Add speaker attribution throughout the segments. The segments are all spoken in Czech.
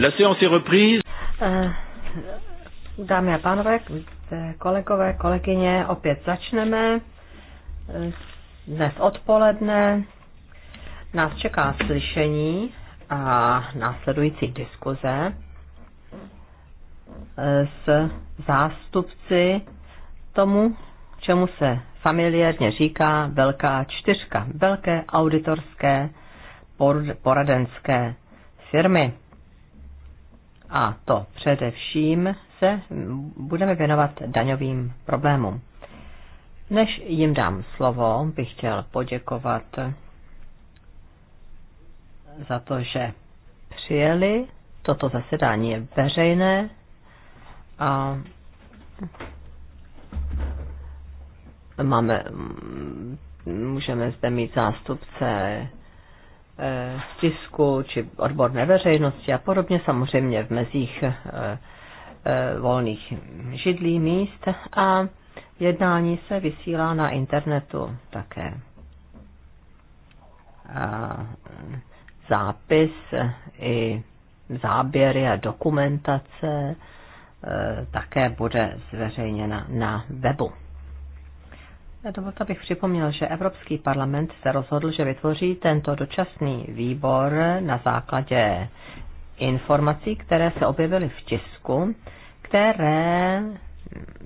Speaker 1: La séance est reprise. Eh, dámy a pánové, kolegové, kolegyně, opět začneme. Eh, dnes odpoledne nás čeká slyšení a následující diskuze eh, s zástupci tomu, čemu se familiárně říká velká čtyřka, velké auditorské poradenské firmy a to především se budeme věnovat daňovým problémům. Než jim dám slovo, bych chtěl poděkovat za to, že přijeli. Toto zasedání je veřejné a máme, můžeme zde mít zástupce Eh, tisku či odborné veřejnosti a podobně, samozřejmě v mezích eh, eh, volných židlí míst a jednání se vysílá na internetu také. A zápis i záběry a dokumentace také bude zveřejněna na webu. Dovolte, bych připomněl, že Evropský parlament se rozhodl, že vytvoří tento dočasný výbor na základě informací, které se objevily v tisku, které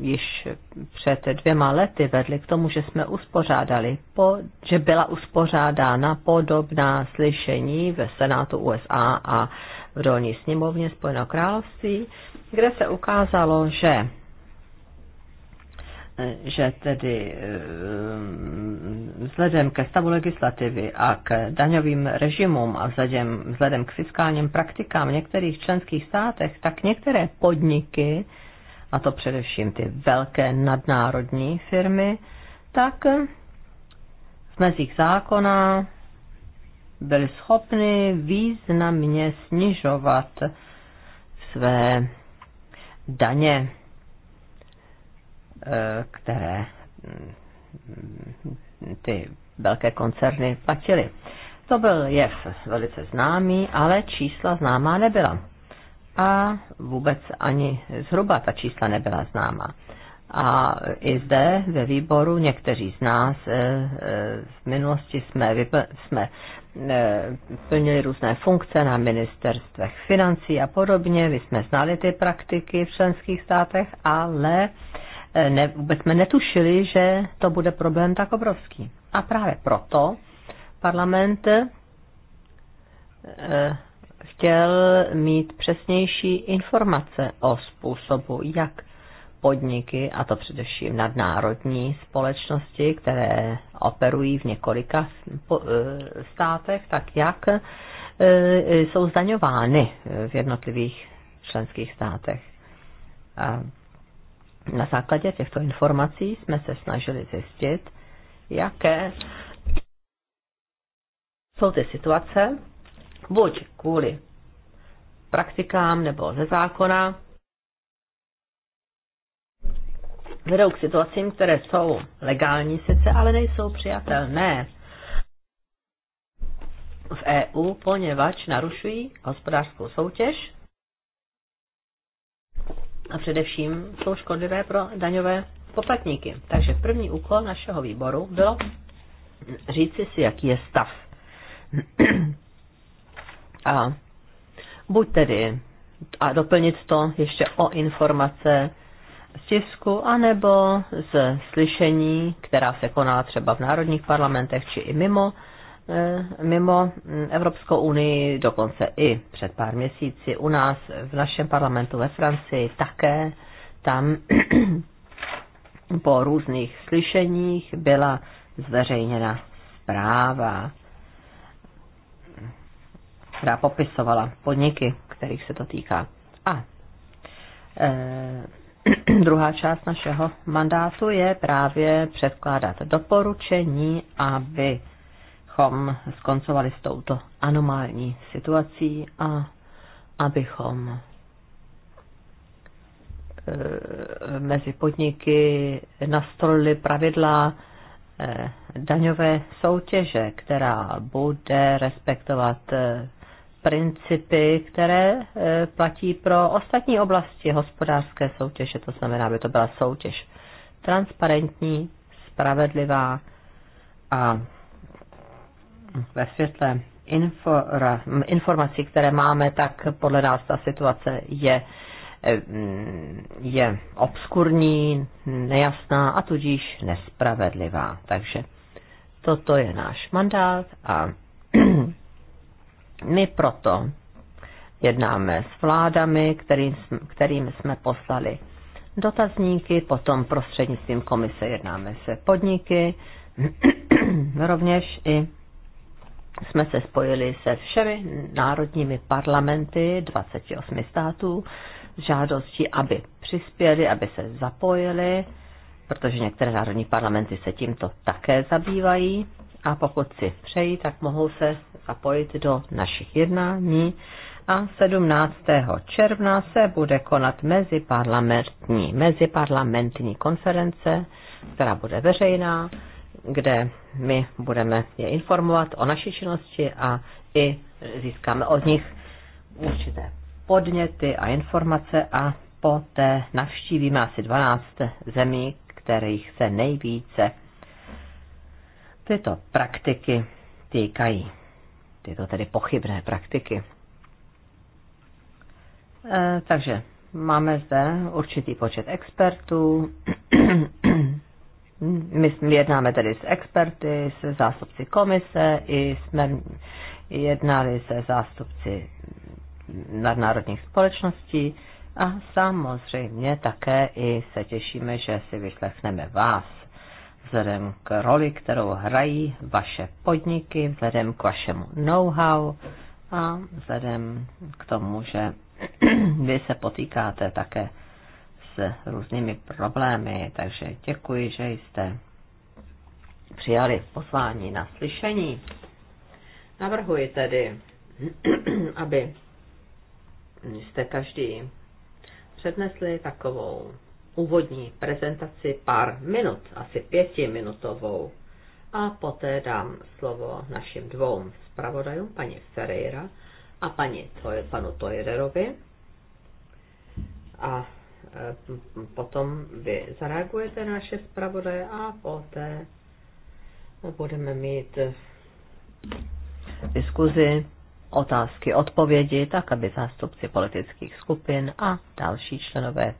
Speaker 1: již před dvěma lety vedly k tomu, že jsme uspořádali, po, že byla uspořádána podobná slyšení ve Senátu USA a v dolní sněmovně Spojeného království, kde se ukázalo, že že tedy eh, vzhledem ke stavu legislativy a k daňovým režimům a vzhledem, vzhledem k fiskálním praktikám v některých členských státech, tak některé podniky, a to především ty velké nadnárodní firmy, tak v mezích zákona byly schopny významně snižovat své daně Eh, které mm, ty velké koncerny platily. To byl jev velice známý, ale čísla známá nebyla. A vůbec ani zhruba ta čísla nebyla známá. A i zde ve výboru někteří z nás eh, eh, v minulosti jsme, jsme plnili různé funkce na ministerstvech financí a podobně. My jsme znali ty praktiky v členských státech, ale ne, vůbec jsme netušili, že to bude problém tak obrovský. A právě proto parlament eh, chtěl mít přesnější informace o způsobu, jak podniky, a to především nadnárodní společnosti, které operují v několika eh, státech, tak jak eh, jsou zdaňovány v jednotlivých členských státech. A na základě těchto informací jsme se snažili zjistit, jaké jsou ty situace, buď kvůli praktikám nebo ze zákona, vedou k situacím, které jsou legální sice, ale nejsou přijatelné v EU, poněvadž narušují hospodářskou soutěž a především jsou škodlivé pro daňové poplatníky. Takže první úkol našeho výboru bylo říci si, jaký je stav. A buď tedy a doplnit to ještě o informace z tisku, anebo z slyšení, která se koná třeba v národních parlamentech či i mimo, Eh, mimo mm, Evropskou unii, dokonce i před pár měsíci u nás v našem parlamentu ve Francii také. Tam po různých slyšeních byla zveřejněna zpráva, která popisovala podniky, kterých se to týká. A e, druhá část našeho mandátu je právě předkládat doporučení, aby abychom skoncovali s touto anomální situací a abychom e, mezi podniky nastolili pravidla e, daňové soutěže, která bude respektovat e, principy, které platí pro ostatní oblasti hospodářské soutěže, to znamená, aby to byla soutěž transparentní, spravedlivá a ve světle informací, které máme, tak podle nás ta situace je eh, mm, je obskurní, nejasná a tudíž nespravedlivá. Takže toto je náš mandát a my proto jednáme s vládami, kterým, kterým jsme poslali dotazníky, potom prostřednictvím komise jednáme se podniky, rovněž i jsme se spojili se všemi národními parlamenty 28 států s žádostí, aby přispěli, aby se zapojili, protože některé národní parlamenty se tímto také zabývají a pokud si přejí, tak mohou se zapojit do našich jednání a 17. června se bude konat meziparlamentní, meziparlamentní konference, která bude veřejná kde my budeme je informovat o naší činnosti a i získáme od nich určité podněty a informace a poté navštívíme asi 12 zemí, kterých se nejvíce tyto praktiky týkají. Tyto tedy pochybné praktiky. E, takže máme zde určitý počet expertů my jednáme tedy s experty, se zástupci komise i jsme jednali se zástupci nadnárodních společností a samozřejmě také i se těšíme, že si vyslechneme vás vzhledem k roli, kterou hrají vaše podniky, vzhledem k vašemu know-how a vzhledem k tomu, že vy se potýkáte také s různými problémy, takže děkuji, že jste přijali poslání na slyšení. Navrhuji tedy, aby jste každý přednesli takovou úvodní prezentaci pár minut, asi pětiminutovou, a poté dám slovo našim dvou zpravodajům, paní Ferreira a paní, panu Toirerovi. A Eh, potom vy zareagujete na naše zpravodaje a poté budeme mít eh, diskuzi, otázky, odpovědi, tak aby zástupci politických skupin a další členové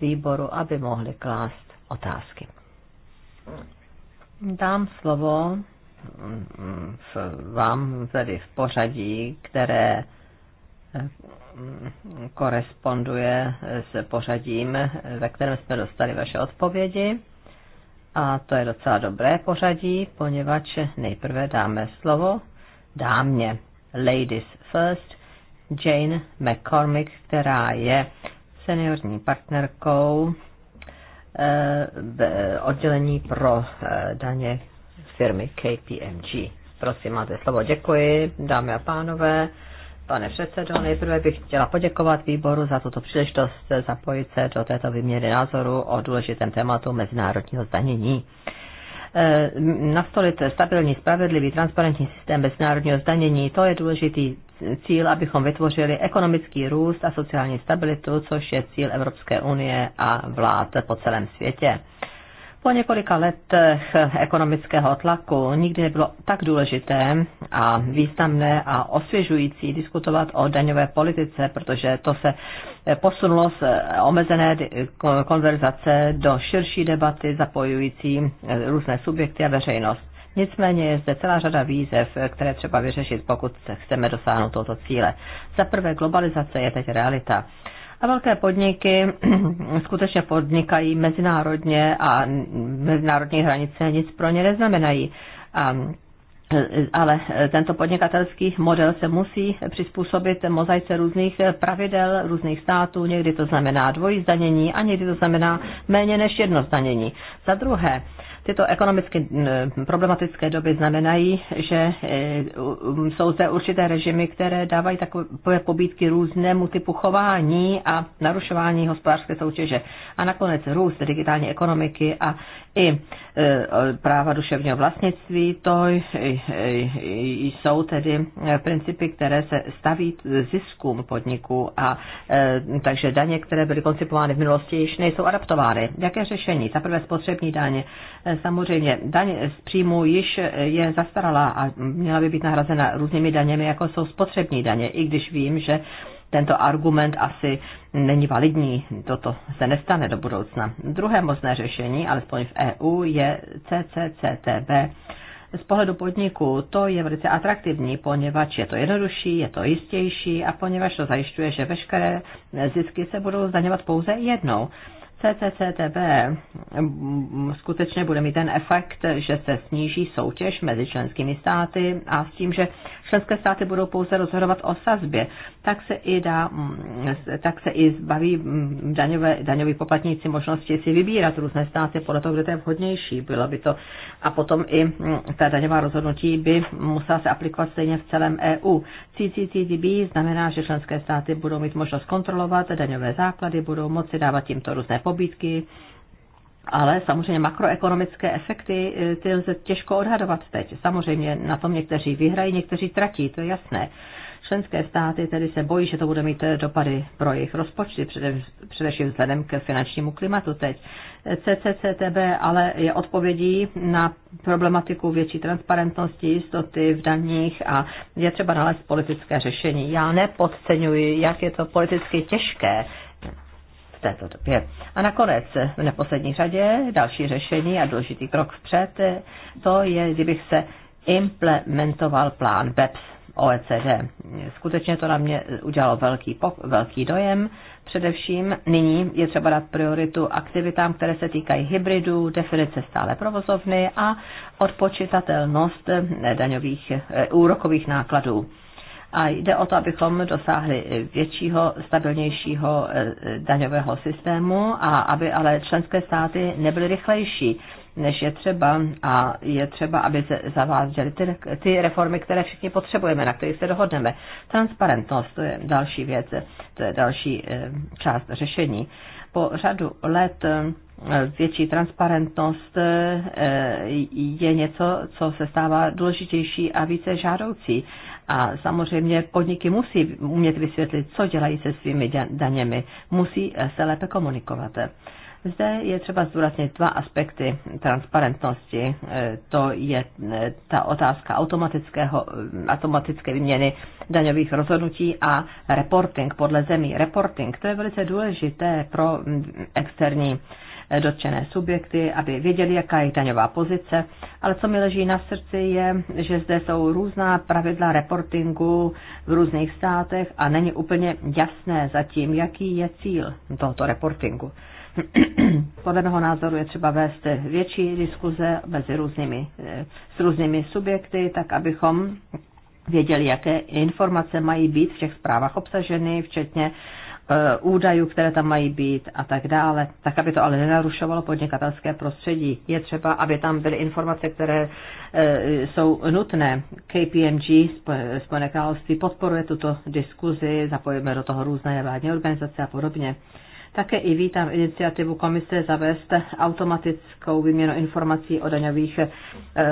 Speaker 1: výboru, aby mohli klást otázky. Dám slovo mm, mm, vám tedy v pořadí, které koresponduje s pořadím, ve kterém jsme dostali vaše odpovědi. A to je docela dobré pořadí, poněvadž nejprve dáme slovo dámě, ladies first, Jane McCormick, která je seniorní partnerkou eh, oddělení pro eh, daně firmy KPMG. Prosím, máte slovo. Děkuji, dámy a pánové. Pane předsedo, nejprve bych chtěla poděkovat výboru za tuto příležitost zapojit se do této vyměny názoru o důležitém tématu mezinárodního zdanění e, nastolit stabilní, spravedlivý, transparentní systém mezinárodního zdanění, to je důležitý cíl, abychom vytvořili ekonomický růst a sociální stabilitu, což je cíl Evropské unie a vlád po celém světě. Po několika letech ekonomického tlaku nikdy nebylo tak důležité a významné a osvěžující diskutovat o daňové politice, protože to se posunulo z omezené konverzace do širší debaty zapojující různé subjekty a veřejnost. Nicméně je zde celá řada výzev, které třeba vyřešit, pokud chceme dosáhnout tohoto cíle. Za prvé, globalizace je teď realita. A velké podniky skutečně podnikají mezinárodně a mezinárodní hranice nic pro ně neznamenají. A ale tento podnikatelský model se musí přizpůsobit mozaice různých pravidel, různých států. Někdy to znamená dvojí zdanění a někdy to znamená méně než jedno zdanění. Za druhé, Tyto ekonomicky problematické doby znamenají, že e, jsou zde určité režimy, které dávají takové pobídky různému typu chování a narušování hospodářské soutěže. A nakonec růst digitální ekonomiky a i e, práva duševního vlastnictví, to jsou tedy e, principy, které se staví ziskům podniku a e, takže daně, které byly koncipovány v minulosti, již nejsou adaptovány. Jaké řešení? Za prvé spotřební daně. Samozřejmě daň z příjmu již je zastaralá a měla by být nahrazena různými daněmi, jako jsou spotřební daně, i když vím, že tento argument asi není validní. Toto se nestane do budoucna. Druhé možné řešení, alespoň v EU, je CCCTB. Z pohledu podniku to je velice atraktivní, poněvadž je to jednodušší, je to jistější a poněvadž to zajišťuje, že veškeré zisky se budou zdaňovat pouze jednou. CCCTB skutečně bude mít ten efekt, že se sníží soutěž mezi členskými státy a s tím, že členské státy budou pouze rozhodovat o sazbě, tak se i, dá, mm, tak se i zbaví mm, daňové, daňový poplatníci možnosti si vybírat různé státy podle toho, kde to je vhodnější. Bylo by to. A potom i mm, ta daňová rozhodnutí by musela se aplikovat stejně v celém EU. CCCDB znamená, že členské státy budou mít možnost kontrolovat daňové základy, budou moci dávat tímto různé pobídky, ale samozřejmě makroekonomické efekty eh, ty lze těžko odhadovat teď. Samozřejmě na tom někteří vyhrají, někteří tratí, to je jasné. Členské státy tedy se bojí, že to bude mít eh, dopady pro jejich rozpočty, především vzhledem k finančnímu klimatu teď. CCCTB ale je odpovědí na problematiku větší transparentnosti, jistoty v daních a je třeba nalézt politické řešení. Já nepodceňuji, jak je to politicky těžké této době. A nakonec, v neposlední řadě, další řešení a důležitý krok vpřed, to je, kdybych se implementoval plán BEPS OECD. Skutečně to na mě udělalo velký, pok- velký dojem. Především nyní je třeba dát prioritu aktivitám, které se týkají hybridů, definice stále provozovny a odpočitatelnost daňových úrokových nákladů a jde o to, abychom dosáhli většího, stabilnějšího eh, daňového systému a aby ale členské státy nebyly rychlejší než je třeba a je třeba, aby zaváděly ty, ty reformy, které všichni potřebujeme, na kterých se dohodneme. Transparentnost, to je další věc, to je další eh, část řešení. Po řadu let eh, větší transparentnost je něco, co se stává důležitější a více žádoucí a samozřejmě podniky musí umět vysvětlit, co dělají se svými daněmi. Musí eh, se lépe komunikovat. Zde je třeba zdůraznit dva aspekty transparentnosti. Eh, to je eh, ta otázka automatického, automatické výměny daňových rozhodnutí a reporting podle zemí. Reporting to je velice důležité pro mm, externí Eh, dotčené subjekty, aby věděli, jaká je daňová pozice. Ale co mi leží na srdci je, že zde jsou různá pravidla reportingu v různých státech a není úplně jasné zatím, jaký je cíl tohoto reportingu. Podle mého názoru je třeba vést větší diskuze mezi různými, eh, s různými subjekty, tak abychom věděli, jaké informace mají být v těch zprávách obsaženy, včetně Eh, údajů, které tam mají být a tak dále, tak aby to ale nenarušovalo podnikatelské prostředí. Je třeba, aby tam byly informace, které eh, jsou nutné. KPMG, Spojené království, podporuje tuto diskuzi, zapojíme do toho různé vládní organizace a podobně. Také i vítám iniciativu komise zavést automatickou výměnu informací o daňových eh,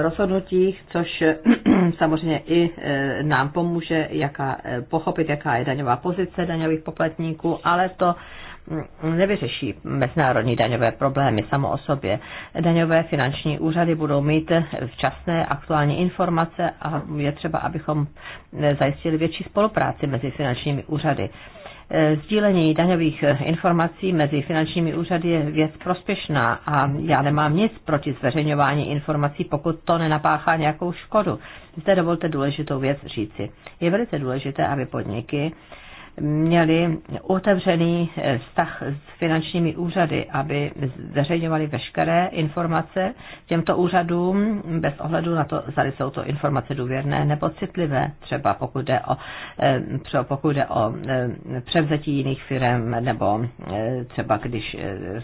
Speaker 1: rozhodnutích, což samozřejmě i eh, nám pomůže jaká, eh, pochopit, jaká je daňová pozice daňových poplatníků, ale to mm, nevyřeší mezinárodní daňové problémy samo o sobě. Daňové finanční úřady budou mít včasné aktuální informace a je třeba, abychom zajistili větší spolupráci mezi finančními úřady. Sdílení daňových eh, informací mezi finančními úřady je věc prospěšná a já nemám nic proti zveřejňování informací, pokud to nenapáchá nějakou škodu. Zde dovolte důležitou věc říci. Je velice důležité, aby podniky měli otevřený eh, vztah s finančními úřady, aby zveřejňovali veškeré informace těmto úřadům bez ohledu na to, zda jsou to informace důvěrné nebo citlivé, třeba pokud jde o, eh, pokud jde o eh, převzetí jiných firm nebo třeba když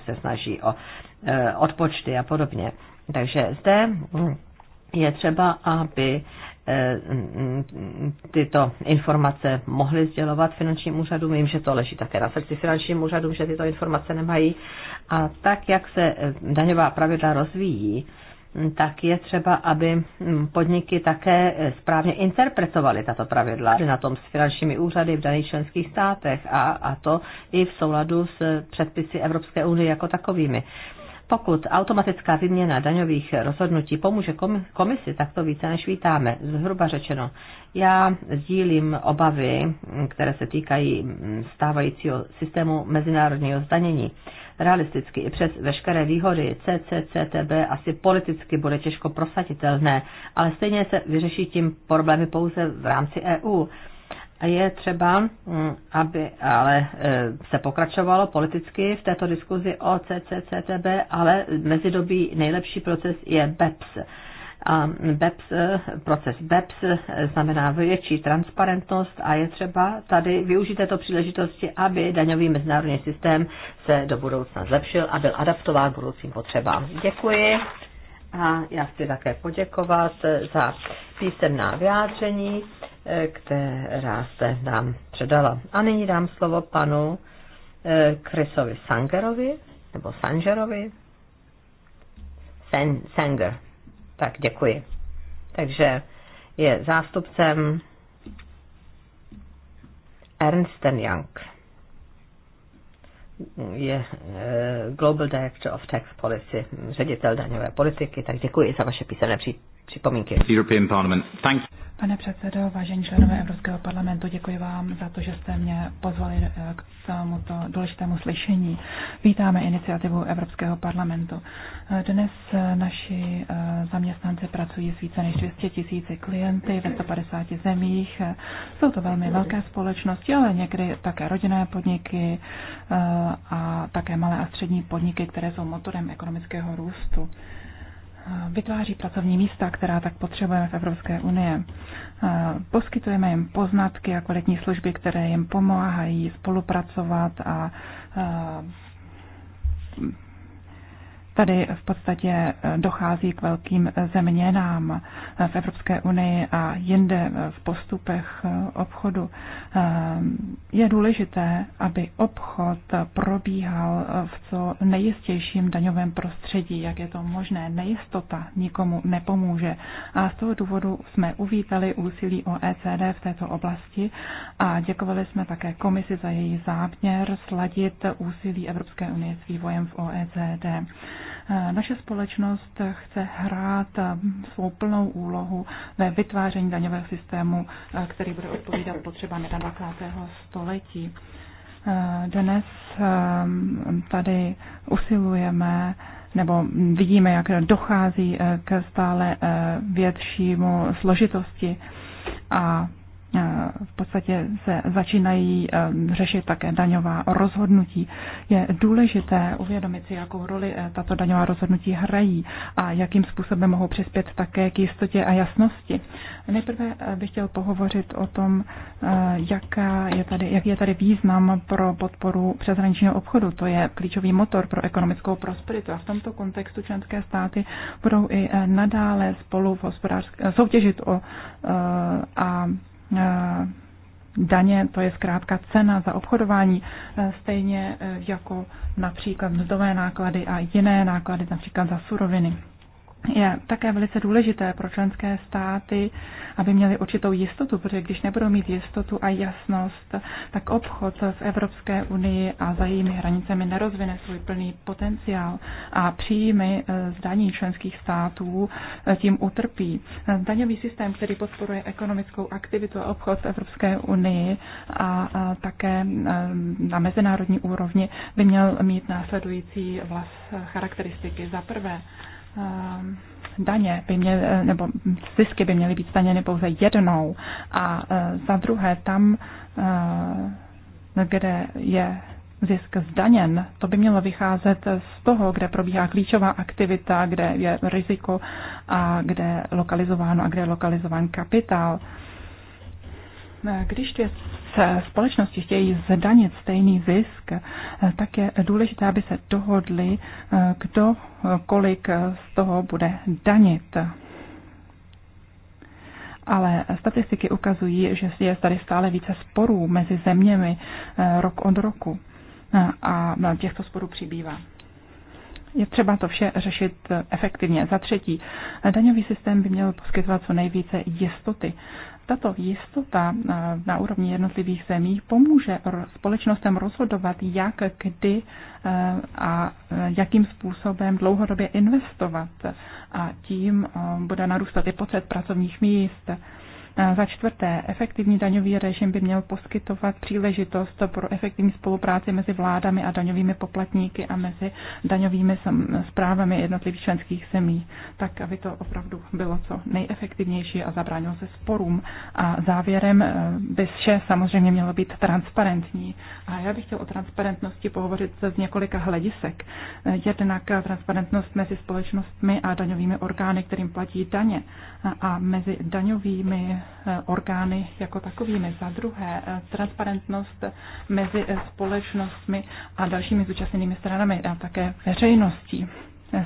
Speaker 1: se snaží o odpočty a podobně. Takže zde hm, je třeba, aby Eh, tyto informace mohly sdělovat finančním úřadům. Vím, že to leží také na srdci finančním úřadům, že tyto informace nemají. A tak, jak se eh, daňová pravidla rozvíjí, tak je třeba, aby hm, podniky také eh, správně interpretovaly tato pravidla, na tom s finančními úřady v daných členských státech a, a to i v souladu s předpisy Evropské unie jako takovými. Pokud automatická výměna daňových rozhodnutí pomůže komisi, tak to více než vítáme. Zhruba řečeno, já sdílím obavy, které se týkají mm, stávajícího systému mezinárodního zdanění. Realisticky i přes veškeré výhody CCCTB asi politicky bude těžko prosaditelné, ale stejně se vyřeší tím problémy pouze v rámci EU je třeba, mm, aby ale e, se pokračovalo politicky v této diskuzi o CCCTB, ale mezidobí nejlepší proces je BEPS. A BEPS, e, proces BEPS e, znamená větší transparentnost a je třeba tady využít této příležitosti, aby daňový mezinárodní systém se do budoucna zlepšil a byl adaptován k budoucím potřebám. Děkuji. A já chci také poděkovat za písemná vyjádření, eh, která se nám předala. A nyní dám slovo panu eh, Chrisovi Sangerovi, nebo Sangerovi. Sen, Sanger. Tak děkuji. Takže je zástupcem Ernst Young je eh, Global Director of Tax Policy, ředitel daňové politiky, tak děkuji za vaše písemné připomínky.
Speaker 2: Pane předsedo, vážení členové Evropského parlamentu, děkuji vám za to, že jste mě pozvali eh, k tomuto důležitému slyšení. Vítáme iniciativu Evropského parlamentu. Eh, dnes eh, naši zaměstnanci pracují s více než 200 tisíci klienty ve 150 zemích. Jsou to velmi velké společnosti, ale někdy také rodinné podniky a také malé a střední podniky, které jsou motorem ekonomického růstu. Eh, vytváří pracovní místa, která tak potřebujeme v Evropské unie. Eh, poskytujeme jim poznatky a kvalitní služby, které jim pomáhají spolupracovat a eh, Tady v podstatě eh, dochází k velkým eh, zeměnám eh, v Evropské unii a jinde v postupech obchodu. Je důležité, aby obchod probíhal v co nejistějším daňovém prostředí, jak je to možné. Nejistota nikomu nepomůže. A z toho důvodu jsme uvítali úsilí o ECD v této oblasti a děkovali jsme také komisi za její záměr sladit úsilí Evropské unie s vývojem v OECD. Eh, naše společnost chce hrát eh, svou plnou úlohu ve vytváření daňového systému, eh, který bude odpovídat potřebám 21. století. Dnes ehm, tady usilujeme nebo vidíme, jak dochází k stále většímu složitosti a Eh, v podstatě se začínají eh, řešit také daňová rozhodnutí. Je důležité uvědomit si, jakou roli eh, tato daňová rozhodnutí hrají a jakým způsobem mohou přispět také k jistotě a jasnosti. Nejprve bych chtěl pohovořit o tom, jaká je tady, jaký je tady význam pro podporu přeshraničního obchodu. To je klíčový motor pro ekonomickou prosperitu a v tomto kontextu členské státy budou i nadále spolu v soutěžit o, a Eh, daně, to je zkrátka cena za obchodování, eh, stejně eh, jako například mzdové náklady a jiné náklady, například za suroviny je také velice důležité pro členské státy, aby měly určitou jistotu, protože když nebudou mít jistotu a jasnost, tak obchod v Evropské unii a za jejími hranicemi nerozvine svůj plný potenciál a příjmy eh, z daní členských států eh, tím utrpí. Daňový systém, který podporuje ekonomickou aktivitu a obchod v Evropské unii a také eh, na mezinárodní úrovni, by měl mít následující vlast charakteristiky. Za prvé, Ehm, daně by měly, eh, nebo zisky by měly být zdaněny pouze jednou a eh, za druhé tam, eh, kde je zisk zdaněn, to by mělo vycházet z toho, kde probíhá klíčová aktivita, kde je riziko a kde je lokalizováno a kde je lokalizován kapitál. Když dvě společnosti chtějí zdanit stejný zisk, tak je důležité, aby se dohodli, kdo kolik z toho bude danit. Ale statistiky ukazují, že je tady stále více sporů mezi zeměmi eh, rok od roku eh, a těchto sporů přibývá. Je třeba to vše řešit eh, efektivně. Za třetí, daňový systém by měl poskytovat co nejvíce jistoty. Tato jistota eh, na úrovni jednotlivých zemí pomůže společnostem rozhodovat, jak, kdy eh, a eh, jakým způsobem dlouhodobě investovat. A tím bude narůstat i počet pracovních míst. Za čtvrté, efektivní daňový režim by měl poskytovat příležitost pro efektivní spolupráci mezi vládami a daňovými poplatníky a mezi daňovými zprávami jednotlivých členských zemí, tak aby to opravdu bylo co nejefektivnější a zabránilo se sporům. A závěrem eh, by vše samozřejmě mělo být transparentní. A já bych chtěl o transparentnosti pohovořit z několika hledisek. Eh, jednak transparentnost mezi společnostmi a daňovými orgány, kterým platí daně a mezi daňovými Eh, orgány jako takovými. Za druhé, eh, transparentnost mezi eh, společnostmi a dalšími zúčastněnými stranami a také veřejností.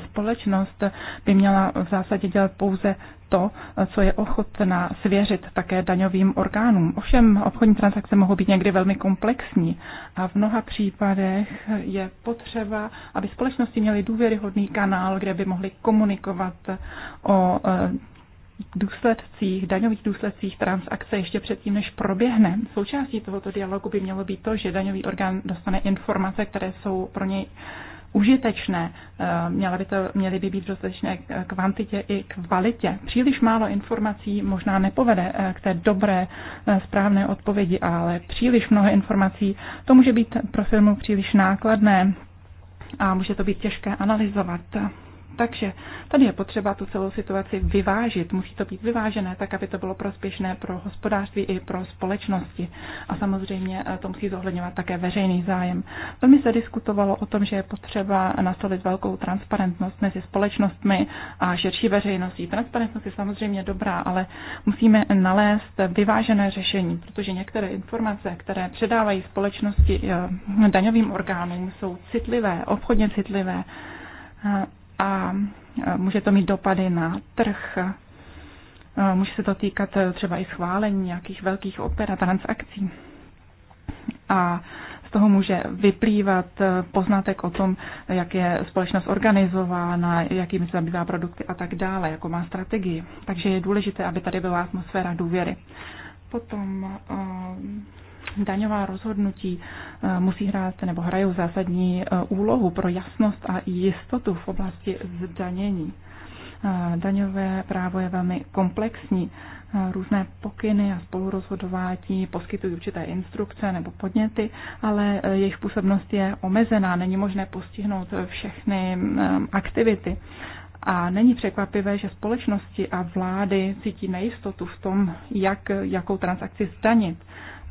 Speaker 2: Společnost by měla v zásadě dělat pouze to, co je ochotná svěřit také daňovým orgánům. Ovšem obchodní transakce mohou být někdy velmi komplexní a v mnoha případech je potřeba, aby společnosti měly důvěryhodný kanál, kde by mohly komunikovat o důsledcích, daňových důsledcích transakce ještě předtím, než proběhne. Součástí tohoto dialogu by mělo být to, že daňový orgán dostane informace, které jsou pro něj užitečné, eh, Měla by, to, měly by být dostatečné kvantitě i kvalitě. Příliš málo informací možná nepovede eh, k té dobré, eh, správné odpovědi, ale příliš mnoho informací, to může být pro firmu příliš nákladné a může to být těžké analyzovat. Takže tady je potřeba tu celou situaci vyvážit. Musí to být vyvážené tak, aby to bylo prospěšné pro hospodářství i pro společnosti. A samozřejmě eh, to musí zohledňovat také veřejný zájem. Velmi se diskutovalo o tom, že je potřeba nastavit velkou transparentnost mezi společnostmi a širší veřejností. Transparentnost je samozřejmě dobrá, ale musíme nalézt vyvážené řešení, protože některé informace, které předávají společnosti eh, daňovým orgánům, jsou citlivé, obchodně citlivé eh, a e, může to mít dopady na trh. E, může se to týkat e, třeba i schválení nějakých velkých oper a transakcí. A z toho může vyplývat poznatek o tom, jak je společnost organizována, jakými se zabývá produkty a tak dále, jakou má strategii. Takže je důležité, aby tady byla atmosféra důvěry. Potom daňová rozhodnutí eh, musí hrát nebo hrajou zásadní eh, úlohu pro jasnost a jistotu v oblasti zdanění. Eh, daňové právo je velmi komplexní. Různé pokyny a spolurozhodování poskytují určité instrukce nebo podněty, ale jejich působnost je omezená. Není možné postihnout všechny aktivity. A není překvapivé, že společnosti a vlády cítí nejistotu v tom, jak jakou transakci zdanit.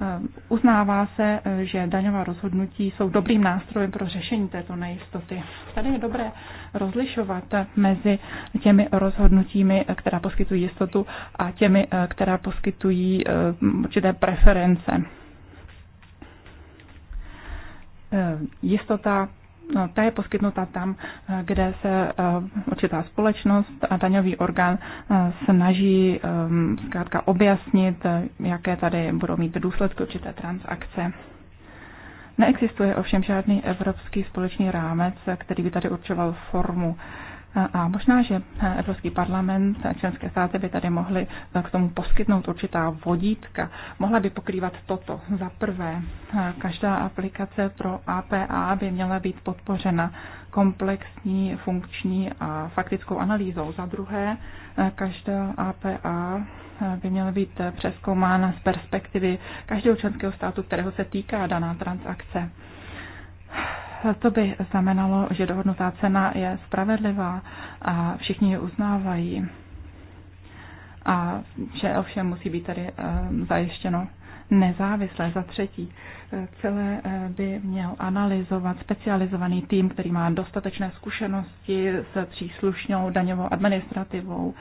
Speaker 2: Eh, uznává se, eh, že daňová rozhodnutí jsou dobrým nástrojem pro řešení této nejistoty. Tady je dobré rozlišovat eh, mezi těmi rozhodnutími, která poskytují jistotu a těmi, která poskytují určité preference. Jistota No, ta je poskytnuta tam, eh, kde se eh, určitá společnost a daňový orgán eh, snaží zkrátka objasnit, jaké tady budou mít důsledky určité transakce. Neexistuje ovšem žádný evropský společný rámec, který by tady určoval formu a možná, že Evropský parlament a členské státy by tady mohly k tomu poskytnout určitá vodítka. Mohla by pokrývat toto. Za prvé, každá aplikace pro APA by měla být podpořena komplexní, funkční a faktickou analýzou. Za druhé, každá APA by měla být přeskoumána z perspektivy každého členského státu, kterého se týká daná transakce. To by znamenalo, že dohodnutá cena je spravedlivá a všichni ji uznávají. A že ovšem musí být tady ehm, zajištěno nezávislé. Za třetí, eh, celé eh, by měl analyzovat specializovaný tým, který má dostatečné zkušenosti s příslušnou daňovou administrativou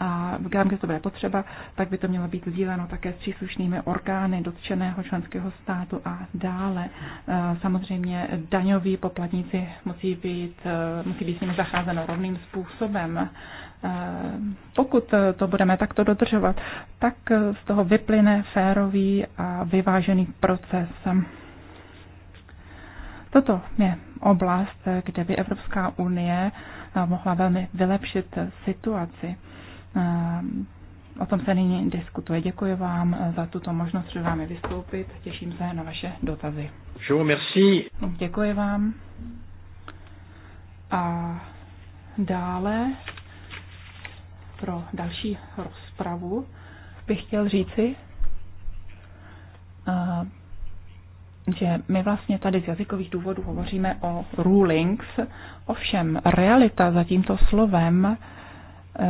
Speaker 2: a v kde to bude potřeba, tak by to mělo být sdíleno také s příslušnými orgány dotčeného členského státu a dále. Samozřejmě daňoví poplatníci musí být, musí být s nimi zacházeno rovným způsobem. Pokud to budeme takto dodržovat, tak z toho vyplyne férový a vyvážený proces. Toto je oblast, kde by Evropská unie mohla velmi vylepšit situaci. Eh, o tom se nyní diskutuje. Děkuji vám eh, za tuto možnost před vámi vystoupit. Těším se na vaše dotazy.
Speaker 1: Jo, merci.
Speaker 2: Děkuji vám. A dále pro další rozpravu bych chtěl říci, eh, že my vlastně tady z jazykových důvodů hovoříme o rulings, ovšem realita za tímto slovem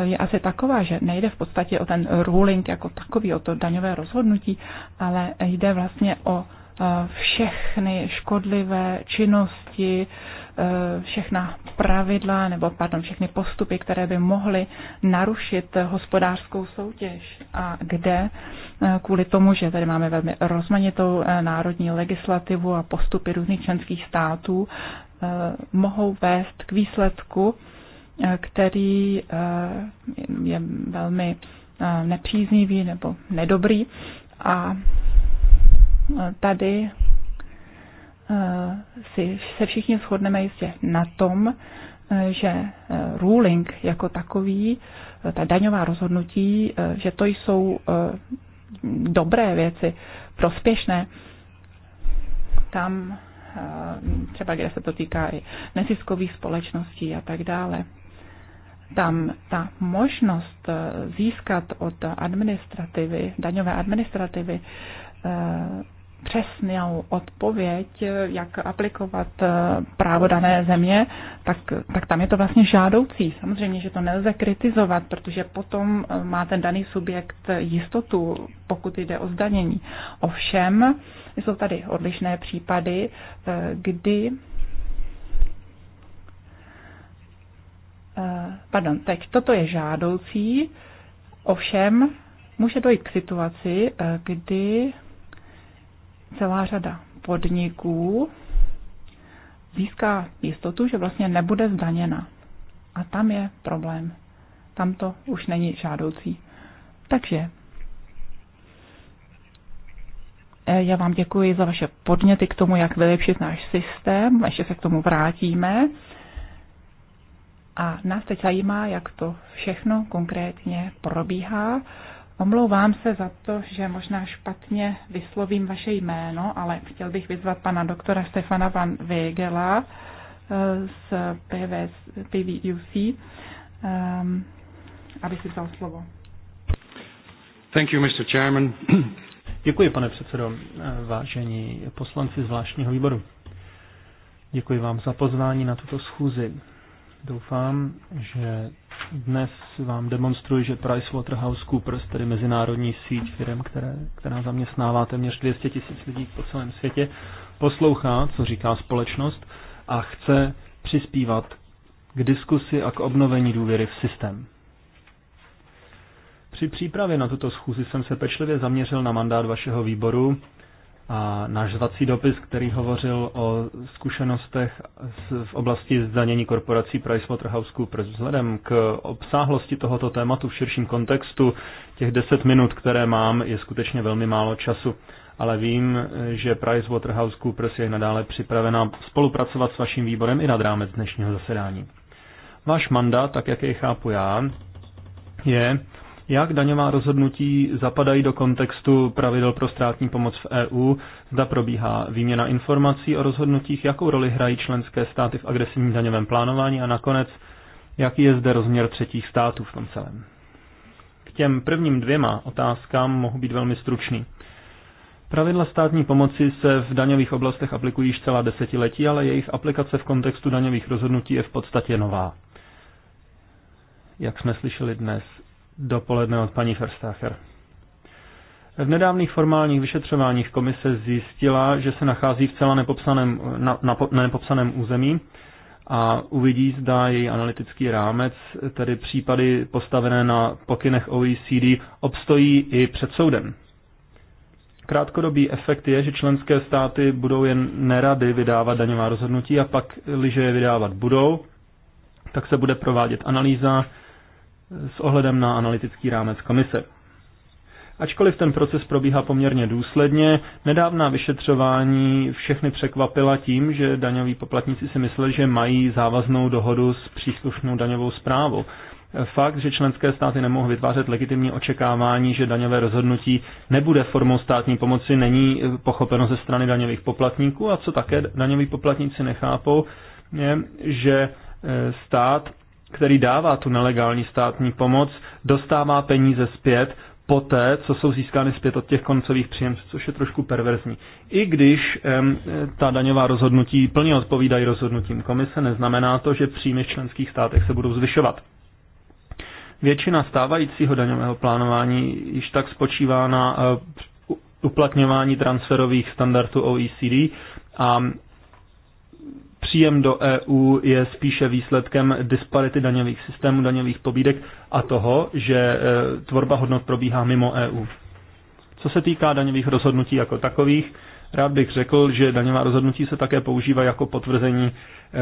Speaker 2: je asi taková, že nejde v podstatě o ten ruling jako takový, o to daňové rozhodnutí, ale jde vlastně o eh, všechny škodlivé činnosti, eh, všechna pravidla nebo pardon, všechny postupy, které by mohly narušit hospodářskou soutěž a kde eh, kvůli tomu, že tady máme velmi rozmanitou národní legislativu a postupy různých členských států, mohou vést k výsledku, který eh, je velmi eh, nepříznivý nebo nedobrý. A eh, tady si, se všichni shodneme jistě na tom, že ruling jako takový, ta daňová rozhodnutí, že to jsou dobré věci, prospěšné. Tam třeba, kde se to týká i neziskových společností a tak dále tam ta možnost eh, získat od administrativy, daňové administrativy eh, přesnou odpověď, eh, jak aplikovat právo dané země, tak, tak tam je to vlastně žádoucí. Samozřejmě, že to nelze kritizovat, protože potom má ten daný subjekt jistotu, pokud jde o zdanění. Ovšem, jsou tady odlišné případy, kdy Eh, pardon, teď toto je žádoucí, ovšem může dojít k situaci, eh, kdy celá řada podniků získá jistotu, že vlastně nebude zdaněna. A tam je problém. Tam to už není žádoucí. Takže eh, já vám děkuji za vaše podněty k tomu, jak vylepšit náš systém. Ještě se k tomu vrátíme. A nás teď zajímá, jak to všechno konkrétně probíhá. Omlouvám se za to, že možná špatně vyslovím vaše jméno, ale chtěl bych vyzvat pana doktora Stefana van Wegela eh, z PVS, PVUC, um, ehm, aby si vzal slovo.
Speaker 3: Thank you, Mr. Chairman. Děkuji, pane předsedo, vážení poslanci zvláštního výboru. Děkuji vám za pozvání na tuto schůzi. Doufám, že dnes vám demonstruji, že PricewaterhouseCoopers, tedy mezinárodní síť firm, které, která zaměstnává téměř 200 tisíc lidí po celém světě, poslouchá, co říká společnost a chce přispívat k diskusi a k obnovení důvěry v systém. Při přípravě na tuto schůzi jsem se pečlivě zaměřil na mandát vašeho výboru a náš zvací dopis, který hovořil o zkušenostech v oblasti zdanění korporací PricewaterhouseCoopers, vzhledem k obsáhlosti tohoto tématu v širším kontextu, těch 10 minut, které mám, je skutečně velmi málo času. Ale vím, že PricewaterhouseCoopers je nadále připravena spolupracovat s vaším výborem i nad rámec dnešního zasedání. Váš mandát, tak jak jej chápu já, je jak daňová rozhodnutí zapadají do kontextu pravidel pro státní pomoc v EU, zda probíhá výměna informací o rozhodnutích, jakou roli hrají členské státy v agresivním daňovém plánování a nakonec, jaký je zde rozměr třetích států v tom celém. K těm prvním dvěma otázkám mohu být velmi stručný. Pravidla státní pomoci se v daňových oblastech aplikují již celá desetiletí, ale jejich aplikace v kontextu daňových rozhodnutí je v podstatě nová. Jak jsme slyšeli dnes, dopoledne od paní Verstacher. V nedávných formálních vyšetřováních komise zjistila, že se nachází v celá nepopsaném, na, na, na nepopsaném území a uvidí, zda její analytický rámec, tedy případy postavené na pokynech OECD, obstojí i před soudem. Krátkodobý efekt je, že členské státy budou jen nerady vydávat daňová rozhodnutí a pak, když je vydávat budou, tak se bude provádět analýza, s ohledem na analytický rámec komise. Ačkoliv ten proces probíhá poměrně důsledně, nedávná vyšetřování všechny překvapila tím, že daňoví poplatníci si mysleli, že mají závaznou dohodu s příslušnou daňovou zprávou. Fakt, že členské státy nemohou vytvářet legitimní očekávání, že daňové rozhodnutí nebude formou státní pomoci, není pochopeno ze strany daňových poplatníků a co také daňoví poplatníci nechápou, je, že eh, stát který dává tu nelegální státní pomoc, dostává peníze zpět poté, co jsou získány zpět od těch koncových příjemců, což je trošku perverzní. I když um, ta daňová rozhodnutí plně odpovídají rozhodnutím komise, neznamená to, že příjmy v členských státech se budou zvyšovat. Většina stávajícího daňového plánování již tak spočívá na uh, uplatňování transferových standardů OECD a příjem do EU je spíše výsledkem disparity daňových systémů, daňových pobídek a toho, že e, tvorba hodnot probíhá mimo EU. Co se týká daňových rozhodnutí jako takových, rád bych řekl, že daňová rozhodnutí se také používají jako potvrzení e,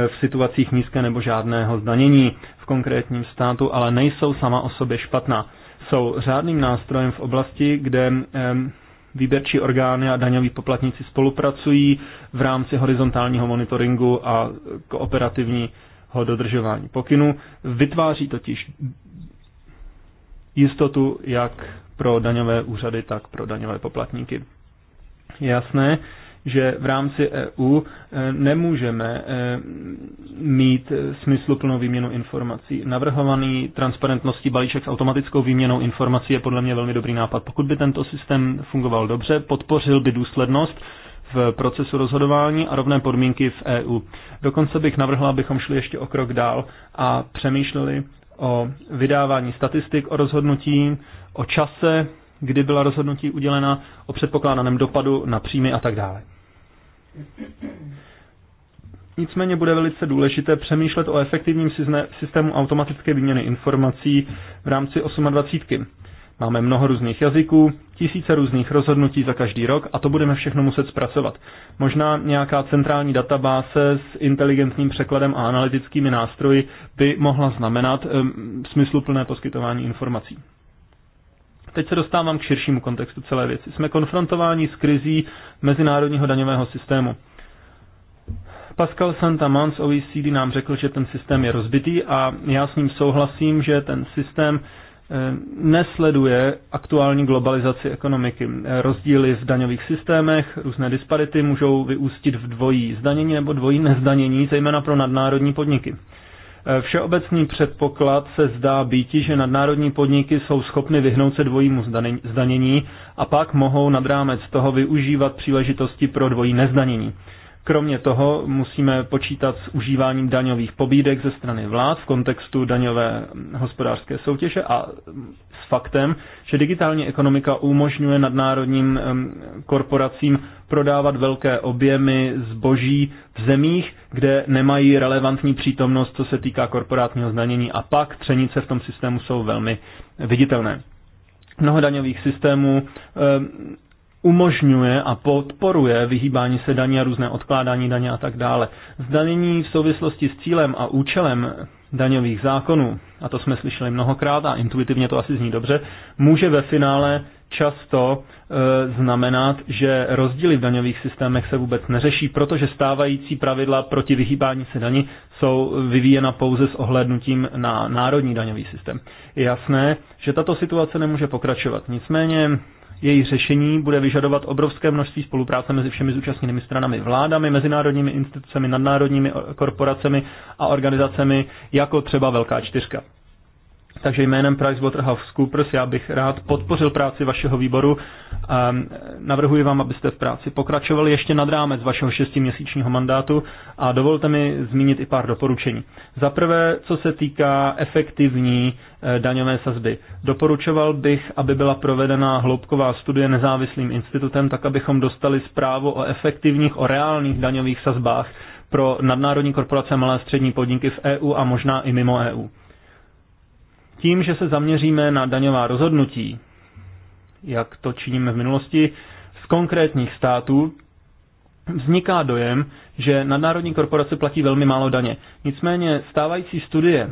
Speaker 3: v situacích nízké nebo žádného zdanění v konkrétním státu, ale nejsou sama o sobě špatná. Jsou řádným nástrojem v oblasti, kde výběrčí orgány a daňoví poplatníci spolupracují v rámci horizontálního monitoringu a kooperativního dodržování pokynu. Vytváří totiž jistotu jak pro daňové úřady, tak pro daňové poplatníky. jasné, že v rámci EU e, nemůžeme e, mít smysluplnou výměnu informací. Navrhovaný transparentností balíček s automatickou výměnou informací je podle mě velmi dobrý nápad. Pokud by tento systém fungoval dobře, podpořil by důslednost v procesu rozhodování a rovné podmínky v EU. Dokonce bych navrhla, abychom šli ještě o krok dál a přemýšleli o vydávání statistik, o rozhodnutí, o čase, kdy byla rozhodnutí udělena, o předpokládaném dopadu na příjmy a tak dále. Nicméně bude velice důležité přemýšlet o efektivním systému automatické výměny informací v rámci 28. Máme mnoho různých jazyků, tisíce různých rozhodnutí za každý rok a to budeme všechno muset zpracovat. Možná nějaká centrální databáze s inteligentním překladem a analytickými nástroji by mohla znamenat um, smysluplné poskytování informací. Teď se dostávám k širšímu kontextu celé věci. Jsme konfrontováni s krizí mezinárodního daňového systému. Pascal Santamán z OECD nám řekl, že ten systém je rozbitý a já s ním souhlasím, že ten systém eh, nesleduje aktuální globalizaci ekonomiky. Rozdíly v daňových systémech, různé disparity můžou vyústit v dvojí zdanění nebo dvojí nezdanění, zejména pro nadnárodní podniky. Všeobecný předpoklad se zdá býti, že nadnárodní podniky jsou schopny vyhnout se dvojímu zdanění a pak mohou nad rámec toho využívat příležitosti pro dvojí nezdanění. Kromě toho musíme počítat s užíváním daňových pobídek ze strany vlád v kontextu daňové hospodářské soutěže a s faktem, že digitální ekonomika umožňuje nadnárodním korporacím prodávat velké objemy zboží v zemích, kde nemají relevantní přítomnost, co se týká korporátního zdanění a pak třenice v tom systému jsou velmi viditelné mnoho daňových systémů umožňuje a podporuje vyhýbání se daní a různé odkládání daně a tak dále. Zdanění v souvislosti s cílem a účelem daňových zákonů, a to jsme slyšeli mnohokrát a intuitivně to asi zní dobře, může ve finále často e, znamenat, že rozdíly v daňových systémech se vůbec neřeší, protože stávající pravidla proti vyhýbání se daní jsou vyvíjena pouze s ohlednutím na národní daňový systém. Je jasné, že tato situace nemůže pokračovat. Nicméně její řešení bude vyžadovat obrovské množství spolupráce mezi všemi zúčastněnými stranami, vládami, mezinárodními institucemi, nadnárodními korporacemi a organizacemi, jako třeba Velká čtyřka. Takže jménem PricewaterhouseCoopers já bych rád podpořil práci vašeho výboru. Ehm, navrhuji vám, abyste v práci pokračovali ještě nad rámec vašeho šestiměsíčního mandátu a dovolte mi zmínit i pár doporučení. Za prvé, co se týká efektivní eh, daňové sazby. Doporučoval bych, aby byla provedena hloubková studie nezávislým institutem, tak abychom dostali zprávu o efektivních, o reálných daňových sazbách pro nadnárodní korporace a malé a střední podniky v EU a možná i mimo EU. Tím, že se zaměříme na daňová rozhodnutí, jak to činíme v minulosti, z konkrétních států, vzniká dojem, že nadnárodní korporace platí velmi málo daně. Nicméně stávající studie,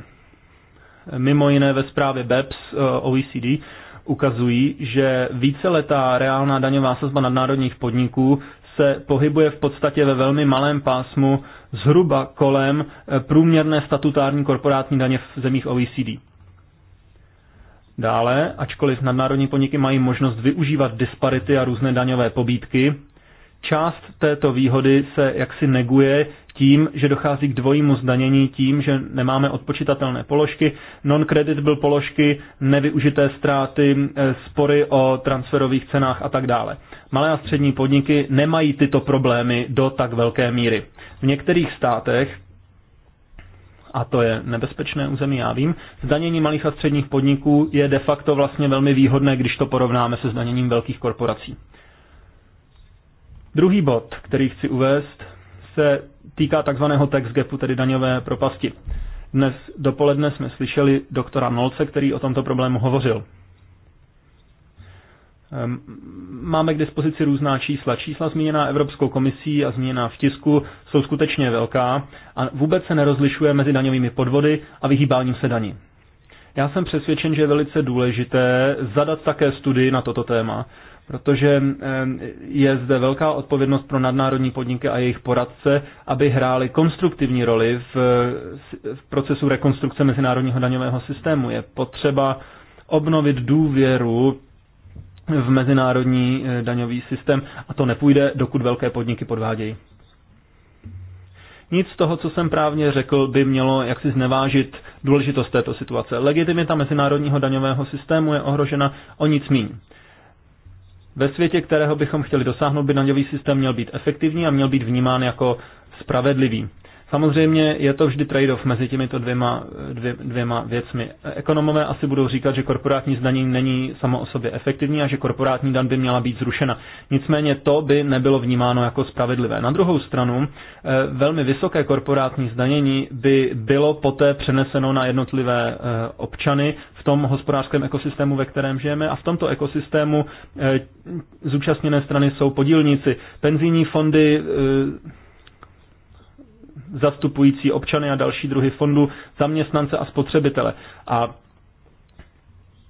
Speaker 3: mimo jiné ve zprávě BEPS eh, OECD, ukazují, že víceletá reálná daňová sazba nadnárodních podniků se pohybuje v podstatě ve velmi malém pásmu zhruba kolem eh, průměrné statutární korporátní daně v zemích OECD. Dále, ačkoliv nadnárodní podniky mají možnost využívat disparity a různé daňové pobídky, část této výhody se jaksi neguje tím, že dochází k dvojímu zdanění tím, že nemáme odpočitatelné položky, non-credit byl položky, nevyužité ztráty, eh, spory o transferových cenách a tak dále. Malé a střední podniky nemají tyto problémy do tak velké míry. V některých státech a to je nebezpečné území, já vím, zdanění malých a středních podniků je de facto vlastně velmi výhodné, když to porovnáme se zdaněním velkých korporací. Druhý bod, který chci uvést, se týká takzvaného tax gapu, tedy daňové propasti. Dnes dopoledne jsme slyšeli doktora Nolce, který o tomto problému hovořil. Ehm, máme k dispozici různá čísla. Čísla zmíněná Evropskou komisí a zmíněná v tisku jsou skutečně velká a vůbec se nerozlišuje mezi daňovými podvody a vyhýbáním se daní. Já jsem přesvědčen, že je velice důležité zadat také studii na toto téma, protože ehm, je zde velká odpovědnost pro nadnárodní podniky a jejich poradce, aby hráli konstruktivní roli v, v procesu rekonstrukce mezinárodního daňového systému. Je potřeba obnovit důvěru v mezinárodní eh, daňový systém a to nepůjde, dokud velké podniky podvádějí. Nic z toho, co jsem právně řekl, by mělo jaksi znevážit důležitost této situace. Legitimita mezinárodního daňového systému je ohrožena o nic míň. Ve světě, kterého bychom chtěli dosáhnout, by daňový systém měl být efektivní a měl být vnímán jako spravedlivý. Samozřejmě je to vždy trade-off mezi těmito dvěma, dvě, dvěma věcmi. Ekonomové asi budou říkat, že korporátní zdanění není samo o sobě efektivní a že korporátní dan by měla být zrušena. Nicméně to by nebylo vnímáno jako spravedlivé. Na druhou stranu, eh, velmi vysoké korporátní zdanění by bylo poté přeneseno na jednotlivé eh, občany v tom hospodářském ekosystému, ve kterém žijeme a v tomto ekosystému eh, zúčastněné strany jsou podílníci. Penzijní fondy zastupující občany a další druhy fondu, zaměstnance a spotřebitele. A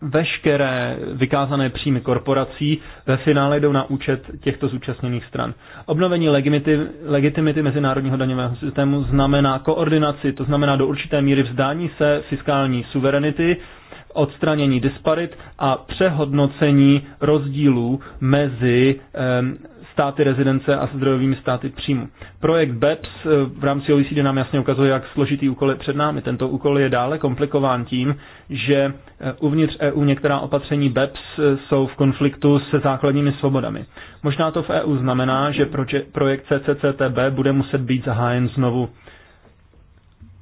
Speaker 3: veškeré vykázané příjmy korporací ve finále jdou na účet těchto zúčastněných stran. Obnovení legimity, legitimity mezinárodního daňového systému znamená koordinaci, to znamená do určité míry vzdání se fiskální suverenity, odstranění disparit a přehodnocení rozdílů mezi státy rezidence a zdrojovými státy příjmu. Projekt BEPS eh, v rámci OECD nám jasně ukazuje, jak složitý úkol je před námi. Tento úkol je dále komplikován tím, že eh, uvnitř EU některá opatření BEPS eh, jsou v konfliktu se základními svobodami. Možná to v EU znamená, že projekt CCCTB bude muset být zahájen znovu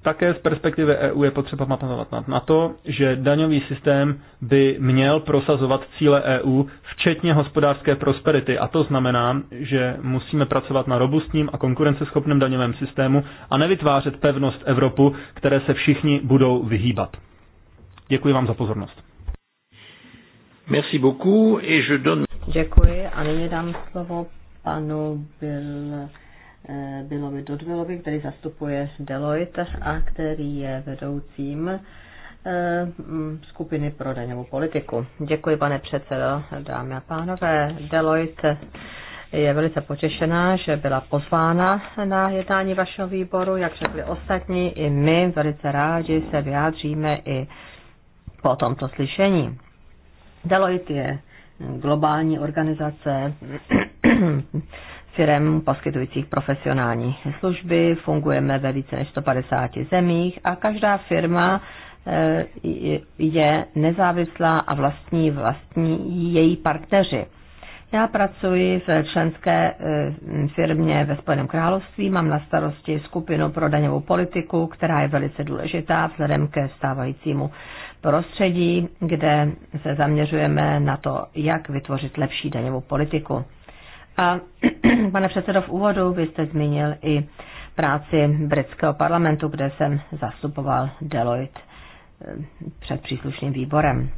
Speaker 3: také z perspektivy EU je potřeba pamatovat na to, že daňový systém by měl prosazovat cíle EU, včetně hospodářské prosperity. A to znamená, že musíme pracovat na robustním a konkurenceschopném daňovém systému a nevytvářet pevnost Evropu, které se všichni budou vyhýbat. Děkuji vám za pozornost.
Speaker 1: Merci beaucoup et je donne... Děkuji a nyní dám slovo panu Bill Eh, Bilovi Dodvilovi, který zastupuje Deloitte a který je vedoucím eh, mm, skupiny pro daňovou politiku. Děkuji, pane předsedo, dámy a pánové. Deloitte je velice potěšená, že byla pozvána na jednání vašeho výboru. Jak řekli ostatní, i my velice rádi se vyjádříme i po tomto slyšení. Deloitte je globální organizace firem poskytujících profesionální služby. Fungujeme ve více než 150 zemích a každá firma eh, je nezávislá a vlastní vlastní její partneři. Já pracuji v členské eh, firmě ve Spojeném království, mám na starosti skupinu pro daňovou politiku, která je velice důležitá vzhledem ke stávajícímu prostředí, kde se zaměřujeme na to, jak vytvořit lepší daňovou politiku. A pane předsedo, v úvodu vy jste zmínil i práci britského parlamentu, kde jsem zastupoval Deloitte eh, před příslušným výborem.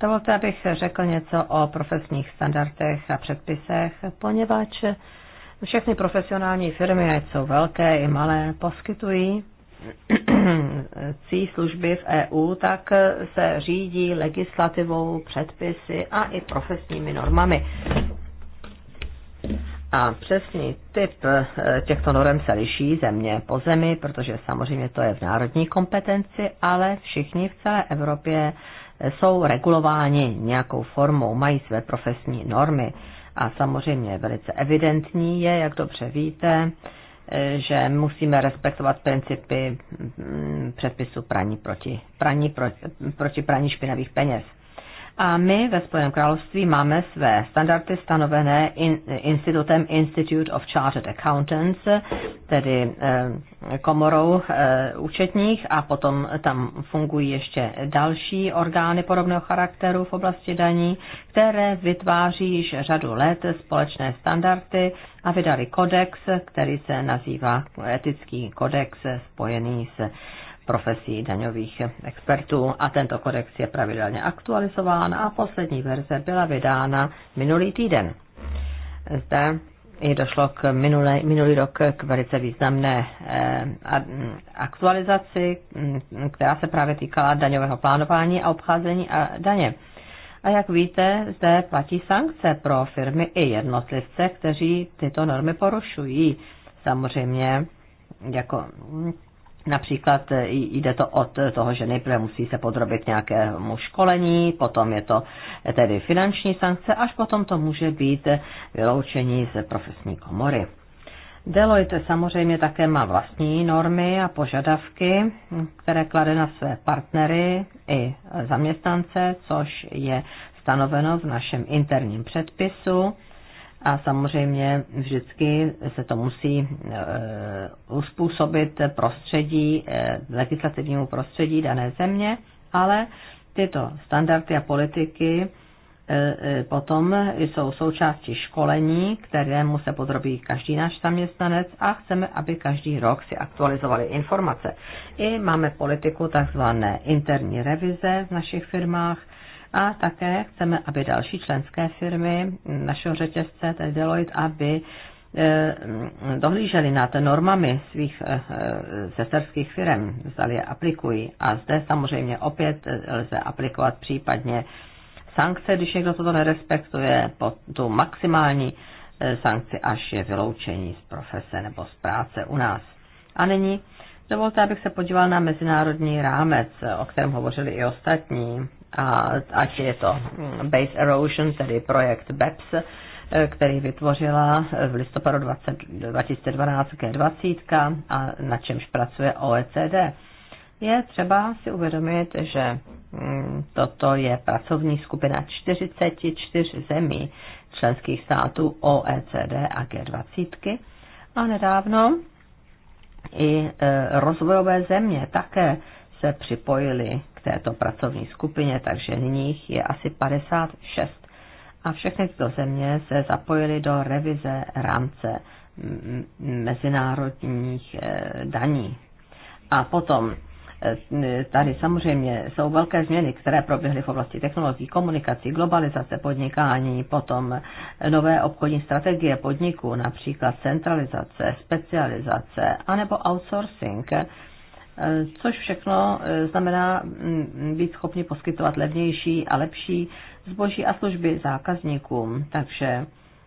Speaker 1: Dovolte, abych řekl něco o profesních standardech a předpisech, poněvadž všechny profesionální firmy, ať jsou velké i malé, poskytují cí služby v EU, tak se řídí legislativou, předpisy a i profesními normami. A přesný typ e, těchto norem se liší země po zemi, protože samozřejmě to je v národní kompetenci, ale všichni v celé Evropě e, jsou regulováni nějakou formou, mají své profesní normy. A samozřejmě velice evidentní je, jak dobře víte, e, že musíme respektovat principy předpisu praní proti, praní proti, proti praní špinavých peněz. A my ve Spojeném království máme své standardy stanovené in, institutem Institute of Chartered Accountants, tedy eh, komorou eh, účetních a potom tam fungují ještě další orgány podobného charakteru v oblasti daní, které vytváří již řadu let společné standardy a vydali kodex, který se nazývá etický kodex spojený s profesí daňových expertů a tento kodex je pravidelně aktualizován a poslední verze byla vydána minulý týden. Zde i došlo k minulé, minulý rok k velice významné eh, aktualizaci, mm, která se právě týkala daňového plánování a obcházení a daně. A jak víte, zde platí sankce pro firmy i jednotlivce, kteří tyto normy porušují. Samozřejmě jako Například e, jde to od toho, že nejprve musí se podrobit nějakému školení, potom je to e, tedy finanční sankce, až potom to může být e, vyloučení z profesní komory. Deloitte samozřejmě také má vlastní normy a požadavky, které klade na své partnery i zaměstnance, což je stanoveno v našem interním předpisu a samozřejmě vždycky se to musí e, uspůsobit prostředí, e, legislativnímu prostředí dané země, ale tyto standardy a politiky e, potom jsou součástí školení, kterému se podrobí každý náš zaměstnanec a chceme, aby každý rok si aktualizovali informace. I máme politiku takzvané interní revize v našich firmách, a také chceme, aby další členské firmy našeho řetězce, tedy Deloitte, aby eh, dohlíželi nad normami svých eh, eh, sesterských firm, zda je aplikují. A zde samozřejmě opět lze aplikovat případně sankce, když někdo toto nerespektuje, po tu maximální sankci, až je vyloučení z profese nebo z práce u nás. A nyní dovolte, abych se podíval na mezinárodní rámec, o kterém hovořili i ostatní a ať je to mm, Base Erosion, tedy projekt BEPS, eh, který vytvořila v listopadu 20, 2012 G20 a na čemž pracuje OECD. Je třeba si uvědomit, že mm, toto je pracovní skupina 44 zemí členských států OECD a G20. A nedávno i eh, rozvojové země také se připojili této pracovní skupině, takže nich je asi 56. A všechny tyto země se zapojily do revize rámce mezinárodních eh, daní. A potom eh, tady samozřejmě jsou velké změny, které proběhly v oblasti technologií, komunikací, globalizace podnikání, potom eh, nové obchodní strategie podniků, například centralizace, specializace anebo outsourcing, Eh, což všechno eh, znamená mm, být schopni poskytovat levnější a lepší zboží a služby zákazníkům. Takže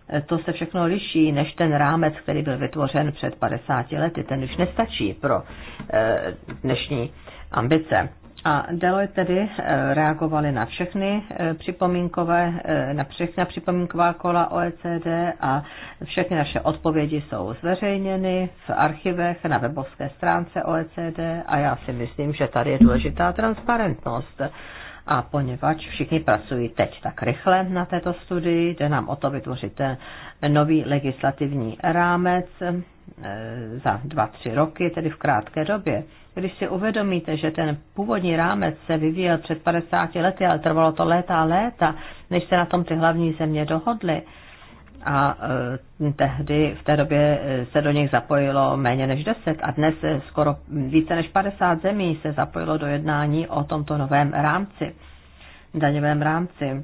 Speaker 1: eh, to se všechno liší než ten rámec, který byl vytvořen před 50 lety. Ten už nestačí pro dnešní ambice. A dále tedy eh, reagovali na všechny eh, připomínkové, eh, na všechna připomínková kola OECD a všechny naše odpovědi jsou zveřejněny v archivech na webovské stránce OECD a já si myslím, že tady je důležitá transparentnost. A poněvadž všichni pracují teď tak rychle na této studii, jde nám o to vytvořit ten nový legislativní rámec za dva, tři roky, tedy v krátké době. Když si uvědomíte, že ten původní rámec se vyvíjel před 50 lety, ale trvalo to léta a léta, než se na tom ty hlavní země dohodly, a e, tehdy v té době e, se do nich zapojilo méně než 10 a dnes e, skoro více než 50 zemí se zapojilo do jednání o tomto novém rámci, daňovém rámci.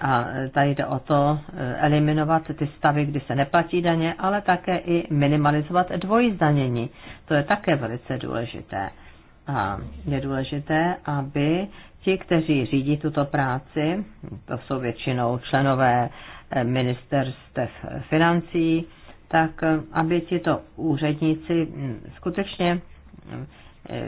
Speaker 1: A tady jde o to eh, eliminovat ty stavy, kdy se neplatí daně, ale také i minimalizovat dvojí zdanění. To je také velice důležité. A je důležité, aby ti, kteří řídí tuto práci, to jsou většinou členové eh, ministerstev eh, financí, tak aby to úředníci hm, skutečně hm,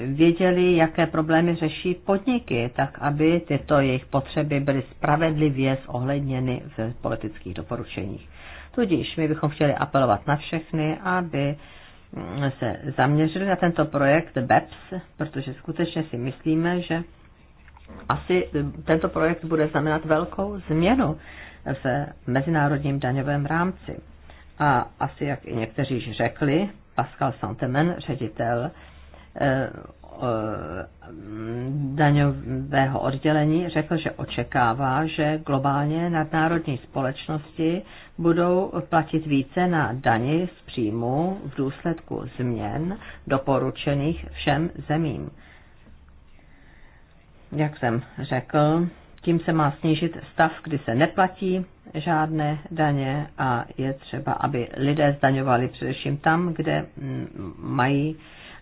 Speaker 1: věděli, jaké problémy řeší podniky, tak aby tyto jejich potřeby byly spravedlivě zohledněny v politických doporučeních. Tudíž my bychom chtěli apelovat na všechny, aby mm, se zaměřili na tento projekt BEPS, protože skutečně si myslíme, že asi mm, tento projekt bude znamenat velkou změnu v mezinárodním daňovém rámci. A asi, jak i někteří již řekli, Pascal Santemen, ředitel Eh, daňového oddělení řekl, že očekává, že globálně nadnárodní společnosti budou platit více na dani z příjmu v důsledku změn doporučených všem zemím. Jak jsem řekl, tím se má snížit stav, kdy se neplatí žádné daně a je třeba, aby lidé zdaňovali především tam, kde mm, mají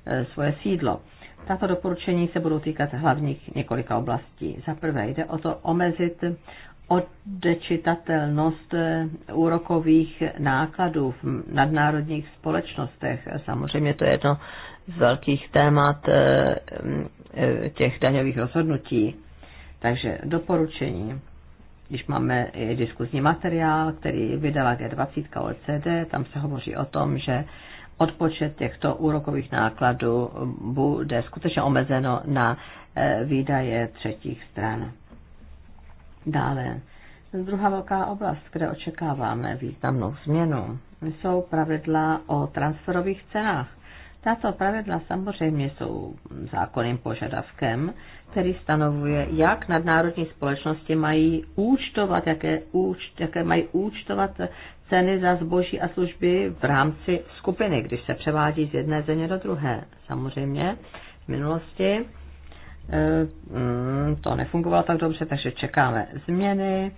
Speaker 1: E, svoje sídlo. Tato doporučení se budou týkat hlavních několika oblastí. Za prvé jde o to omezit odečitatelnost e, úrokových nákladů v nadnárodních společnostech. Samozřejmě to je jedno z velkých témat e, těch daňových rozhodnutí. Takže doporučení. Když máme i diskuzní materiál, který vydala G20 OECD, tam se hovoří o tom, že odpočet těchto úrokových nákladů bude skutečně omezeno na eh, výdaje třetích stran. Dále, druhá velká oblast, kde očekáváme významnou změnu, jsou pravidla o transferových cenách. Tato pravidla samozřejmě jsou zákonným požadavkem, který stanovuje, jak nadnárodní společnosti mají účtovat, jaké, účt, jaké mají účtovat ceny za zboží a služby v rámci skupiny, když se převádí z jedné země do druhé. Samozřejmě v minulosti eh, mm, to nefungovalo tak dobře, takže čekáme změny.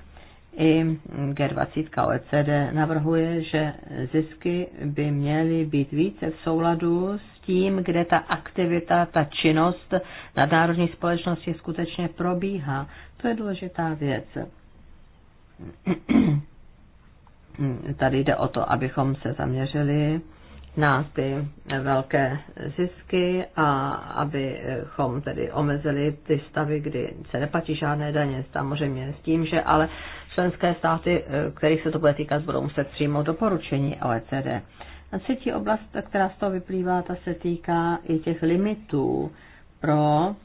Speaker 1: I G20 OECD navrhuje, že zisky by měly být více v souladu s tím, kde ta aktivita, ta činnost na národní společnosti skutečně probíhá. To je důležitá věc. Mm, tady jde o to, abychom se zaměřili na ty velké zisky a abychom tedy omezili ty stavy, kdy se neplatí žádné daně, samozřejmě s tím, že ale členské státy, eh, kterých se to bude týkat, budou muset přijmout doporučení OECD. A třetí oblast, která z toho vyplývá, ta se týká i těch limitů pro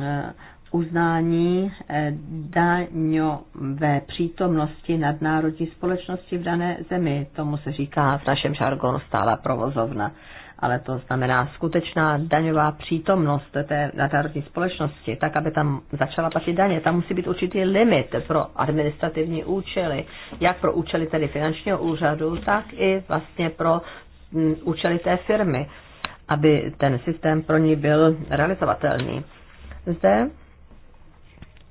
Speaker 1: eh, uznání eh, daňové přítomnosti nadnárodní společnosti v dané zemi. Tomu se říká v našem žargonu stála provozovna, ale to znamená skutečná daňová přítomnost té nadnárodní společnosti, tak aby tam začala platit daně. Tam musí být určitý limit pro administrativní účely, jak pro účely tedy finančního úřadu, tak i vlastně pro mm, účely té firmy, aby ten systém pro ní byl realizovatelný. Zde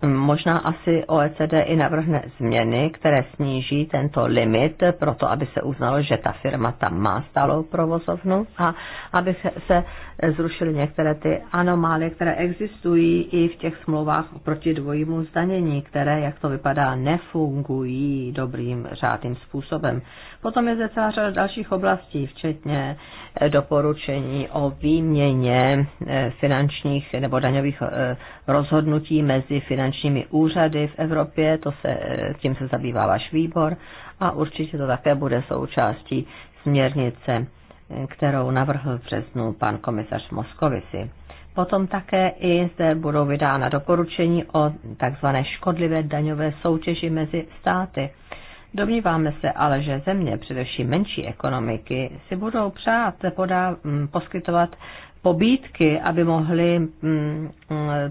Speaker 1: Možná asi OECD i navrhne změny, které sníží tento limit, proto aby se uznalo, že ta firma tam má stálou provozovnu a aby se zrušili některé ty anomálie, které existují i v těch smlouvách proti dvojímu zdanění, které, jak to vypadá, nefungují dobrým řádným způsobem. Potom je zde celá řada dalších oblastí, včetně eh, doporučení o výměně eh, finančních nebo daňových eh, rozhodnutí mezi finančními úřady v Evropě, to se, tím se zabývá váš výbor a určitě to také bude součástí směrnice kterou navrhl v březnu pan komisař Moskovici. Potom také i zde budou vydána doporučení o tzv. škodlivé daňové soutěži mezi státy. Domníváme se ale, že země, především menší ekonomiky, si budou přát podá, mm, poskytovat pobídky, aby mohly mm,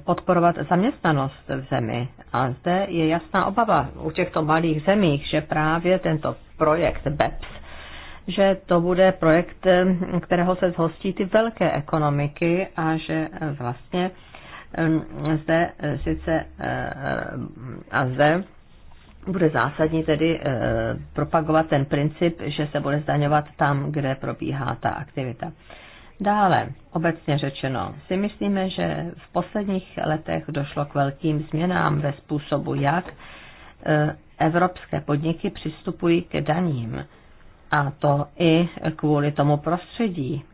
Speaker 1: podporovat zaměstnanost v zemi. A zde je jasná obava u těchto malých zemích, že právě tento projekt BEPS že to bude projekt, eh, kterého se zhostí ty velké ekonomiky a že eh, vlastně ehm, zde eh, sice a zde bude zásadní tedy propagovat ten princip, že se bude zdaňovat tam, kde probíhá ta aktivita. Dále, obecně řečeno, si myslíme, že v posledních letech došlo k velkým změnám ve způsobu, jak evropské podniky přistupují k daním. A to i kvůli tomu prostředí,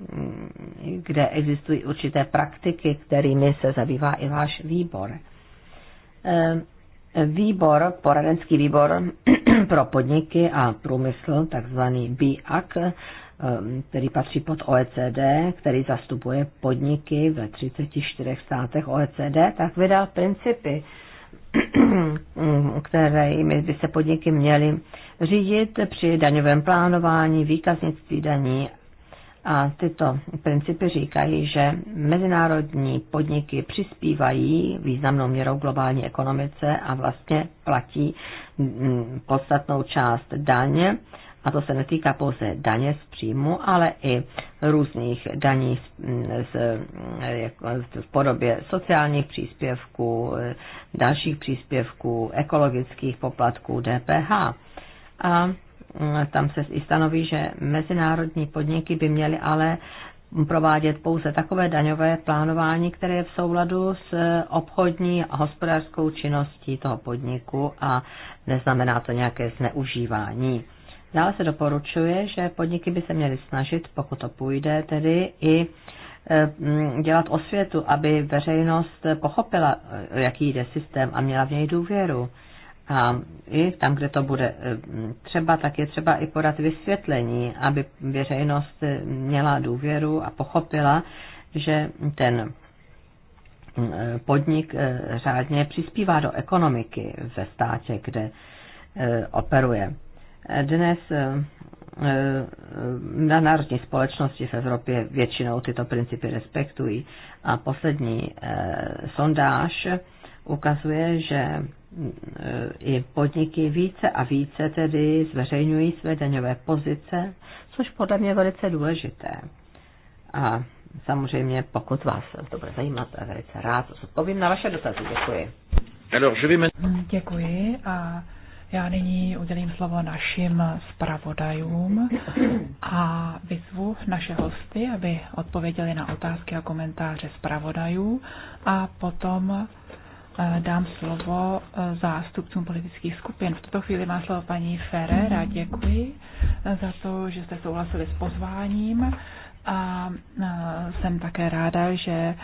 Speaker 1: kde existují určité praktiky, kterými se zabývá i váš výbor. Ehm, výbor, poradenský výbor pro podniky a průmysl, takzvaný BIAC, ehm, který patří pod OECD, který zastupuje podniky ve 34 státech OECD, tak vydal principy které by se podniky měly řídit při daňovém plánování, výkaznictví daní. A tyto principy říkají, že mezinárodní podniky přispívají významnou měrou globální ekonomice a vlastně platí mm, podstatnou část daně a to se netýká pouze daně z příjmu, ale i různých daní z, z, v podobě sociálních příspěvků, dalších příspěvků, ekologických poplatků, DPH. A mm, tam se i stanoví, že mezinárodní podniky by měly ale provádět pouze takové daňové plánování, které je v souladu s obchodní a hospodářskou činností toho podniku a neznamená to nějaké zneužívání. Dále se doporučuje, že podniky by se měly snažit, pokud to půjde, tedy i e, mm, dělat osvětu, aby veřejnost pochopila, e, jaký jde systém a měla v něj důvěru. A i tam, kde to bude e, mm, třeba, tak je třeba i podat vysvětlení, aby veřejnost měla důvěru a pochopila, že ten mm, podnik řádně přispívá do ekonomiky ve státě, kde operuje. Dnes eh, eh, na národní společnosti v Evropě většinou tyto principy respektují. A poslední eh, sondáž ukazuje, že i podniky více a více tedy zveřejňují své daňové pozice, což podle mě je velice důležité. A samozřejmě, pokud vás to bude zajímat, velice rád odpovím na vaše dotazy. Děkuji.
Speaker 2: Děkuji a já nyní udělím slovo našim zpravodajům a vyzvu naše hosty, aby odpověděli na otázky a komentáře zpravodajů a potom eh, dám slovo eh, zástupcům politických skupin. V tuto chvíli má slovo paní Ferrera. Děkuji za to, že jste souhlasili s pozváním a jsem také ráda, že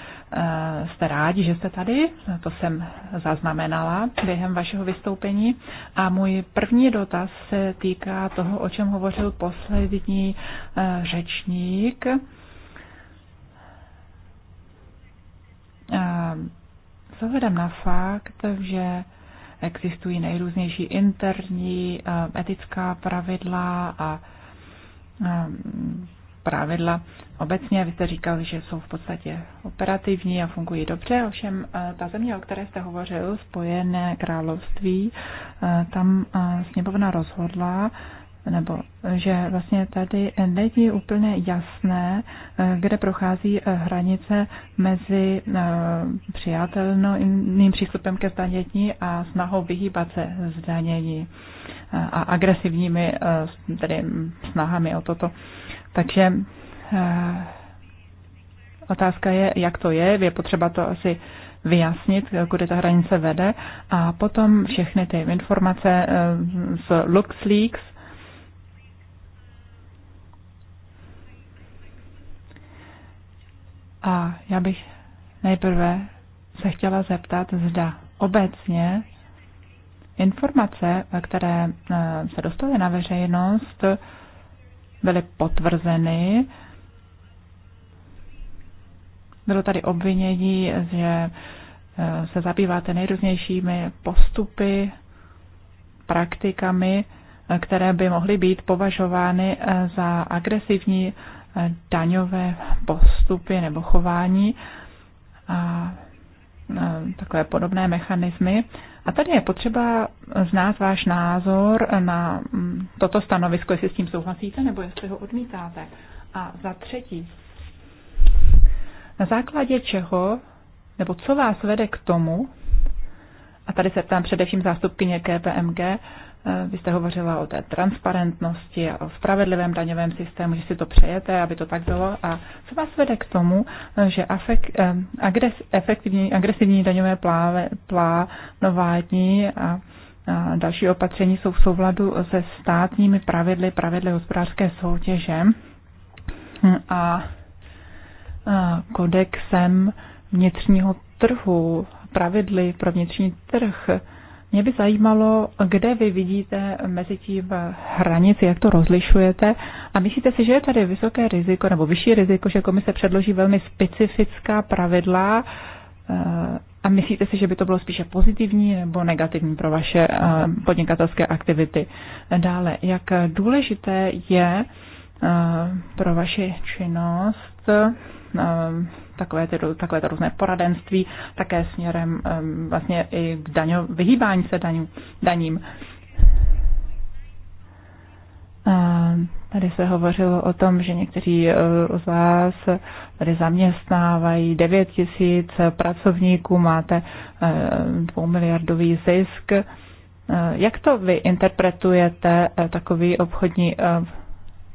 Speaker 2: jste rádi, že jste tady. To jsem zaznamenala během vašeho vystoupení. A můj první dotaz se týká toho, o čem hovořil poslední e, řečník. E, s na fakt, že existují nejrůznější interní e, etická pravidla a pravidla obecně. Vy jste říkal, že jsou v podstatě operativní a fungují dobře, ovšem eh, ta země, o které jste hovořil, Spojené království, eh, tam eh, sněmovna rozhodla, nebo že vlastně tady není úplně jasné, kde prochází hranice mezi přijatelným přístupem ke zdanění a snahou vyhýbat se zdanění a agresivními tedy snahami o toto. Takže eh, otázka je, jak to je. Je potřeba to asi vyjasnit, kudy ta hranice vede. A potom všechny ty informace eh, z LuxLeaks, A já bych nejprve se chtěla zeptat, zda obecně informace, které eh, se dostaly na veřejnost, byly potvrzeny. Bylo tady obvinění, že eh, se zabýváte nejrůznějšími postupy, praktikami, eh, které by mohly být považovány eh, za agresivní daňové postupy nebo chování. A Eh, takové podobné mechanismy. A tady je potřeba znát váš názor na mm, toto stanovisko, jestli s tím souhlasíte nebo jestli ho odmítáte. A za třetí, na základě čeho nebo co vás vede k tomu, a tady se ptám především zástupkyně KPMG, Eh, vy jste hovořila o té transparentnosti a o spravedlivém daňovém systému, že si to přejete, aby to tak bylo. A co vás vede k tomu, eh, že afek, eh, agres, efektivní, agresivní daňové pláve, plánování a, a další opatření jsou v souvladu se státními pravidly, pravidly hospodářské soutěže hm, a, a kodexem vnitřního trhu, pravidly pro vnitřní trh? Mě by zajímalo, kde vy vidíte mezi tím hranici, jak to rozlišujete a myslíte si, že je tady vysoké riziko nebo vyšší riziko, že komise předloží velmi specifická pravidla eh, a myslíte si, že by to bylo spíše pozitivní nebo negativní pro vaše eh, podnikatelské aktivity? Dále, jak důležité je eh, pro vaši činnost takové ty, takové to různé poradenství, také směrem vlastně i k daňo, vyhýbání se daním. daním. Tady se hovořilo o tom, že někteří e, z vás tady zaměstnávají 9 tisíc pracovníků, máte 2 e, miliardový zisk. E, jak to vy interpretujete takový obchodní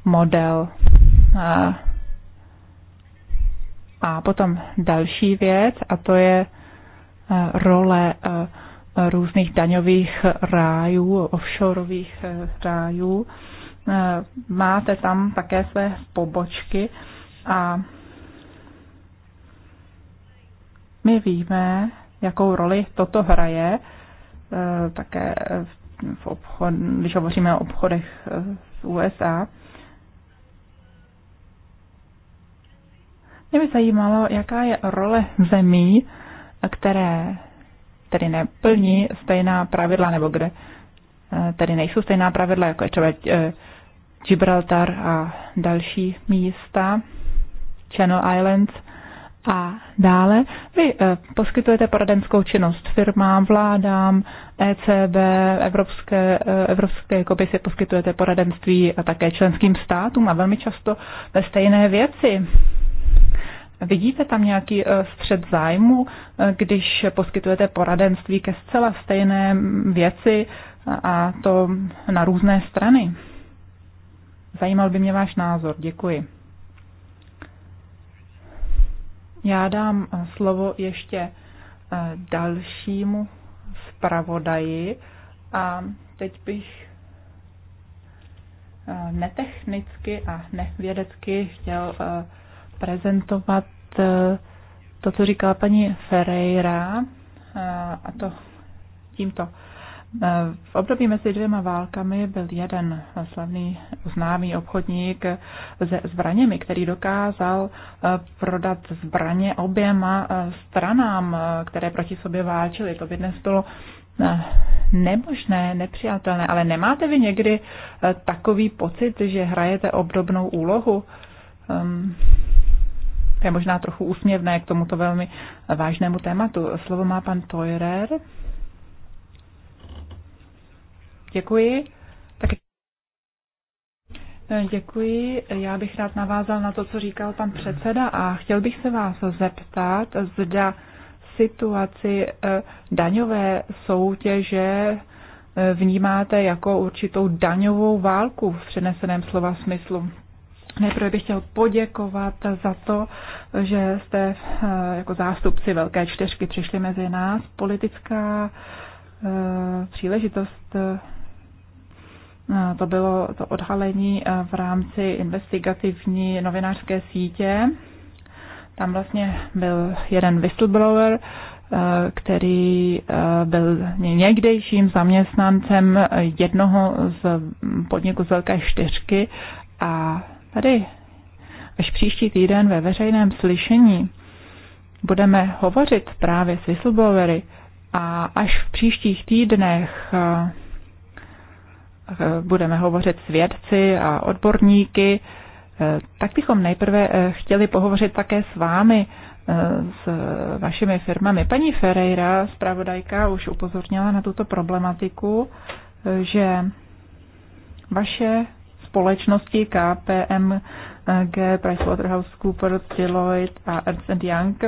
Speaker 2: model? A potom další věc, a to je eh, role eh, různých daňových rájů, offshoreových eh, rájů. Máte tam také své pobočky a my víme, jakou roli toto hraje také v obchod, když hovoříme o obchodech z USA. Mě by zajímalo, jaká je role zemí, které tedy neplní stejná pravidla, nebo kde eh, tedy nejsou stejná pravidla, jako je třeba eh, Gibraltar a další místa, Channel Islands a dále. Vy eh, poskytujete poradenskou činnost firmám, vládám, ECB, Evropské, Evropské komisi poskytujete poradenství a také členským státům a velmi často ve stejné věci. Vidíte tam nějaký eh, střed zájmu, eh, když poskytujete poradenství ke zcela stejné mm, věci a to na různé strany? Zajímal by mě váš názor. Děkuji. Já dám eh, slovo ještě dalšímu zpravodaji a teď bych netechnicky a nevědecky chtěl uh, prezentovat eh, to, co říkala paní Ferreira, eh, a to tímto. Eh, v období mezi dvěma válkami byl jeden slavný známý obchodník se zbraněmi, který dokázal prodat zbraně oběma stranám, které proti sobě válčily. To by dnes bylo nemožné, nepřijatelné, ale nemáte vy někdy takový pocit, že hrajete obdobnou úlohu? Ehm, to je možná trochu úsměvné k tomuto velmi vážnému tématu. Slovo má pan Teurer. Děkuji. Tak... Eh, děkuji. Já bych rád navázal na to, co říkal pan předseda a chtěl bych se vás zeptat, zda situaci eh, daňové soutěže eh, vnímáte jako určitou daňovou válku v přeneseném slova smyslu. Nejprve bych chtěl poděkovat za to, že jste eh, jako zástupci Velké čtyřky přišli mezi nás. Politická eh, příležitost eh, to bylo to odhalení v rámci investigativní novinářské sítě. Tam vlastně byl jeden whistleblower, který byl někdejším zaměstnancem jednoho z podniku z Velké čtyřky a Tady až příští týden ve veřejném slyšení budeme hovořit právě s whistleblowery a až v příštích týdnech eh, eh, budeme hovořit s vědci a odborníky, eh, tak bychom nejprve chtěli pohovořit také s vámi, s vašimi firmami. Paní Ferreira, zpravodajka, už upozornila na tuto problematiku, že vaše společnosti KPMG, PricewaterhouseCoopers, Deloitte a Ernst Young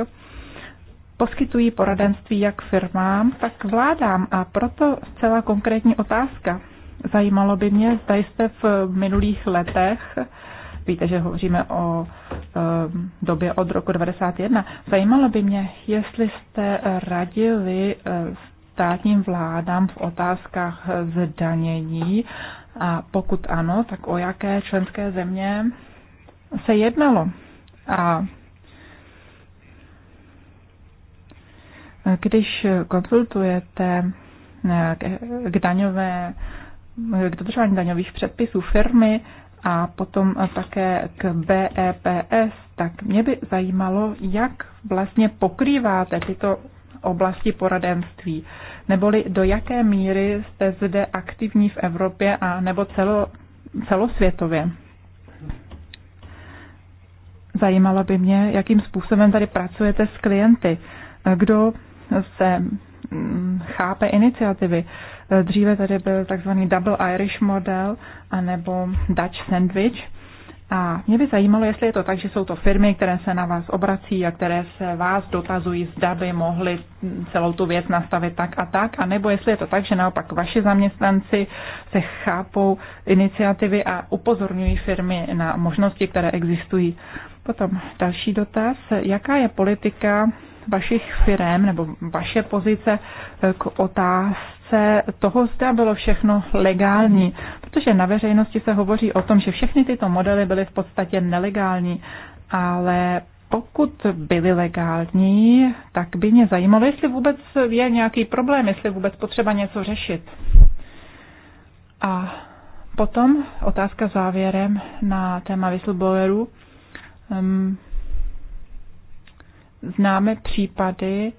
Speaker 2: poskytují poradenství jak firmám, tak vládám a proto zcela konkrétní otázka. Zajímalo by mě, zda jste v minulých letech, víte, že hovoříme o e, době od roku 1991, zajímalo by mě, jestli jste radili e, státním vládám v otázkách zdanění a pokud ano, tak o jaké členské země se jednalo? A když konzultujete eh, k daňové, k dodržování daňových předpisů firmy a potom také k BEPS, tak mě by zajímalo, jak vlastně pokrýváte tyto oblasti poradenství neboli do jaké míry jste zde aktivní v Evropě a nebo celo, celosvětově. Zajímalo by mě, jakým způsobem tady pracujete s klienty, kdo se mm, chápe iniciativy. Dříve tady byl takzvaný Double Irish model anebo Dutch Sandwich a mě by zajímalo, jestli je to tak, že jsou to firmy, které se na vás obrací a které se vás dotazují, zda by mohli celou tu věc nastavit tak a tak, a nebo jestli je to tak, že naopak vaši zaměstnanci se chápou iniciativy a upozorňují firmy na možnosti, které existují. Potom další dotaz. Jaká je politika vašich firm nebo vaše pozice k otázce, se toho, zda bylo všechno legální, protože na veřejnosti se hovoří o tom, že všechny tyto modely byly v podstatě nelegální, ale pokud byly legální, tak by mě zajímalo, jestli vůbec je nějaký problém, jestli vůbec potřeba něco řešit. A potom otázka závěrem na téma whistleblowerů. Ehm, známe případy,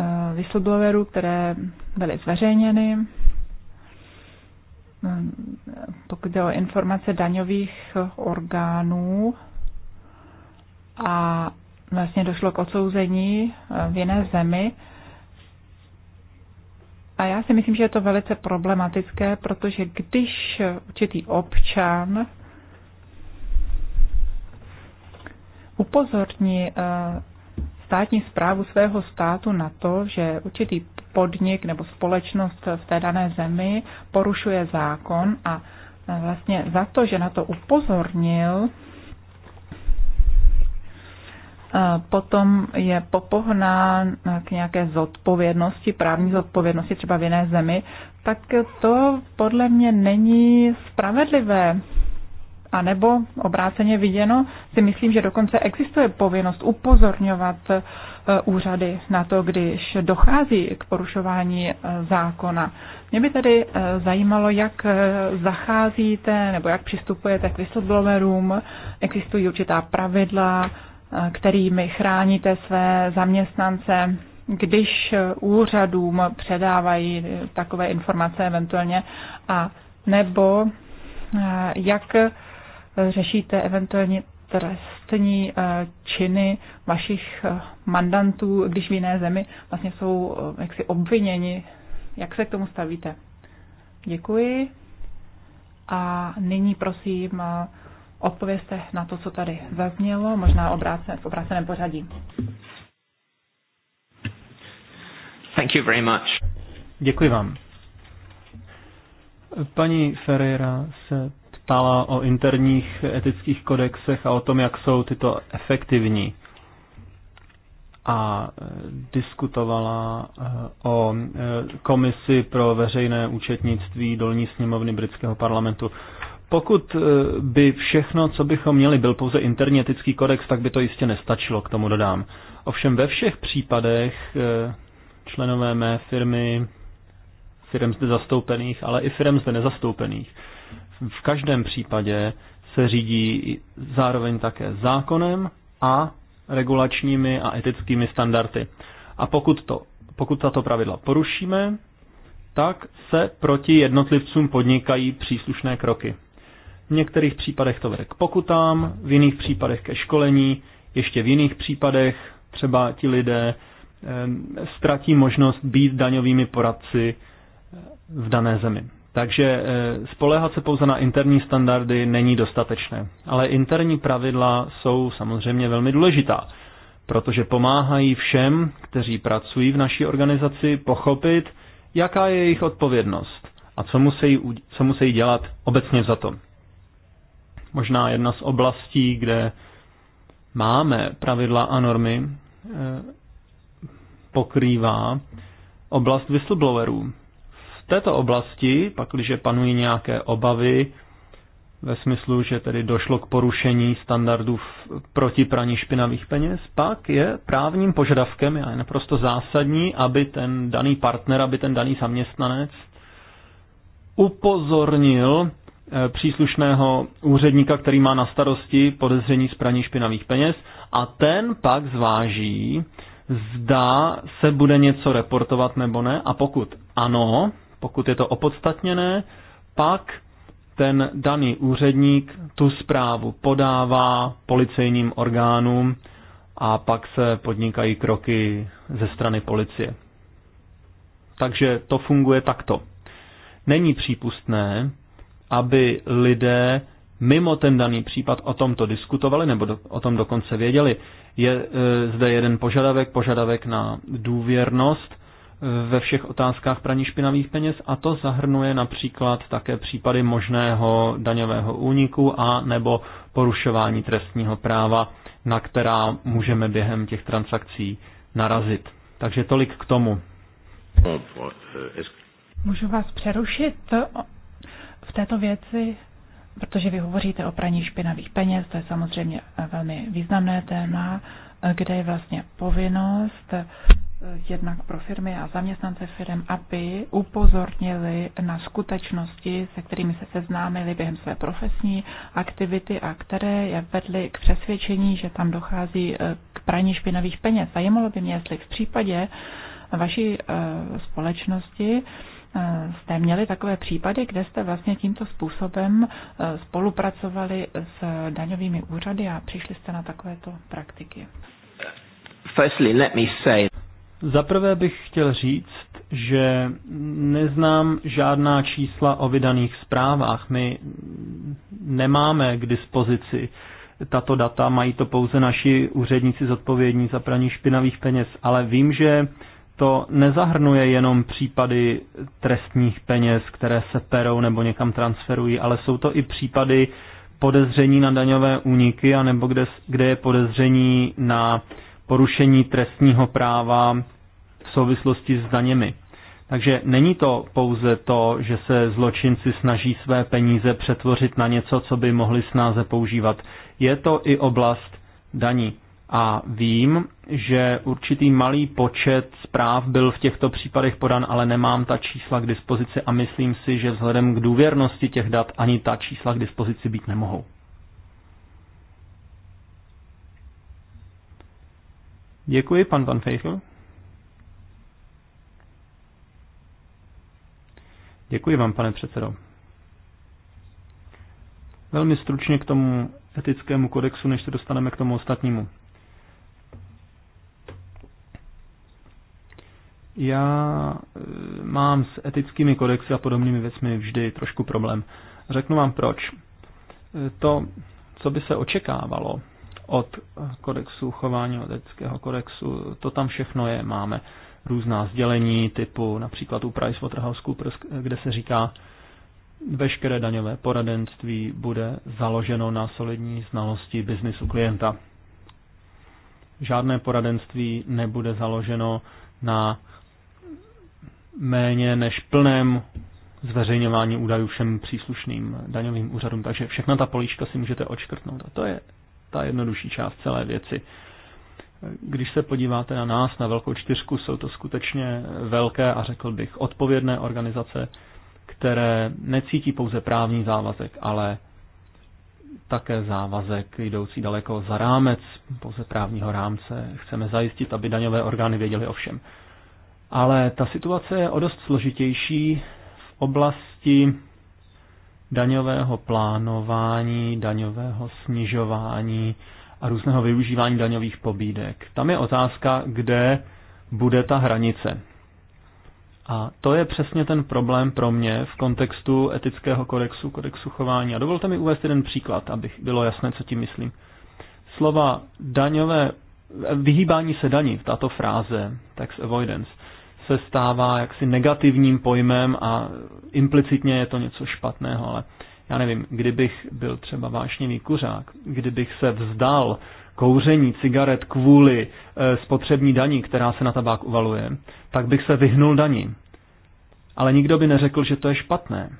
Speaker 2: Eh, whistleblowerů, které byly zveřejněny. Eh, pokud jde o informace daňových orgánů a vlastně došlo k odsouzení eh, v jiné zemi. A já si myslím, že je to velice problematické, protože když určitý občan upozorní státní zprávu svého státu na to, že určitý podnik nebo společnost v té dané zemi porušuje zákon a e, vlastně za to, že na to upozornil, e, potom je popohnán e, k nějaké zodpovědnosti, právní zodpovědnosti třeba v jiné zemi, tak to podle mě není spravedlivé. A nebo obráceně viděno, si myslím, že dokonce existuje povinnost upozorňovat e, úřady na to, když dochází k porušování e, zákona. Mě by tedy e, zajímalo, jak zacházíte nebo jak přistupujete k whistleblowerům. Existují určitá pravidla, kterými chráníte své zaměstnance, když úřadům předávají takové informace eventuálně a nebo jak řešíte eventuálně trestní eh, činy vašich eh, mandantů, když v jiné zemi vlastně jsou eh, jaksi obviněni. Jak se k tomu stavíte? Děkuji. A nyní prosím, odpovězte na to, co tady zaznělo, možná v obráceném pořadí.
Speaker 1: Thank you very much.
Speaker 3: Děkuji vám. Paní Ferreira se ptala o interních etických kodexech a o tom, jak jsou tyto efektivní. A e, diskutovala e, o e, komisi pro veřejné účetnictví dolní sněmovny britského parlamentu. Pokud by všechno, co bychom měli, byl pouze interní etický kodex, tak by to jistě nestačilo, k tomu dodám. Ovšem ve všech případech členové mé firmy, firm zde zastoupených, ale i firm zde nezastoupených, v každém případě se řídí zároveň také zákonem a regulačními a etickými standardy. A pokud, to, pokud tato pravidla porušíme, tak se proti jednotlivcům podnikají příslušné kroky. V některých případech to vede k pokutám, v jiných případech ke školení, ještě v jiných případech třeba ti lidé eh, ztratí možnost být daňovými poradci eh, v dané zemi. Takže eh, spolehat se pouze na interní standardy není dostatečné. Ale interní pravidla jsou samozřejmě velmi důležitá, protože pomáhají všem, kteří pracují v naší organizaci, pochopit, jaká je jejich odpovědnost a co musí, co musí dělat obecně za to. Možná jedna z oblastí, kde máme pravidla a normy, eh, pokrývá oblast whistleblowerů této oblasti, pak, když panují nějaké obavy ve smyslu, že tedy došlo k porušení standardů proti praní špinavých peněz, pak je právním požadavkem, a je naprosto zásadní, aby ten daný partner, aby ten daný zaměstnanec upozornil eh, příslušného úředníka, který má na starosti podezření z praní špinavých peněz a ten pak zváží, zda se bude něco reportovat nebo ne a pokud ano, pokud je to opodstatněné, pak ten daný úředník tu zprávu podává policejním orgánům a pak se podnikají kroky ze strany policie. Takže to funguje takto. Není přípustné, aby lidé mimo ten daný případ o tomto diskutovali nebo do, o tom dokonce věděli. Je e, zde jeden požadavek, požadavek na důvěrnost ve všech otázkách praní špinavých peněz a to zahrnuje například také případy možného daňového úniku a nebo porušování trestního práva, na která můžeme během těch transakcí narazit. Takže tolik k tomu.
Speaker 2: Můžu vás přerušit v této věci, protože vy hovoříte o praní špinavých peněz, to je samozřejmě velmi významné téma, kde je vlastně povinnost jednak pro firmy a zaměstnance firm, aby upozornili na skutečnosti, se kterými se seznámili během své profesní aktivity a které je vedly k přesvědčení, že tam dochází e, k praní špinavých peněz. Zajímalo by mě, jestli v případě vaší e, společnosti e, jste měli takové případy, kde jste vlastně tímto způsobem spolupracovali s daňovými úřady a přišli jste na takovéto praktiky.
Speaker 1: Firstly, let me say...
Speaker 3: Zaprvé bych chtěl říct, že neznám žádná čísla o vydaných zprávách. My nemáme k dispozici tato data, mají to pouze naši úředníci zodpovědní za praní špinavých peněz, ale vím, že to nezahrnuje jenom případy trestních peněz, které se perou nebo někam transferují, ale jsou to i případy podezření na daňové úniky, anebo kde, kde je podezření na uh, porušení trestního práva v souvislosti s daněmi. Takže není to pouze to, že se zločinci snaží své peníze přetvořit na něco, co by mohli snáze používat. Je to i oblast daní. A vím, že určitý malý počet zpráv byl v těchto případech podan, ale nemám ta čísla k dispozici a myslím si, že vzhledem k důvěrnosti těch dat ani ta čísla k dispozici být nemohou. Děkuji, pan Van Feichl. Děkuji vám, pane předsedo. Velmi stručně k tomu etickému kodexu, než se dostaneme k tomu ostatnímu. Já eh, mám s etickými kodexy a podobnými věcmi vždy trošku problém. Řeknu vám proč. Eh, to, co by se očekávalo, od kodexu chování, od etického kodexu, to tam všechno je. Máme různá sdělení typu například u PricewaterhouseCoopers, kde se říká, veškeré daňové poradenství bude založeno na solidní znalosti biznisu klienta. Žádné poradenství nebude založeno na méně než plném zveřejňování údajů všem příslušným daňovým úřadům. Takže všechna ta políčka si můžete očkrtnout. A to je ta jednodušší část celé věci. Když se podíváte na nás, na Velkou čtyřku, jsou to skutečně velké a řekl bych odpovědné organizace, které necítí pouze právní závazek, ale také závazek jdoucí daleko za rámec pouze právního rámce. Chceme zajistit, aby daňové orgány věděly o všem. Ale ta situace je o dost složitější v oblasti daňového plánování, daňového snižování a různého využívání daňových pobídek. Tam je otázka, kde bude ta hranice. A to je přesně ten problém pro mě v kontextu etického kodexu, kodexu chování. A dovolte mi uvést jeden příklad, abych bylo jasné, co tím myslím. Slova daňové, vyhýbání se daní, tato fráze, tax avoidance, se stává jaksi negativním pojmem a implicitně je to něco špatného, ale já nevím, kdybych byl třeba vášnivý kuřák, kdybych se vzdal kouření cigaret kvůli e, spotřební daní, která se na tabák uvaluje, tak bych se vyhnul daní. Ale nikdo by neřekl, že to je špatné.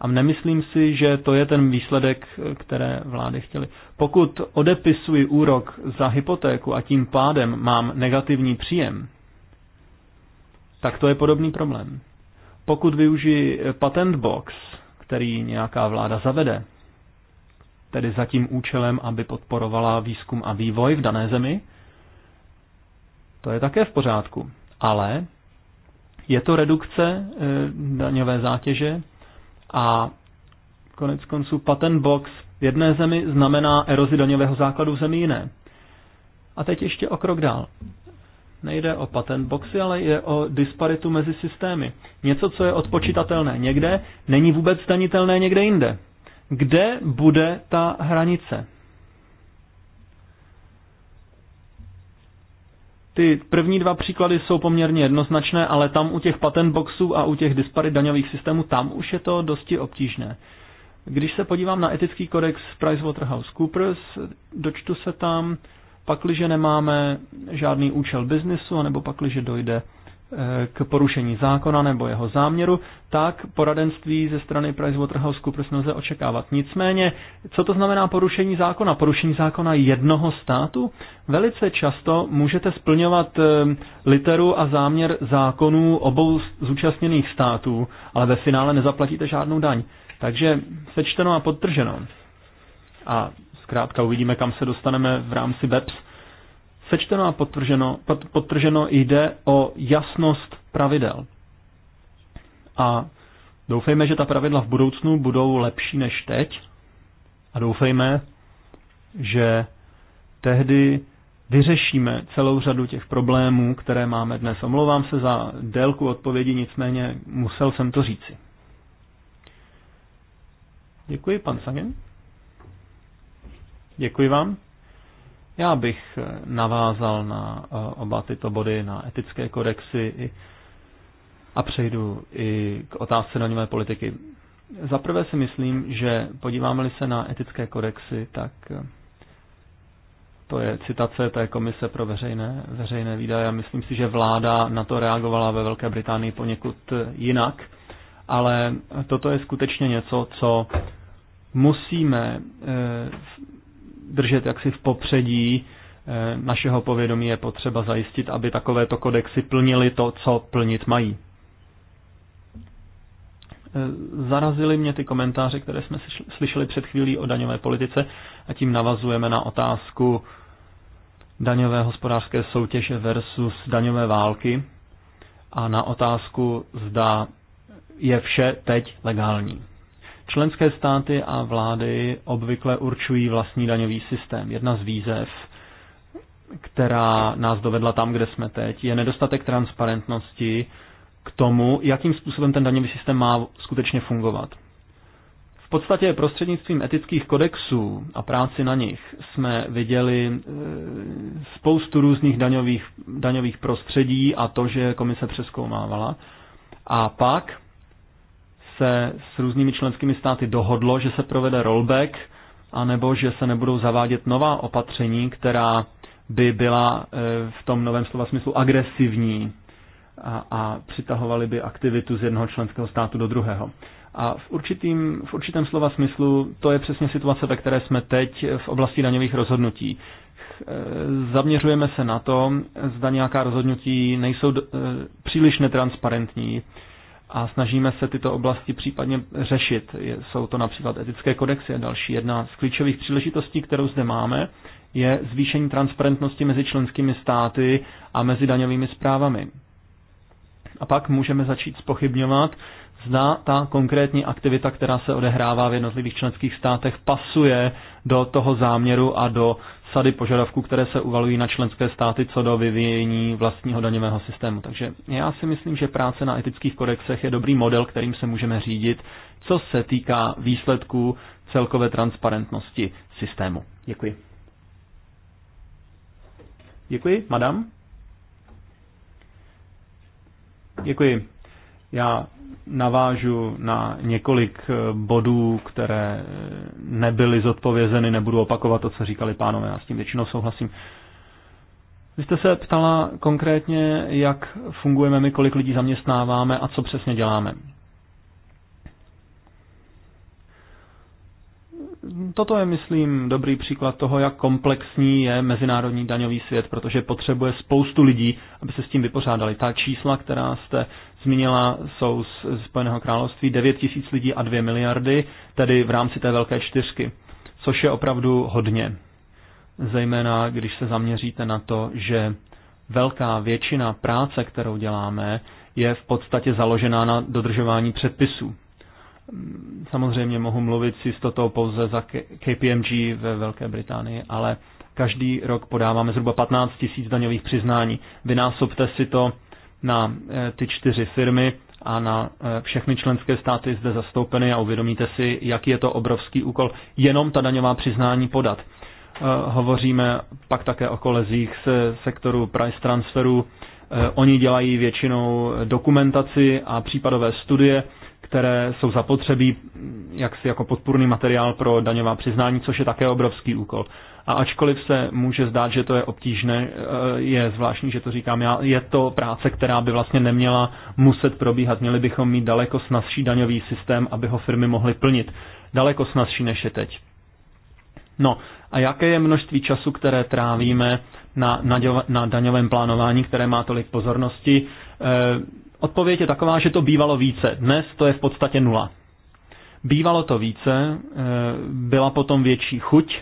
Speaker 3: A nemyslím si, že to je ten výsledek, e, které vlády chtěly. Pokud odepisuji úrok za hypotéku a tím pádem mám negativní příjem, tak to je podobný problém. Pokud využijí patent box, který nějaká vláda zavede, tedy za tím účelem, aby podporovala výzkum a vývoj v dané zemi, to je také v pořádku. Ale je to redukce eh, daňové zátěže a konec konců patent box v jedné zemi znamená erozi daňového základu v zemi jiné. A teď ještě o krok dál. Nejde o patent boxy, ale je o disparitu mezi systémy. Něco, co je odpočítatelné někde, není vůbec zdanitelné někde jinde. Kde bude ta hranice? Ty první dva příklady jsou poměrně jednoznačné, ale tam u těch patent boxů a u těch disparit daňových systémů, tam už je to dosti obtížné. Když se podívám na etický kodex PricewaterhouseCoopers, dočtu se tam, pakliže nemáme žádný účel biznisu, nebo pakliže dojde eh, k porušení zákona nebo jeho záměru, tak poradenství ze strany PricewaterhouseCoopers nelze očekávat. Nicméně, co to znamená porušení zákona? Porušení zákona jednoho státu? Velice často můžete splňovat eh, literu a záměr zákonů obou zúčastněných států, ale ve finále nezaplatíte žádnou daň. Takže sečteno a podtrženo. A Zkrátka uvidíme, kam se dostaneme v rámci BEPS. Sečteno a potvrženo, potvrženo jde o jasnost pravidel. A doufejme, že ta pravidla v budoucnu budou lepší než teď. A doufejme, že tehdy vyřešíme celou řadu těch problémů, které máme dnes. Omlouvám se za délku odpovědi, nicméně musel jsem to říci. Děkuji, pan Sagen. Děkuji vám. Já bych navázal na eh, oba tyto body, na etické kodexy a přejdu i k otázce daňové politiky. Za prvé si myslím, že podíváme-li se na etické kodexy, tak eh, to je citace té komise pro veřejné, veřejné výdaje. myslím si, že vláda na to reagovala ve Velké Británii poněkud eh, jinak, ale toto je skutečně něco, co musíme držet jaksi v popředí eh, našeho povědomí, je potřeba zajistit, aby takovéto kodexy plnili to, co plnit mají. Eh, zarazily mě ty komentáře, které jsme slyšeli před chvílí o daňové politice a tím navazujeme na otázku daňové hospodářské soutěže versus daňové války a na otázku, zda je vše teď legální. Členské státy a vlády obvykle určují vlastní daňový systém. Jedna z výzev, která nás dovedla tam, kde jsme teď, je nedostatek transparentnosti k tomu, jakým způsobem ten daňový systém má skutečně fungovat. V podstatě prostřednictvím etických kodexů a práci na nich jsme viděli e, spoustu různých daňových, daňových prostředí a to, že komise přeskoumávala. A pak se s různými členskými státy dohodlo, že se provede rollback, anebo že se nebudou zavádět nová opatření, která by byla e, v tom novém slova smyslu agresivní a, a přitahovaly by aktivitu z jednoho členského státu do druhého. A v, určitým, v určitém slova smyslu to je přesně situace, ve které jsme teď v oblasti daňových rozhodnutí. E, zaměřujeme se na to, zda nějaká rozhodnutí nejsou e, příliš netransparentní, a snažíme se tyto oblasti případně řešit. Jsou to například etické kodexy a další. Jedna z klíčových příležitostí, kterou zde máme, je zvýšení transparentnosti mezi členskými státy a mezi daňovými zprávami. A pak můžeme začít spochybňovat, zda ta konkrétní aktivita, která se odehrává v jednotlivých členských státech, pasuje do toho záměru a do sady požadavků, které se uvalují na členské státy co do vyvíjení vlastního daňového systému. Takže já si myslím, že práce na etických kodexech je dobrý model, kterým se můžeme řídit, co se týká výsledků celkové transparentnosti systému. Děkuji. Děkuji, madam. Děkuji. Já navážu na několik eh, bodů, které eh, nebyly zodpovězeny, nebudu opakovat to, co říkali pánové, já s tím většinou souhlasím. Vy jste se ptala konkrétně, jak fungujeme my, kolik lidí zaměstnáváme a co přesně děláme. Toto je, myslím, dobrý příklad toho, jak komplexní je mezinárodní daňový svět, protože potřebuje spoustu lidí, aby se s tím vypořádali. Ta čísla, která jste zmínila, jsou z Spojeného království 9 tisíc lidí a 2 miliardy, tedy v rámci té velké čtyřky, což je opravdu hodně. Zejména, když se zaměříte na to, že velká většina práce, kterou děláme, je v podstatě založená na dodržování předpisů. Samozřejmě mohu mluvit si s jistotou pouze za KPMG ve Velké Británii, ale každý rok podáváme zhruba 15 tisíc daňových přiznání. Vynásobte si to na eh, ty čtyři firmy a na eh, všechny členské státy zde zastoupeny a uvědomíte si, jaký je to obrovský úkol jenom ta daňová přiznání podat. Eh, hovoříme pak také o kolezích z sektoru price transferu. Oni dělají většinou dokumentaci a případové studie které jsou zapotřebí jaksi jako podpůrný materiál pro daňová přiznání, což je také obrovský úkol. A ačkoliv se může zdát, že to je obtížné, eh, je zvláštní, že to říkám já, je to práce, která by vlastně neměla muset probíhat. Měli bychom mít daleko snazší daňový systém, aby ho firmy mohly plnit. Daleko snazší než je teď. No a jaké je množství času, které trávíme na, na, na daňovém plánování, které má tolik pozornosti? Eh, Odpověď je taková, že to bývalo více. Dnes to je v podstatě nula. Bývalo to více, eh, byla potom větší chuť,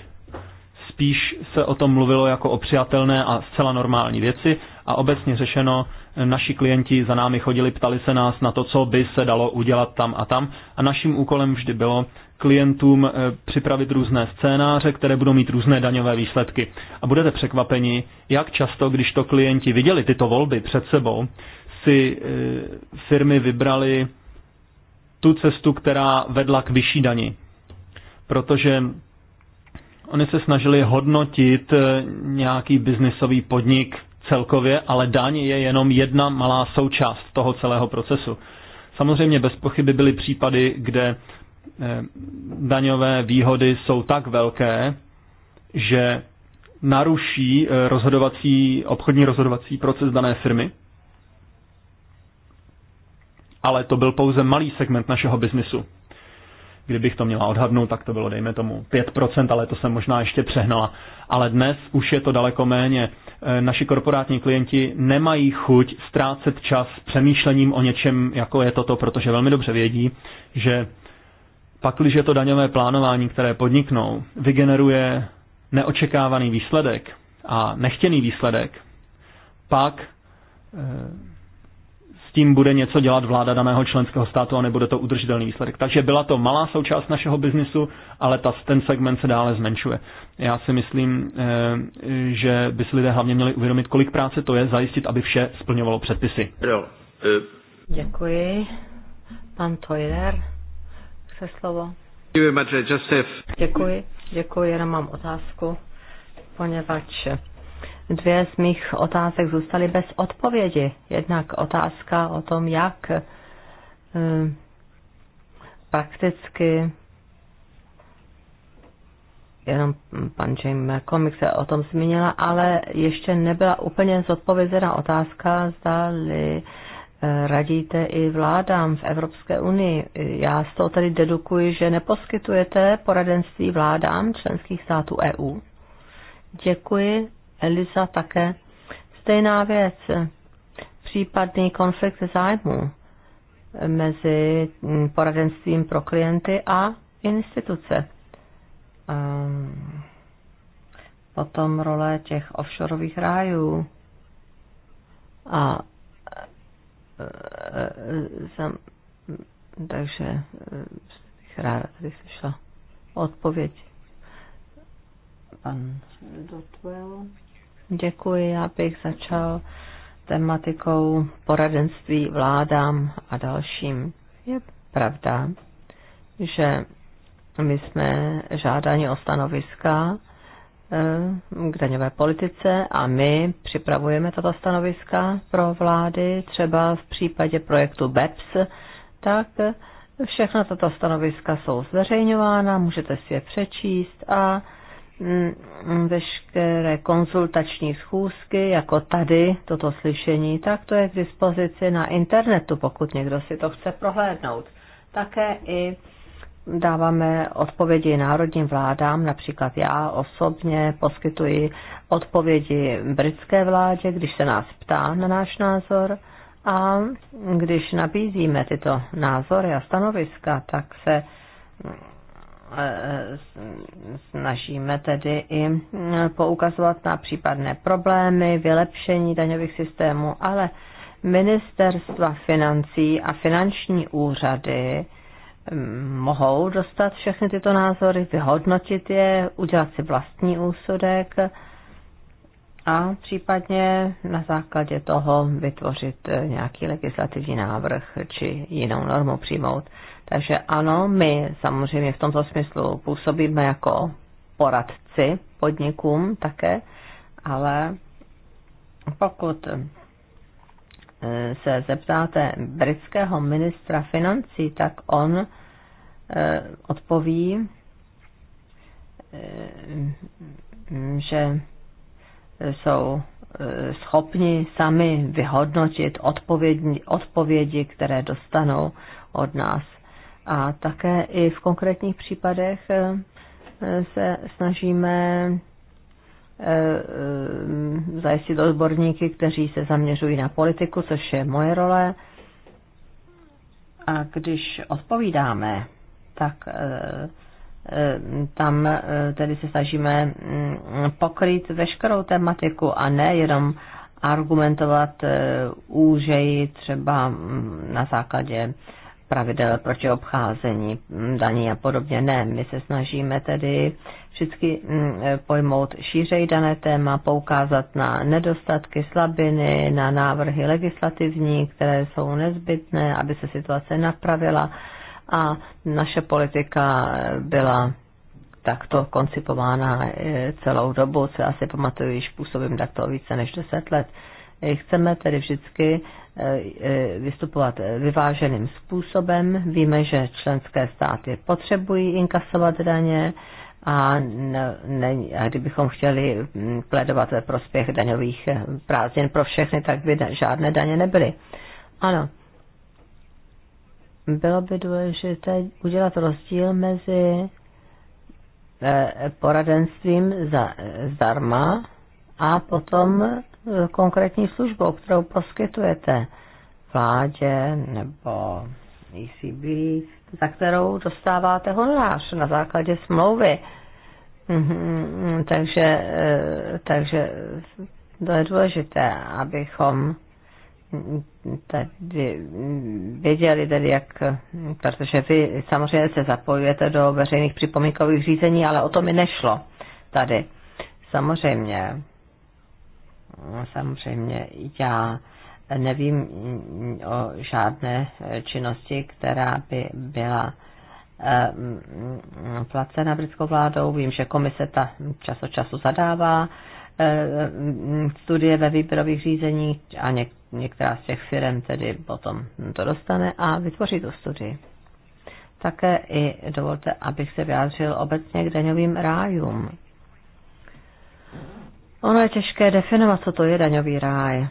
Speaker 3: spíš se o tom mluvilo jako o přijatelné a zcela normální věci a obecně řešeno, eh, naši klienti za námi chodili, ptali se nás na to, co by se dalo udělat tam a tam a naším úkolem vždy bylo klientům eh, připravit různé scénáře, které budou mít různé daňové výsledky. A budete překvapeni, jak často, když to klienti viděli tyto volby před sebou, si eh, firmy vybraly tu cestu, která vedla k vyšší dani. Protože oni se snažili hodnotit eh, nějaký biznisový podnik celkově, ale daň je jenom jedna malá součást toho celého procesu. Samozřejmě bez pochyby byly případy, kde eh, daňové výhody jsou tak velké, že naruší rozhodovací, obchodní rozhodovací proces dané firmy ale to byl pouze malý segment našeho biznisu. Kdybych to měla odhadnout, tak to bylo, dejme tomu, 5%, ale to jsem možná ještě přehnala. Ale dnes už je to daleko méně. E, naši korporátní klienti nemají chuť ztrácet čas přemýšlením o něčem, jako je toto, protože velmi dobře vědí, že pak, když je to daňové plánování, které podniknou, vygeneruje neočekávaný výsledek a nechtěný výsledek, pak e, tím bude něco dělat vláda daného členského státu a nebude to udržitelný výsledek. Takže byla to malá součást našeho biznisu, ale ta, ten segment se dále zmenšuje. Já si myslím, eh, že by si lidé hlavně měli uvědomit, kolik práce to je zajistit, aby vše splňovalo předpisy.
Speaker 1: Eh. Děkuji. Pan Toiler chce slovo. Děkuji, děkuji, jenom mám otázku, poněvadž dvě z mých otázek zůstaly bez odpovědi. Jednak otázka o tom, jak eh, prakticky jenom pan James Komik se o tom zmínila, ale ještě nebyla úplně zodpovězena otázka, zda-li eh, radíte i vládám v Evropské unii. Já z toho tedy dedukuji, že neposkytujete poradenství vládám členských států EU. Děkuji Eliza také. Stejná věc, případný konflikt zájmu mezi mm, poradenstvím pro klienty a instituce. Ehm, potom role těch offshoreových rájů a jsem, e, takže e, bych ráda tady slyšela odpověď. Pan Dotwell. Děkuji, já bych začal tematikou poradenství vládám a dalším. Je pravda, že my jsme žádani o stanoviska eh, k daňové politice a my připravujeme tato stanoviska pro vlády, třeba v případě projektu BEPS, tak všechna tato stanoviska jsou zveřejňována, můžete si je přečíst a Mm, veškeré konzultační schůzky, jako tady toto slyšení, tak to je k dispozici na internetu, pokud někdo si to chce prohlédnout. Také i dáváme odpovědi národním vládám, například já osobně poskytuji odpovědi britské vládě, když se nás ptá na náš názor a když nabízíme tyto názory a stanoviska, tak se snažíme tedy i poukazovat na případné problémy, vylepšení daňových systémů, ale ministerstva financí a finanční úřady mm, mohou dostat všechny tyto názory, vyhodnotit je, udělat si vlastní úsudek a případně na základě toho vytvořit nějaký legislativní návrh či jinou normu přijmout. Takže ano, my samozřejmě v tomto smyslu působíme jako poradci podnikům také, ale pokud eh, se zeptáte britského ministra financí, tak on eh, odpoví, eh, že jsou schopni sami vyhodnotit odpovědi, odpovědi, které dostanou od nás a také i v konkrétních případech eh, se snažíme eh, eh, zajistit odborníky, kteří se zaměřují na politiku, což je moje role. A když odpovídáme, tak tam tedy se snažíme mm, pokryt veškerou tematiku a ne jenom argumentovat úžeji třeba mm, na základě pravidel proti obcházení mm, daní a podobně. Ne, my se snažíme tedy vždycky mm, pojmout šířej dané téma, poukázat na nedostatky, slabiny, na návrhy legislativní, které jsou nezbytné, aby se situace napravila a naše politika byla takto koncipována e, celou dobu, co asi pamatuju, již působím takto více než 10 let. E, chceme tedy vždycky vystupovat vyváženým způsobem. Víme, že členské státy potřebují inkasovat daně a, ne, a kdybychom chtěli mm, plédovat ve prospěch daňových prázdnin pro všechny, tak by žádné daně nebyly. Ano, bylo by důležité udělat rozdíl mezi eh, poradenstvím za, eh, zdarma a potom eh, konkrétní službou, kterou poskytujete vládě nebo ECB, za kterou dostáváte honorář na základě smlouvy. Mhm, takže, eh, takže to je důležité, abychom tedy věděli, tady jak, protože vy samozřejmě se zapojujete do veřejných připomínkových řízení, ale o to mi nešlo tady. Samozřejmě, samozřejmě já nevím o žádné činnosti, která by byla eh, placena britskou vládou. Vím, že komise ta čas od času zadává eh, studie ve výběrových řízeních a něk- některá z těch firm tedy potom to dostane a vytvoří tu studii. Také i dovolte, abych se vyjádřil obecně k daňovým rájům. Ono je těžké definovat, co to je daňový ráj.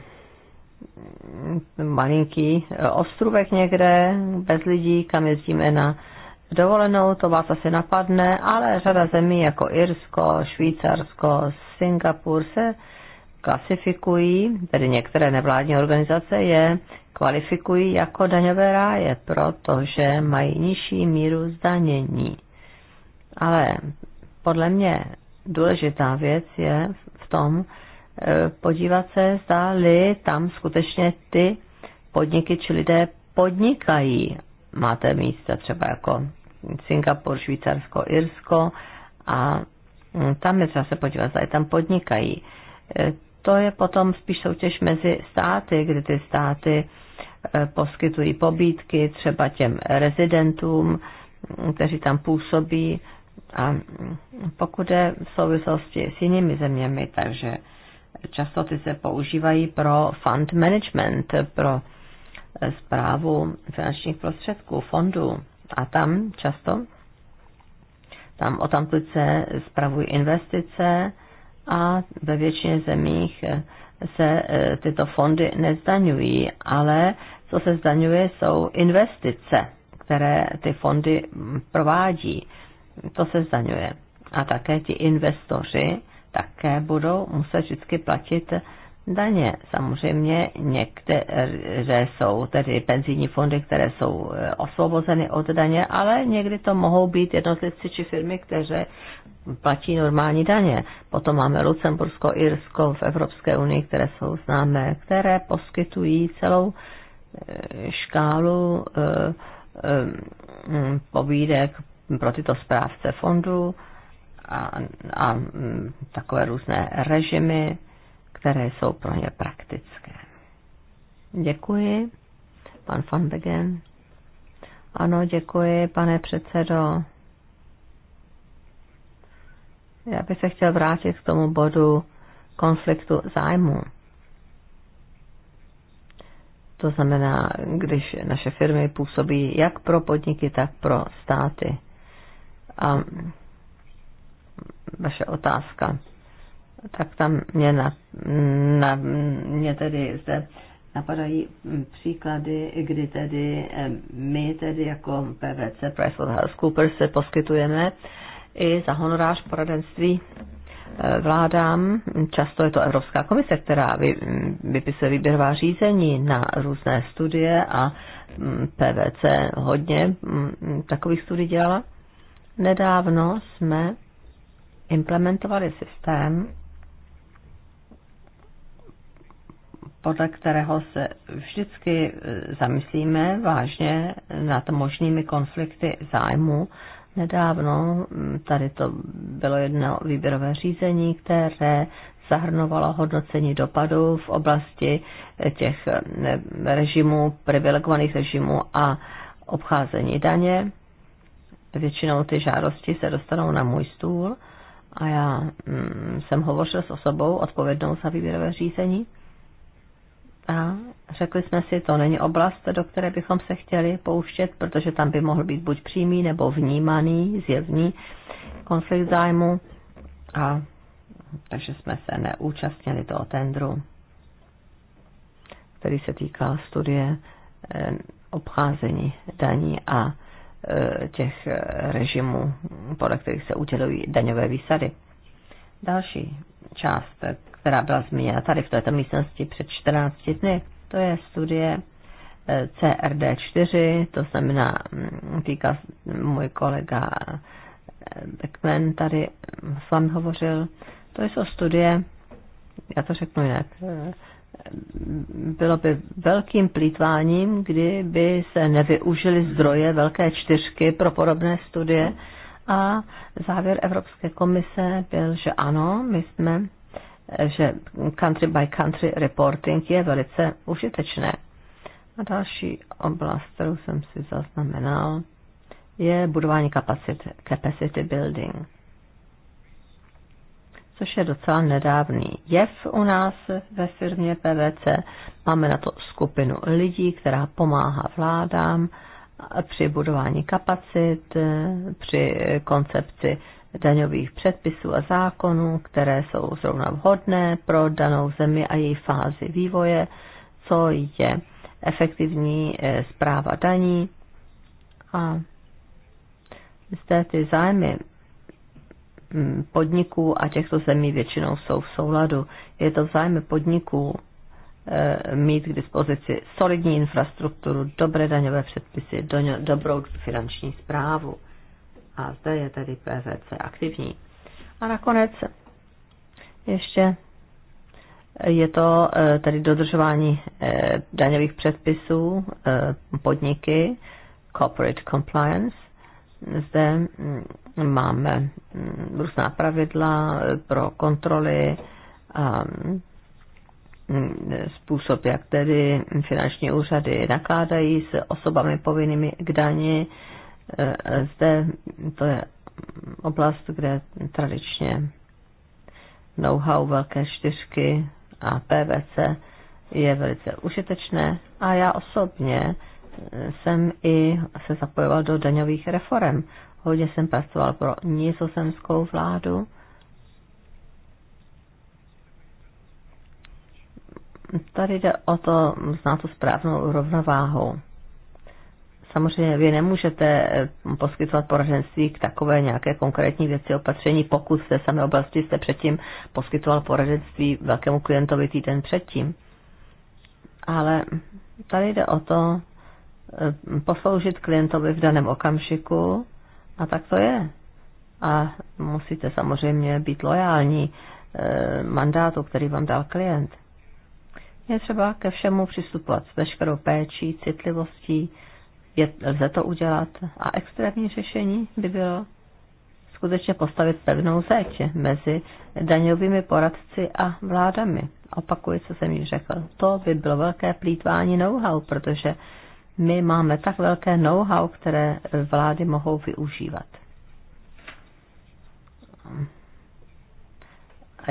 Speaker 1: Malinký ostrůvek někde, bez lidí, kam jezdíme na dovolenou, to vás asi napadne, ale řada zemí jako Irsko, Švýcarsko, Singapur se klasifikují, tedy některé nevládní organizace je kvalifikují jako daňové ráje, protože mají nižší míru zdanění. Ale podle mě důležitá věc je tom e, podívat se, zda-li tam skutečně ty podniky či lidé podnikají. Máte místa třeba jako Singapur, Švýcarsko, Irsko a mm, tam je třeba se podívat, zda tam podnikají. E, to je potom spíš soutěž mezi státy, kdy ty státy e, poskytují pobídky třeba těm rezidentům, mm, kteří tam působí, a pokud je v souvislosti s jinými zeměmi, takže často ty se používají pro fund management, pro zprávu finančních prostředků, fondů. A tam často, tam odtamtud se zpravují investice a ve většině zemích se e, tyto fondy nezdaňují, ale co se zdaňuje, jsou investice, které ty fondy provádí to se zdaňuje. A také ti investoři také budou muset vždycky platit daně. Samozřejmě některé jsou tedy penzijní fondy, které jsou e, osvobozeny od daně, ale někdy to mohou být jednotlivci či firmy, které platí normální daně. Potom máme Lucembursko, Irsko v Evropské unii, které jsou známé, které poskytují celou e, škálu e, pobídek pro tyto správce fondů a, a mm, takové různé režimy, které jsou pro ně praktické. Děkuji, pan van Begen. Ano, děkuji, pane předsedo. Já bych se chtěl vrátit k tomu bodu konfliktu zájmu. To znamená, když naše firmy působí jak pro podniky, tak pro státy. A vaše otázka. Tak tam mě, na, na, mě tedy zde napadají příklady, kdy tedy eh, my tedy jako PVC, PricewaterhouseCoopers, se poskytujeme i za honorář poradenství eh, vládám. Často je to Evropská komise, která mm, vypisuje výběrová řízení na různé studie a mm, PVC hodně mm, takových studií dělala. Nedávno jsme implementovali systém, podle kterého se vždycky eh, zamyslíme vážně nad možnými konflikty zájmu. Nedávno hm, tady to bylo jedno výběrové řízení, které zahrnovalo hodnocení dopadů v oblasti eh, těch eh, režimů, privilegovaných režimů a obcházení daně většinou ty žádosti se dostanou na můj stůl a já mm, jsem hovořil s osobou odpovědnou za výběrové řízení a řekli jsme si, to není oblast, do které bychom se chtěli pouštět, protože tam by mohl být buď přímý nebo vnímaný, zjevný konflikt zájmu a takže jsme se neúčastnili toho tendru, který se týkal studie eh, obcházení daní a Eh, těch eh, režimů, podle kterých se udělují daňové výsady. Další část, která byla zmíněna tady v této místnosti před 14 dny, to je studie eh, CRD4, to znamená, mm, týká můj kolega Beckman tady s vámi hovořil, to jsou studie, já to řeknu jinak, bylo by velkým plítváním, kdyby se nevyužily zdroje velké čtyřky pro podobné studie. A závěr Evropské komise byl, že ano, my jsme, že country by country reporting je velice užitečné. A další oblast, kterou jsem si zaznamenal, je budování kapacity capacity building což je docela nedávný jev u nás ve firmě PVC. Máme na to skupinu lidí, která pomáhá vládám při budování kapacit, při koncepci daňových předpisů a zákonů, které jsou zrovna vhodné pro danou zemi a její fázi vývoje, co je efektivní zpráva eh, daní. A zde ty zájmy Mm, podniků a těchto zemí většinou jsou v souladu. Je to zájem podniků eh, mít k dispozici solidní infrastrukturu, dobré daňové předpisy, do, dobrou finanční zprávu. A zde je tedy PVC aktivní. A nakonec ještě je to eh, tedy dodržování eh, daňových předpisů podniky, corporate compliance, zde mm, máme mm, různá pravidla pro kontroly a mm, způsob, jak tedy finanční úřady nakládají s osobami povinnými k dani. E, zde to je oblast, kde tradičně know-how velké čtyřky a PVC je velice užitečné a já osobně jsem i se zapojoval do daňových reform. Hodně jsem pracoval pro nizozemskou vládu. Tady jde o to znát tu správnou rovnováhu. Samozřejmě vy nemůžete eh, poskytovat poradenství k takové nějaké konkrétní věci opatření, pokud v samé oblasti jste předtím poskytoval poradenství velkému klientovi týden předtím. Ale tady jde o to Eh, posloužit klientovi v daném okamžiku a tak to je. A musíte samozřejmě být lojální eh, mandátu, který vám dal klient. Je třeba ke všemu přistupovat s veškerou péčí, citlivostí, je, lze to udělat. A extrémní řešení by bylo skutečně postavit pevnou zeď mezi daňovými poradci a vládami. Opakuji, co jsem jí řekl. To by bylo velké plítvání know-how, protože my máme tak velké know-how, které vlády mohou využívat.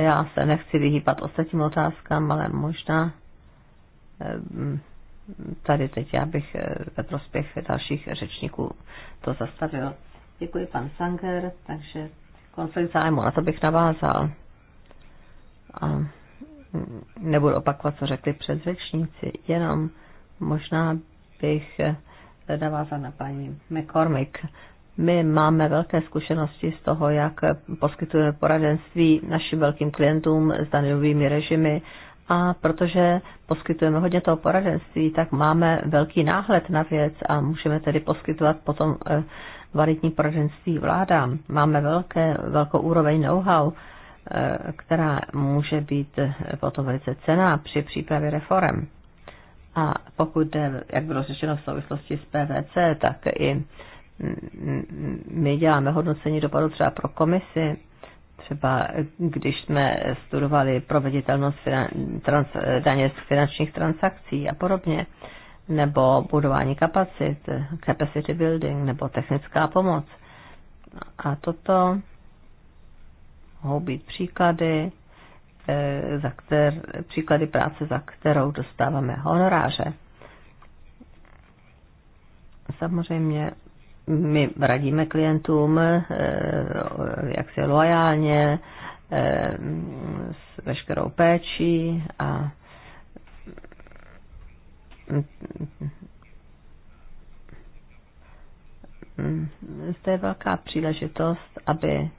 Speaker 1: Já se nechci vyhýbat ostatním otázkám, ale možná ehm, tady teď já bych eh, ve prospěch dalších řečníků to zastavil. Děkuji pan Sanger, takže konflikt zájmu, na to bych navázal. A nebudu opakovat, co řekli předřečníci, jenom možná bych eh, navázal na paní McCormick. My máme velké zkušenosti z toho, jak poskytujeme poradenství našim velkým klientům s daňovými režimy a protože poskytujeme hodně toho poradenství, tak máme velký náhled na věc a můžeme tedy poskytovat potom eh, kvalitní poradenství vládám. Máme velké, velkou úroveň know-how, eh, která může být potom velice cená při přípravě reform. A pokud jde, jak bylo řečeno v souvislosti s PVC, tak i my děláme hodnocení dopadu třeba pro komisi, třeba když jsme studovali proveditelnost trans- daně z finančních transakcí a podobně, nebo budování kapacit, capacity building, nebo technická pomoc. A toto mohou být příklady za kter, příklady práce, za kterou dostáváme honoráře. Samozřejmě my radíme klientům, jak se loajálně, s veškerou péčí a to je velká příležitost, aby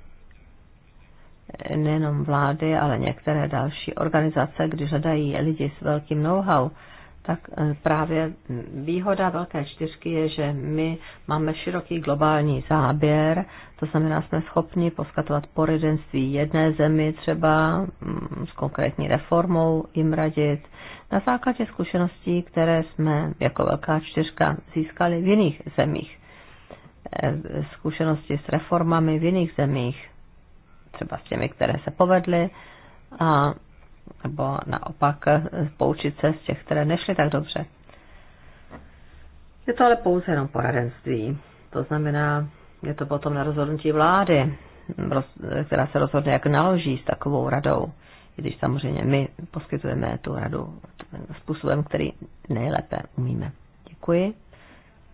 Speaker 1: nejenom vlády, ale některé další organizace, když hledají lidi s velkým know-how, tak eh, právě výhoda Velké čtyřky je, že my máme široký globální záběr, to znamená, jsme schopni poskatovat poradenství jedné zemi třeba mm, s konkrétní reformou jim radit na základě zkušeností, které jsme jako Velká čtyřka získali v jiných zemích. Eh, zkušenosti s reformami v jiných zemích, třeba s těmi, které se povedly, a, nebo naopak eh, poučit se z těch, které nešly tak dobře. Je to ale pouze jenom poradenství. To znamená, je to potom na rozhodnutí vlády, která se rozhodne, jak naloží s takovou radou. I když samozřejmě my poskytujeme tu radu způsobem, který nejlépe umíme. Děkuji.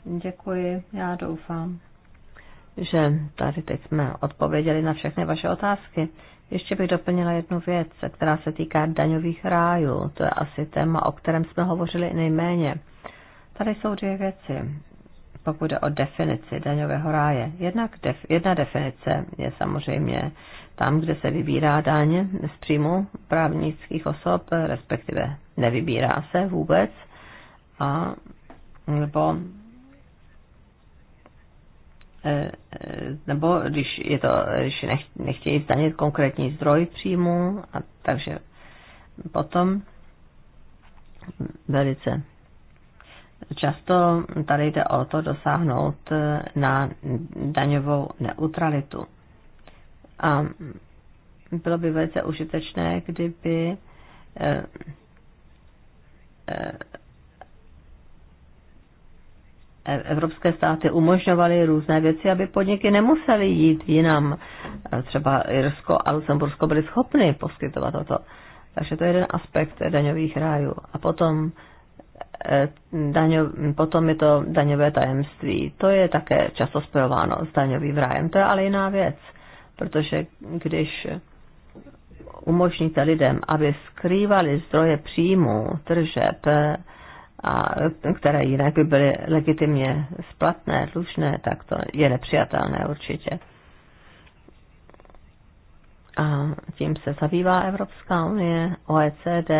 Speaker 1: Děkuji, já doufám, že tady teď jsme odpověděli na všechny vaše otázky. Ještě bych doplnila jednu věc, která se týká daňových rájů. To je asi téma, o kterém jsme hovořili nejméně. Tady jsou dvě věci, pokud jde o definici daňového ráje. Jednak def, jedna definice je samozřejmě tam, kde se vybírá daň z příjmu právnických osob, respektive nevybírá se vůbec, a, nebo Eh, eh, nebo když, je to, když nechtějí zdanit konkrétní zdroj příjmu, a takže potom velice často tady jde o to dosáhnout eh, na daňovou neutralitu. A bylo by velice užitečné, kdyby evropské státy umožňovaly různé věci, aby podniky nemusely jít jinam. E, třeba Irsko a Lucembursko byly schopny poskytovat toto. Takže to je jeden aspekt daňových rájů. A potom, e, daňo, potom je to daňové tajemství. To je také často spojováno s daňovým rájem. To je ale jiná věc, protože když umožníte lidem, aby skrývali zdroje příjmů, tržeb, a které jinak by byly legitimně splatné, dlužné, tak to je nepřijatelné určitě. A tím se zabývá Evropská unie, OECD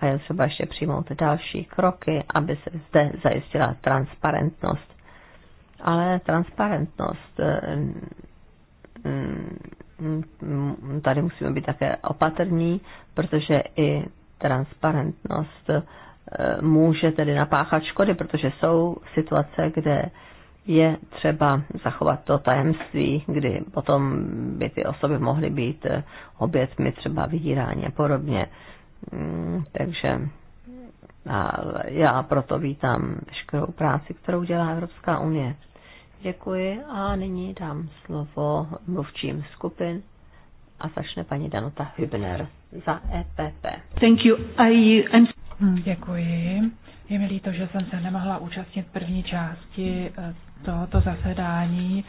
Speaker 1: a je třeba ještě přijmout další kroky, aby se zde zajistila transparentnost. Ale transparentnost eh, mm, tady musíme být také opatrní, protože i transparentnost Eh, může tedy napáchat škody, protože jsou situace, kde je třeba zachovat to tajemství, kdy potom by ty osoby mohly být eh, obětmi třeba vydírání a podobně. Mm, takže a já proto vítám veškerou práci, kterou dělá Evropská unie. Děkuji a nyní dám slovo mluvčím skupin a začne paní Danuta Hübner za EPP. Thank
Speaker 2: you. I, I'm... Hm, děkuji. Je mi líto, že jsem se nemohla účastnit první části eh, tohoto zasedání,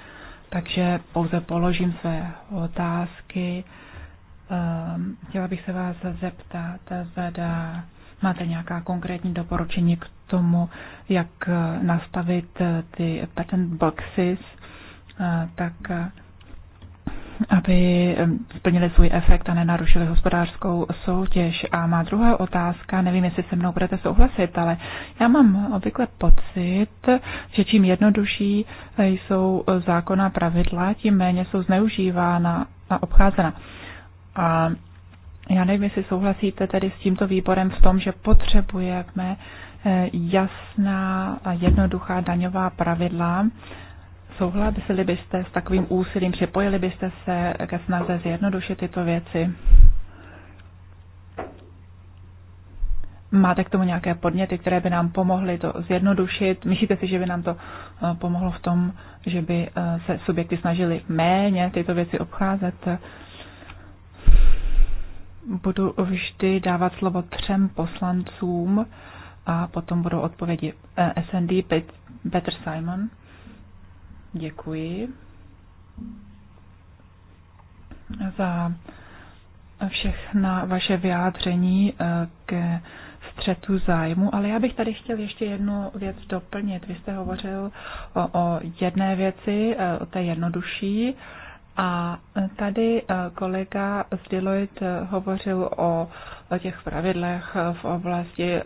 Speaker 2: takže pouze položím své otázky. Ehm, chtěla bych se vás zeptat, zda máte nějaká konkrétní doporučení k tomu, jak eh, nastavit eh, ty patent boxes, tak aby splnili svůj efekt a nenarušili hospodářskou soutěž. A má druhá otázka, nevím, jestli se mnou budete souhlasit, ale já mám obvykle pocit, že čím jednodušší jsou zákona pravidla, tím méně jsou zneužívána a obcházena. A já nevím, jestli souhlasíte tedy s tímto výborem v tom, že potřebujeme eh, jasná a jednoduchá daňová pravidla, Souhlasili byste s takovým úsilím, připojili byste se ke snaze zjednodušit tyto věci? Máte k tomu nějaké podněty, které by nám pomohly to zjednodušit? Myslíte si, že by nám to eh, pomohlo v tom, že by eh, se subjekty snažili méně tyto věci obcházet? Budu vždy dávat slovo třem poslancům a potom budou odpovědi eh, SND Petr Simon. Děkuji za všechna vaše vyjádření eh, ke střetu zájmu, ale já bych tady chtěl ještě jednu věc doplnit. Vy jste hovořil o, o jedné věci, eh, o té jednodušší, a tady eh, kolega z Deloitte hovořil o, o těch pravidlech v oblasti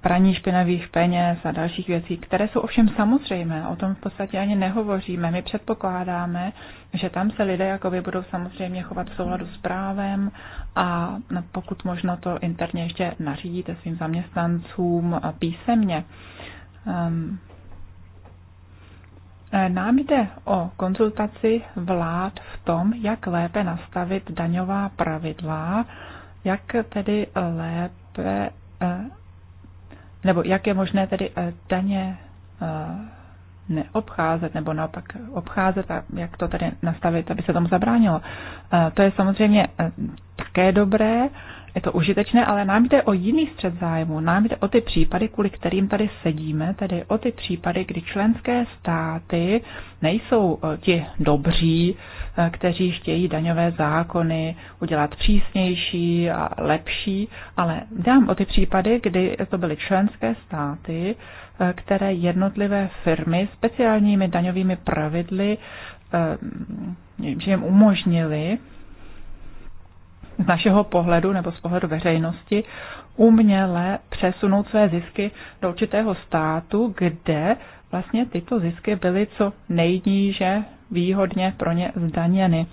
Speaker 2: praní špinavých peněz a dalších věcí, které jsou ovšem samozřejmé, o tom v podstatě ani nehovoříme. My předpokládáme, že tam se lidé jako vy budou samozřejmě chovat v souladu s právem a pokud možno to interně ještě nařídíte svým zaměstnancům písemně. Um, nám jde o konzultaci vlád v tom, jak lépe nastavit daňová pravidla, jak tedy lépe eh, nebo jak je možné tedy eh, daně eh, neobcházet nebo naopak obcházet a jak to tedy nastavit, aby se tomu zabránilo. Eh, to je samozřejmě také dobré, je to užitečné, ale nám jde o jiný střed zájmu. Nám jde o ty případy, kvůli kterým tady sedíme, tedy o ty případy, kdy členské státy nejsou eh, ti dobří, eh, kteří chtějí daňové zákony udělat přísnější a lepší, ale dám o ty případy, kdy to byly členské státy, eh, které jednotlivé firmy speciálními daňovými pravidly že jim umožnili z našeho pohledu nebo z pohledu veřejnosti uměle přesunout své zisky do určitého státu, kde vlastně tyto zisky byly co nejníže výhodně pro ně zdaněny.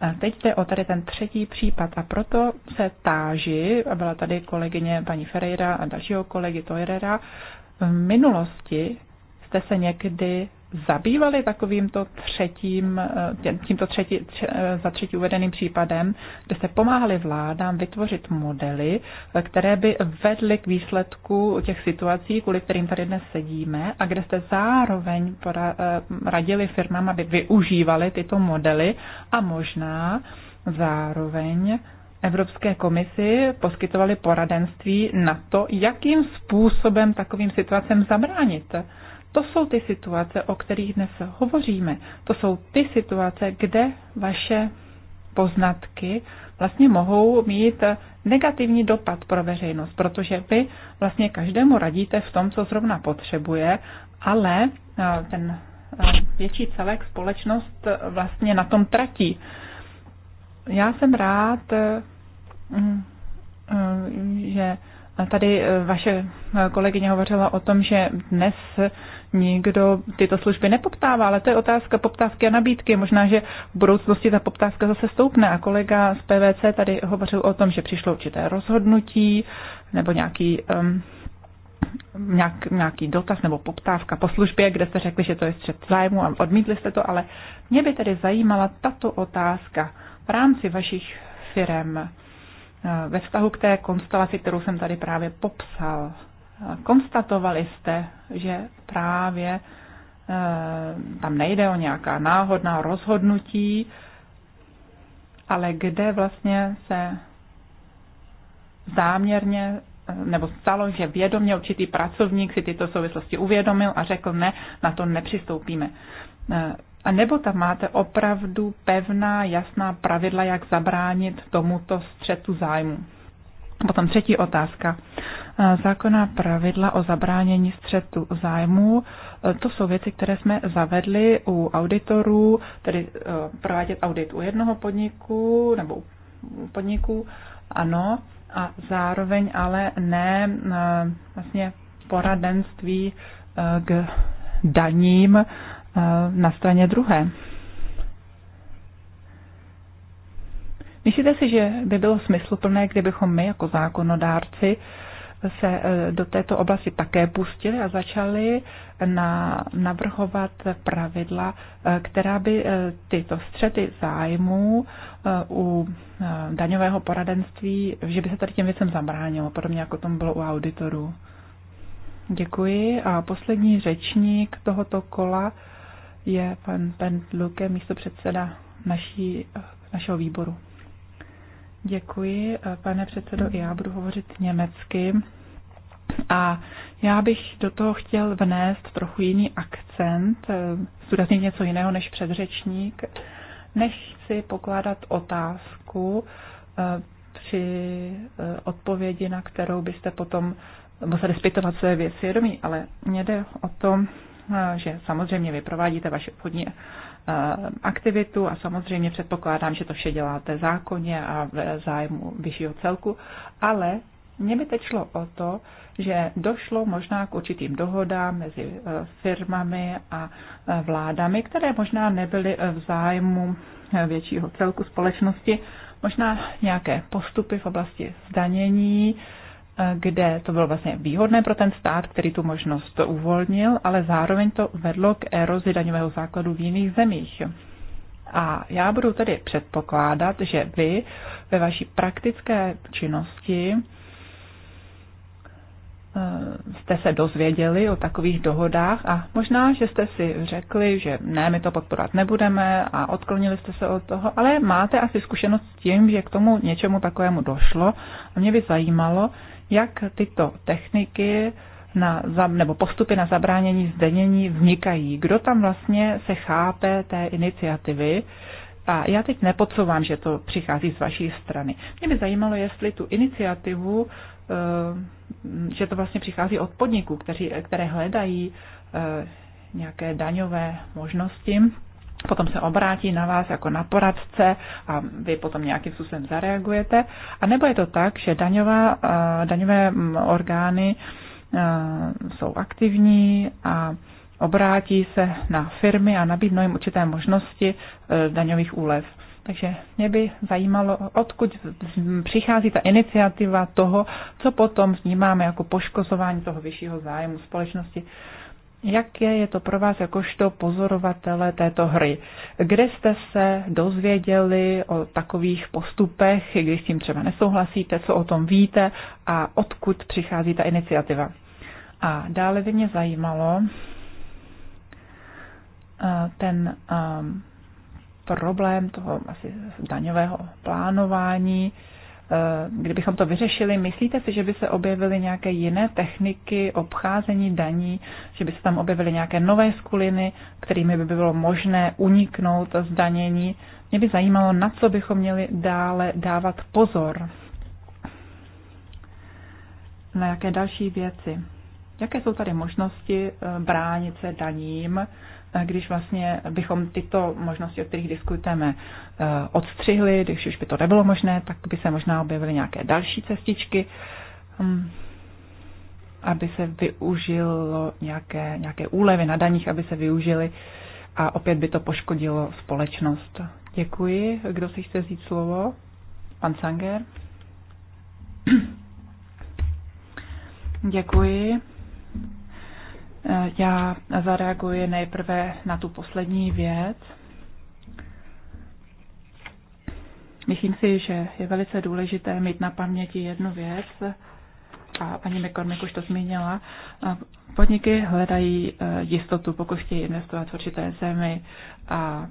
Speaker 2: A teď jde o tady ten třetí případ a proto se táži, a byla tady kolegyně paní Ferreira a dalšího kolegy Toirera, v minulosti jste se někdy zabývali takovýmto třetím, eh, tímto třetí, eh, za třetí uvedeným případem, kde se pomáhali vládám vytvořit modely, eh, které by vedly k výsledku těch situací, kvůli kterým tady dnes sedíme, a kde jste zároveň radili firmám, aby využívali tyto modely a možná zároveň Evropské komisi poskytovali poradenství na to, jakým způsobem takovým situacem zabránit. To jsou ty situace, o kterých dnes hovoříme. To jsou ty situace, kde vaše poznatky vlastně mohou mít negativní dopad pro veřejnost, protože vy vlastně každému radíte v tom, co zrovna potřebuje, ale eh, ten eh, větší celek společnost eh, vlastně na tom tratí. Já jsem rád, mm, že Tady eh, vaše eh, kolegyně hovořila o tom, že dnes nikdo tyto služby nepoptává, ale to je otázka poptávky a nabídky. Možná, že v budoucnosti ta poptávka zase stoupne a kolega z PVC tady hovořil o tom, že přišlo určité rozhodnutí nebo nějaký, um, nějak, nějaký dotaz nebo poptávka po službě, kde jste řekli, že to je střed zájmu a odmítli jste to, ale mě by tedy zajímala tato otázka v rámci vašich firm Eh, ve vztahu k té konstelaci, kterou jsem tady právě popsal, eh, konstatovali jste, že právě eh, tam nejde o nějaká náhodná rozhodnutí, ale kde vlastně se záměrně nebo stalo, že vědomě určitý pracovník si tyto souvislosti uvědomil a řekl ne, na to nepřistoupíme. A nebo tam máte opravdu pevná, jasná pravidla, jak zabránit tomuto střetu zájmu? Potom třetí otázka. Eh, zákonná pravidla o zabránění střetu zájmu, eh, to jsou věci, které jsme zavedli u auditorů, tedy eh, provádět audit u jednoho podniku nebo u podniku, ano, a zároveň ale ne vlastně poradenství k daním Eh, na straně druhé. Myslíte si, že by bylo smysluplné, kdybychom my jako zákonodárci se eh, do této oblasti také pustili a začali na, navrhovat pravidla, eh, která by tyto střety zájmů u daňového poradenství, že by se tady těm věcem zabránilo, podobně jako tomu bylo u auditorů. Děkuji. A poslední řečník tohoto kola je pan Ben Luke, místo předseda naší, našeho výboru. Děkuji, pane předsedo, já budu hovořit německy. A já bych do toho chtěl vnést trochu jiný akcent, zúraznit něco jiného než předřečník. Nechci pokládat otázku eh, při eh, odpovědi, na kterou byste potom museli zpytovat své věci vědomí, ale mě jde o tom. Eh, že samozřejmě vy provádíte vaši obchodní eh, aktivitu a samozřejmě předpokládám, že to vše děláte zákonně a v zájmu vyššího celku, ale mně by teď šlo o to, že došlo možná k určitým dohodám mezi eh, firmami a vládami, které možná nebyly v zájmu většího celku společnosti, možná nějaké postupy v oblasti zdanění, kde to bylo vlastně výhodné pro ten stát, který tu možnost uvolnil, ale zároveň to vedlo k erozi daňového základu v jiných zemích. A já budu tedy předpokládat, že vy ve vaší praktické činnosti eh, jste se dozvěděli o takových dohodách a možná, že jste si řekli, že ne, my to podporovat nebudeme a odklonili jste se od toho, ale máte asi zkušenost s tím, že k tomu něčemu takovému došlo a mě by zajímalo, jak tyto techniky na, nebo postupy na zabránění zdenění vznikají. Kdo tam vlastně se chápe té iniciativy? A já teď nepodsouvám, že to přichází z vaší strany. Mě by zajímalo, jestli tu iniciativu, eh, že to vlastně přichází od podniků, kteří, které hledají eh, nějaké daňové možnosti potom se obrátí na vás jako na poradce a vy potom nějakým způsobem zareagujete. A nebo je to tak, že daňová, eh, daňové mm, orgány eh, jsou aktivní a obrátí se na firmy a nabídnou jim určité možnosti eh, daňových úlev. Takže mě by zajímalo, odkud přichází ta iniciativa toho, co potom vnímáme jako poškozování toho vyššího zájmu společnosti. Jaké je to pro vás jakožto pozorovatele této hry? Kde jste se dozvěděli o takových postupech, když s tím třeba nesouhlasíte, co o tom víte a odkud přichází ta iniciativa? A dále by mě zajímalo eh, ten eh, problém toho asi daňového plánování, Eh, kdybychom to vyřešili, myslíte si, že by se objevily nějaké jiné techniky obcházení daní, že by se tam objevily nějaké nové skuliny, kterými by bylo možné uniknout zdanění? Mě by zajímalo, na co bychom měli dále dávat pozor. Na jaké další věci? Jaké jsou tady možnosti eh, bránit se daním? když vlastně bychom tyto možnosti, o kterých diskutujeme, eh, odstřihli, když už by to nebylo možné, tak by se možná objevily nějaké další cestičky, hm, aby se využilo nějaké, nějaké úlevy na daních, aby se využily a opět by to poškodilo společnost. Děkuji. Kdo si chce vzít slovo? Pan Sanger. Děkuji. Já zareaguji nejprve na tu poslední věc. Myslím si, že je velice důležité mít na paměti jednu věc, a paní McCormick už to zmínila, podniky hledají e, jistotu, pokud chtějí investovat v určité zemi a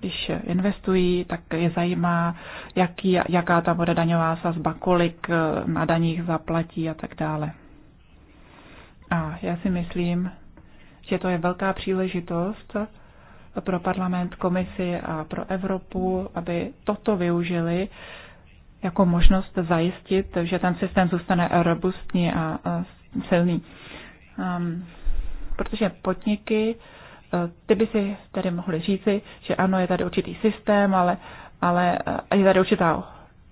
Speaker 2: když investují, tak je zajímá, jaký, jaká tam bude daňová sazba, kolik e, na daních zaplatí a tak dále. A já si myslím, že to je velká příležitost pro parlament, komisi a pro Evropu, aby toto využili jako možnost zajistit, že ten systém zůstane robustní a silný. Ehm, protože podniky, e, ty by si tady mohli říci, že ano, je tady určitý systém, ale, ale e, je tady určitá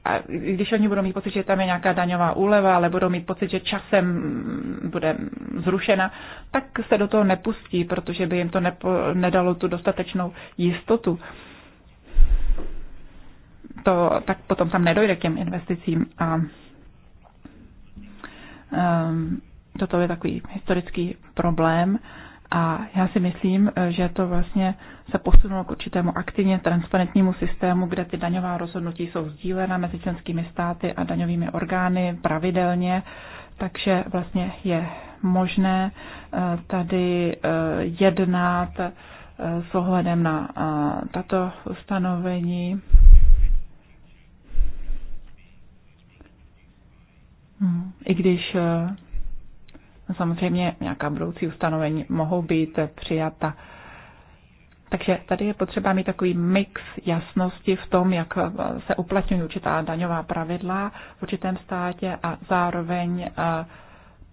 Speaker 2: a když oni budou mít pocit, že tam je nějaká daňová úleva, ale budou mít pocit, že časem bude zrušena, tak se do toho nepustí, protože by jim to nepo, nedalo tu dostatečnou jistotu. To, tak potom tam nedojde k těm investicím. A, um, toto je takový historický problém. Uh, a já si myslím, že to vlastně se posunulo k určitému aktivně transparentnímu systému, kde ty daňová rozhodnutí jsou sdílena mezi členskými státy a daňovými orgány pravidelně, takže vlastně je možné eh, tady eh, jednat eh, s ohledem na tato ustanovení. Hmm. I když Samozřejmě nějaká budoucí ustanovení mohou být přijata. Takže tady je potřeba mít takový mix jasnosti v tom, jak se uplatňují určitá daňová pravidla v určitém státě a zároveň eh,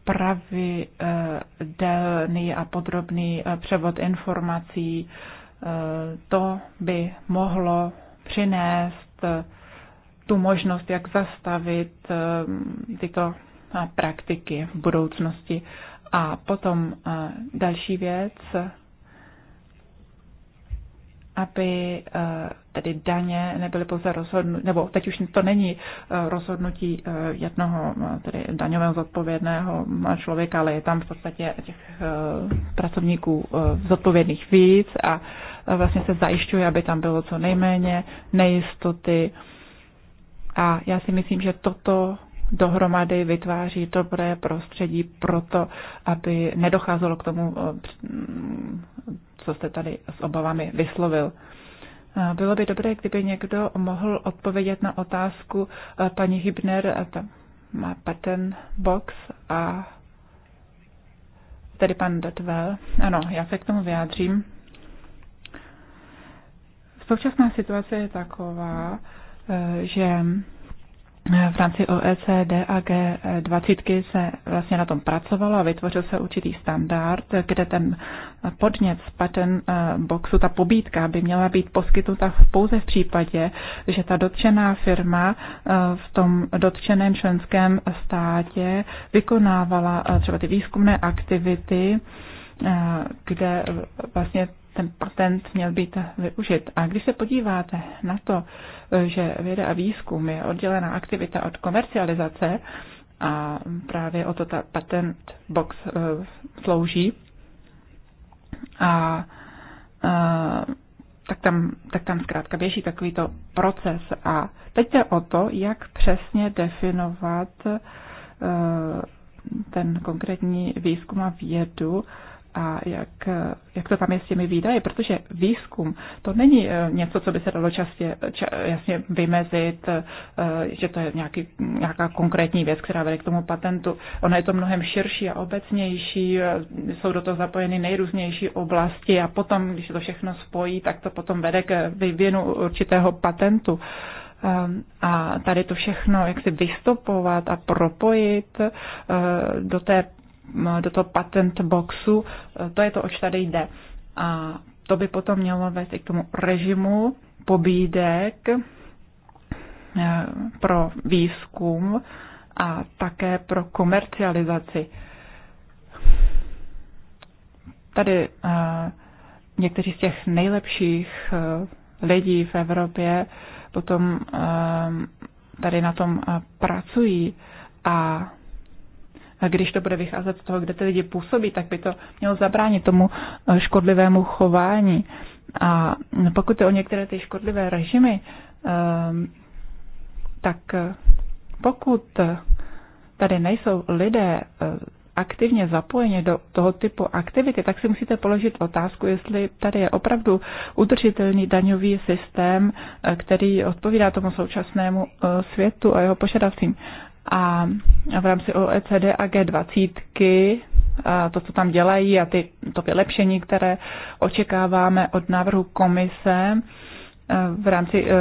Speaker 2: pravidelný a podrobný eh, převod informací. Eh, to by mohlo přinést tu možnost, jak zastavit tyto praktiky v budoucnosti. A potom eh, další věc, aby eh, tedy daně nebyly pouze rozhodnutí, nebo teď už to není eh, rozhodnutí jednoho tedy daňového zodpovědného člověka, ale je tam v podstatě těch pracovníků zodpovědných víc a vlastně se zajišťuje, aby tam bylo co nejméně nejistoty. A já si myslím, že toto dohromady vytváří dobré prostředí pro to, aby nedocházelo k tomu, eh, co jste tady s obavami vyslovil. Eh, bylo by dobré, kdyby někdo mohl odpovědět na otázku eh, paní Hybner, ta má patent box a tedy pan Dotwell. Ano, já se k tomu vyjádřím. Současná situace je taková, že v rámci OECD a G20 se vlastně na tom pracovalo a vytvořil se určitý standard, kde ten podnět z patent eh, boxu, ta pobídka by měla být poskytnuta pouze v případě, že ta dotčená firma eh, v tom dotčeném členském státě vykonávala eh, třeba ty výzkumné aktivity, kde vlastně ten patent měl být využit. A když se podíváte na to, že věda a výzkum je oddělená aktivita od komercializace a právě o to ta patent box eh, slouží. A, a eh, tak tam, tak tam zkrátka běží takovýto proces. A teď jde o to, jak přesně definovat eh, ten konkrétní výzkum a vědu a jak, jak to tam je s těmi výdaji, protože výzkum to není eh, něco, co by se dalo častě, ča, jasně vymezit, eh, že to je nějaký, nějaká konkrétní věc, která vede k tomu patentu. Ono je to mnohem širší a obecnější, eh, jsou do toho zapojeny nejrůznější oblasti a potom, když to všechno spojí, tak to potom vede k vyvinu určitého patentu. A tady to všechno, jak si vystopovat a propojit do té do toho patent boxu, e, to je to, oč tady jde. A to by potom mělo vést i k tomu režimu pobídek e, pro výzkum a také pro komercializaci. Tady e, někteří z těch nejlepších lidí v Evropě potom tady na tom pracují a a když to bude vycházet z toho, kde ty lidi působí, tak by to mělo zabránit tomu eh, škodlivému chování. A pokud je o některé ty škodlivé režimy, ehm, tak eh, pokud tady nejsou lidé eh, aktivně zapojeni do toho typu aktivity, tak si musíte položit otázku, jestli tady je opravdu udržitelný daňový systém, který odpovídá tomu současnému světu a jeho požadavcím a v rámci OECD a G20, a to, co tam dělají a ty, to vylepšení, které očekáváme od návrhu komise e, v rámci e,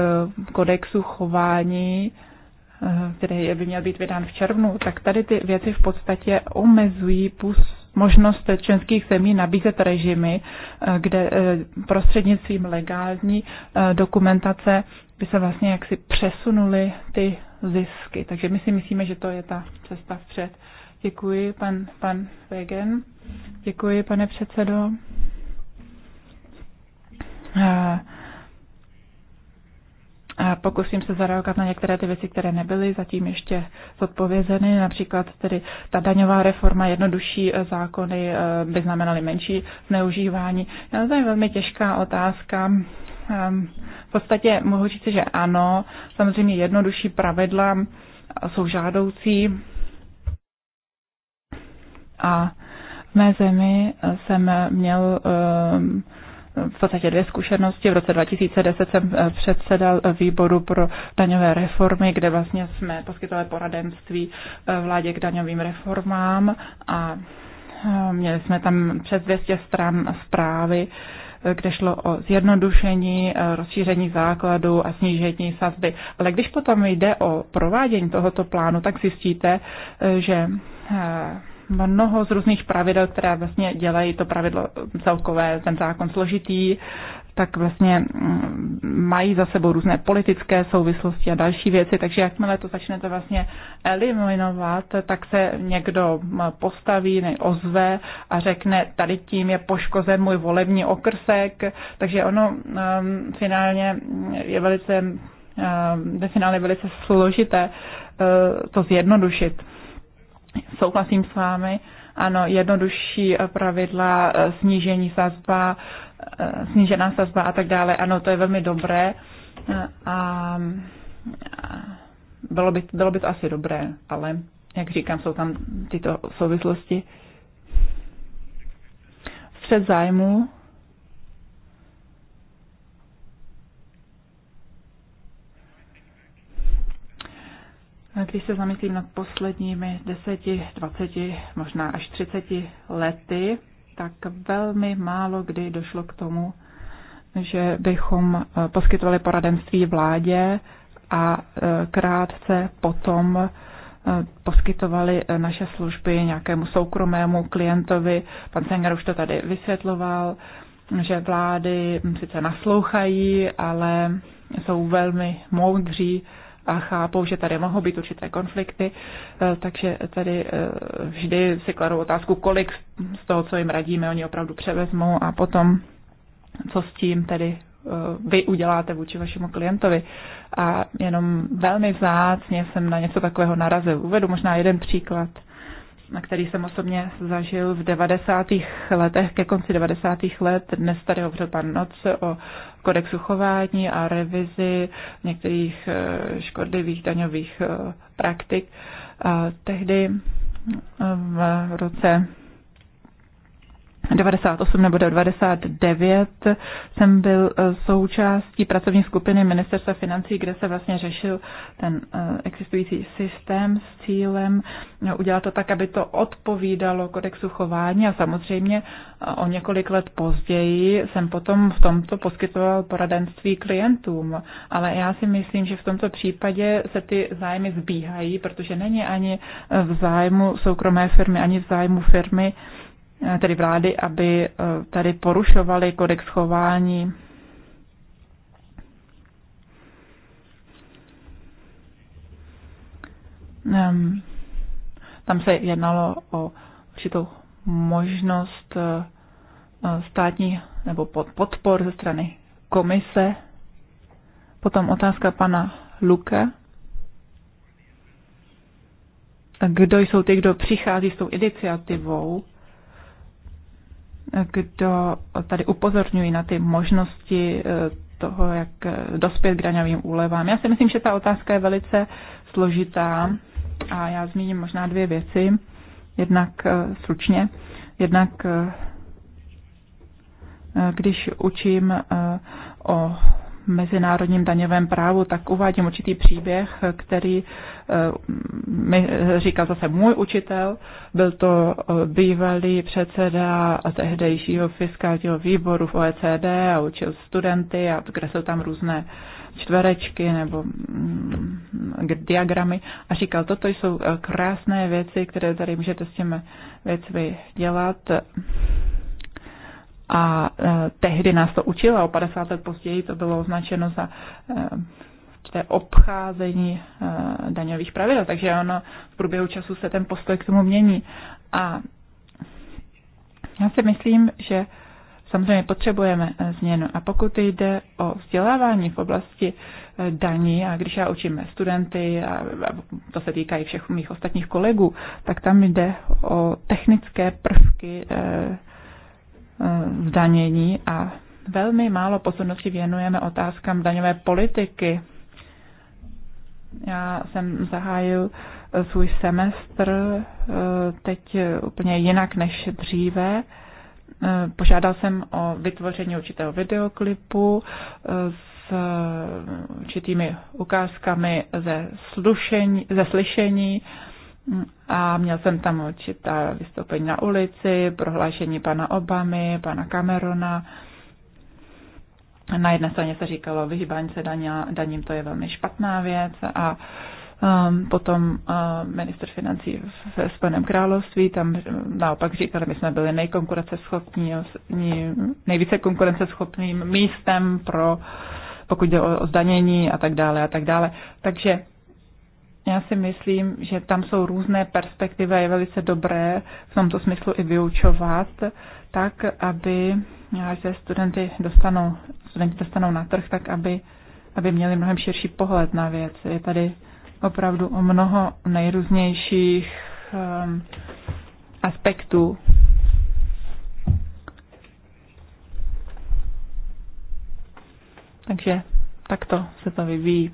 Speaker 2: kodexu chování, e, který by měl být vydán v červnu, tak tady ty věci v podstatě omezují pus, možnost členských zemí nabízet režimy, kde prostřednictvím legální dokumentace by se vlastně jaksi přesunuly ty zisky. Takže my si myslíme, že to je ta cesta vpřed. Děkuji, pan, pan Wegen. Děkuji, pane předsedo. Pokusím se zareagovat na některé ty věci, které nebyly zatím ještě zodpovězeny, například tedy ta daňová reforma, jednodušší eh, zákony eh, by znamenaly menší zneužívání. To je velmi těžká otázka. Ehm, v podstatě mohu říct, že ano, samozřejmě jednodušší pravidla jsou žádoucí a v mé zemi jsem měl ehm, v podstatě dvě zkušenosti. V roce 2010 jsem eh, předsedal eh, výboru pro daňové reformy, kde vlastně jsme poskytovali poradenství eh, vládě k daňovým reformám a měli jsme tam přes 200 stran zprávy kde šlo o zjednodušení, rozšíření základu a snížení sazby. Ale když potom jde o provádění tohoto plánu, tak zjistíte, že mnoho z různých pravidel, které vlastně dělají to pravidlo celkové, ten zákon složitý, tak vlastně mm, mají za sebou různé politické souvislosti a další věci, takže jakmile to začnete vlastně eliminovat, tak se někdo mm, postaví, ozve a řekne, tady tím je poškozen můj volební okrsek, takže ono um, finálně je velice, um, ve finále je velice složité uh, to zjednodušit. Souhlasím s vámi. Ano, jednodušší eh, pravidla, eh, snížení sazba, eh, snížená sazba a tak dále. Ano, to je velmi dobré. A bylo by, bylo by to asi dobré, ale jak říkám, jsou tam tyto souvislosti. Střed zájmu Když se zamyslím nad posledními 10, 20, možná až 30 lety, tak velmi málo kdy došlo k tomu, že bychom eh, poskytovali poradenství vládě a eh, krátce potom eh, poskytovali naše služby nějakému soukromému klientovi. Pan Senger už to tady vysvětloval, že vlády sice naslouchají, ale jsou velmi moudří a chápou, že tady mohou být určité konflikty, eh, takže tady eh, vždy si kladou otázku, kolik z toho, co jim radíme, oni opravdu převezmou a potom, co s tím tedy eh, vy uděláte vůči vašemu klientovi. A jenom velmi vzácně jsem na něco takového narazil. Uvedu možná jeden příklad, na který jsem osobně zažil v 90. letech, ke konci 90. let. Dnes tady hovořil pan Noc o kodexu chování a revizi některých eh, škodlivých daňových eh, praktik. A tehdy v roce 98 nebo 99 jsem byl eh, součástí pracovní skupiny Ministerstva financí, kde se vlastně řešil ten eh, existující systém s cílem no, udělat to tak, aby to odpovídalo kodexu chování a samozřejmě eh, o několik let později jsem potom v tomto poskytoval poradenství klientům, ale já si myslím, že v tomto případě se ty zájmy zbíhají, protože není ani v zájmu soukromé firmy, ani v zájmu firmy, Eh, tedy vlády, aby eh, tady porušovali kodex chování. Ehm, tam se jednalo o určitou možnost eh, státní nebo podpor ze strany komise. Potom otázka pana Luke. Kdo jsou ty, kdo přichází s tou iniciativou kdo tady upozorňují na ty možnosti eh, toho, jak eh, dospět k daňovým úlevám. Já si myslím, že ta otázka je velice složitá a já zmíním možná dvě věci. Jednak eh, stručně, jednak když učím o mezinárodním daňovém právu, tak uvádím určitý příběh, který eh, mi říkal zase můj učitel. Byl to eh, bývalý předseda tehdejšího fiskálního výboru v OECD a učil studenty a kreslil tam různé čtverečky nebo mm, diagramy a říkal, toto jsou eh, krásné věci, které tady můžete s těmi věcmi dělat a e, tehdy nás to učila, o 50 let později to bylo označeno za e, určité obcházení e, daňových pravidel, takže ono v průběhu času se ten postoj k tomu mění. A já si myslím, že samozřejmě potřebujeme změnu. A pokud jde o vzdělávání v oblasti daní, a když já učím studenty, a to se týká i všech mých ostatních kolegů, tak tam jde o technické prvky zdanění a velmi málo pozornosti věnujeme otázkám daňové politiky. Já jsem zahájil svůj semestr e, teď úplně jinak než dříve. E, požádal jsem o vytvoření určitého videoklipu e, s určitými ukázkami ze, slušení, ze slyšení a měl jsem tam určitá vystoupení na ulici, prohlášení pana Obamy, pana Camerona. Na jedné straně se říkalo, vyhýbání se daně, daním to je velmi špatná věc a um, potom uh, minister financí ve Spojeném království, tam naopak říkali, my jsme byli nejvíce konkurenceschopným místem pro pokud jde o zdanění a tak dále a tak dále. Takže já si myslím, že tam jsou různé perspektivy a je velice dobré v tomto smyslu i vyučovat, tak aby, až se studenty dostanou, studenti dostanou na trh, tak aby, aby měli mnohem širší pohled na věc. Je tady opravdu o mnoho nejrůznějších um, aspektů. Takže takto se to vyvíjí.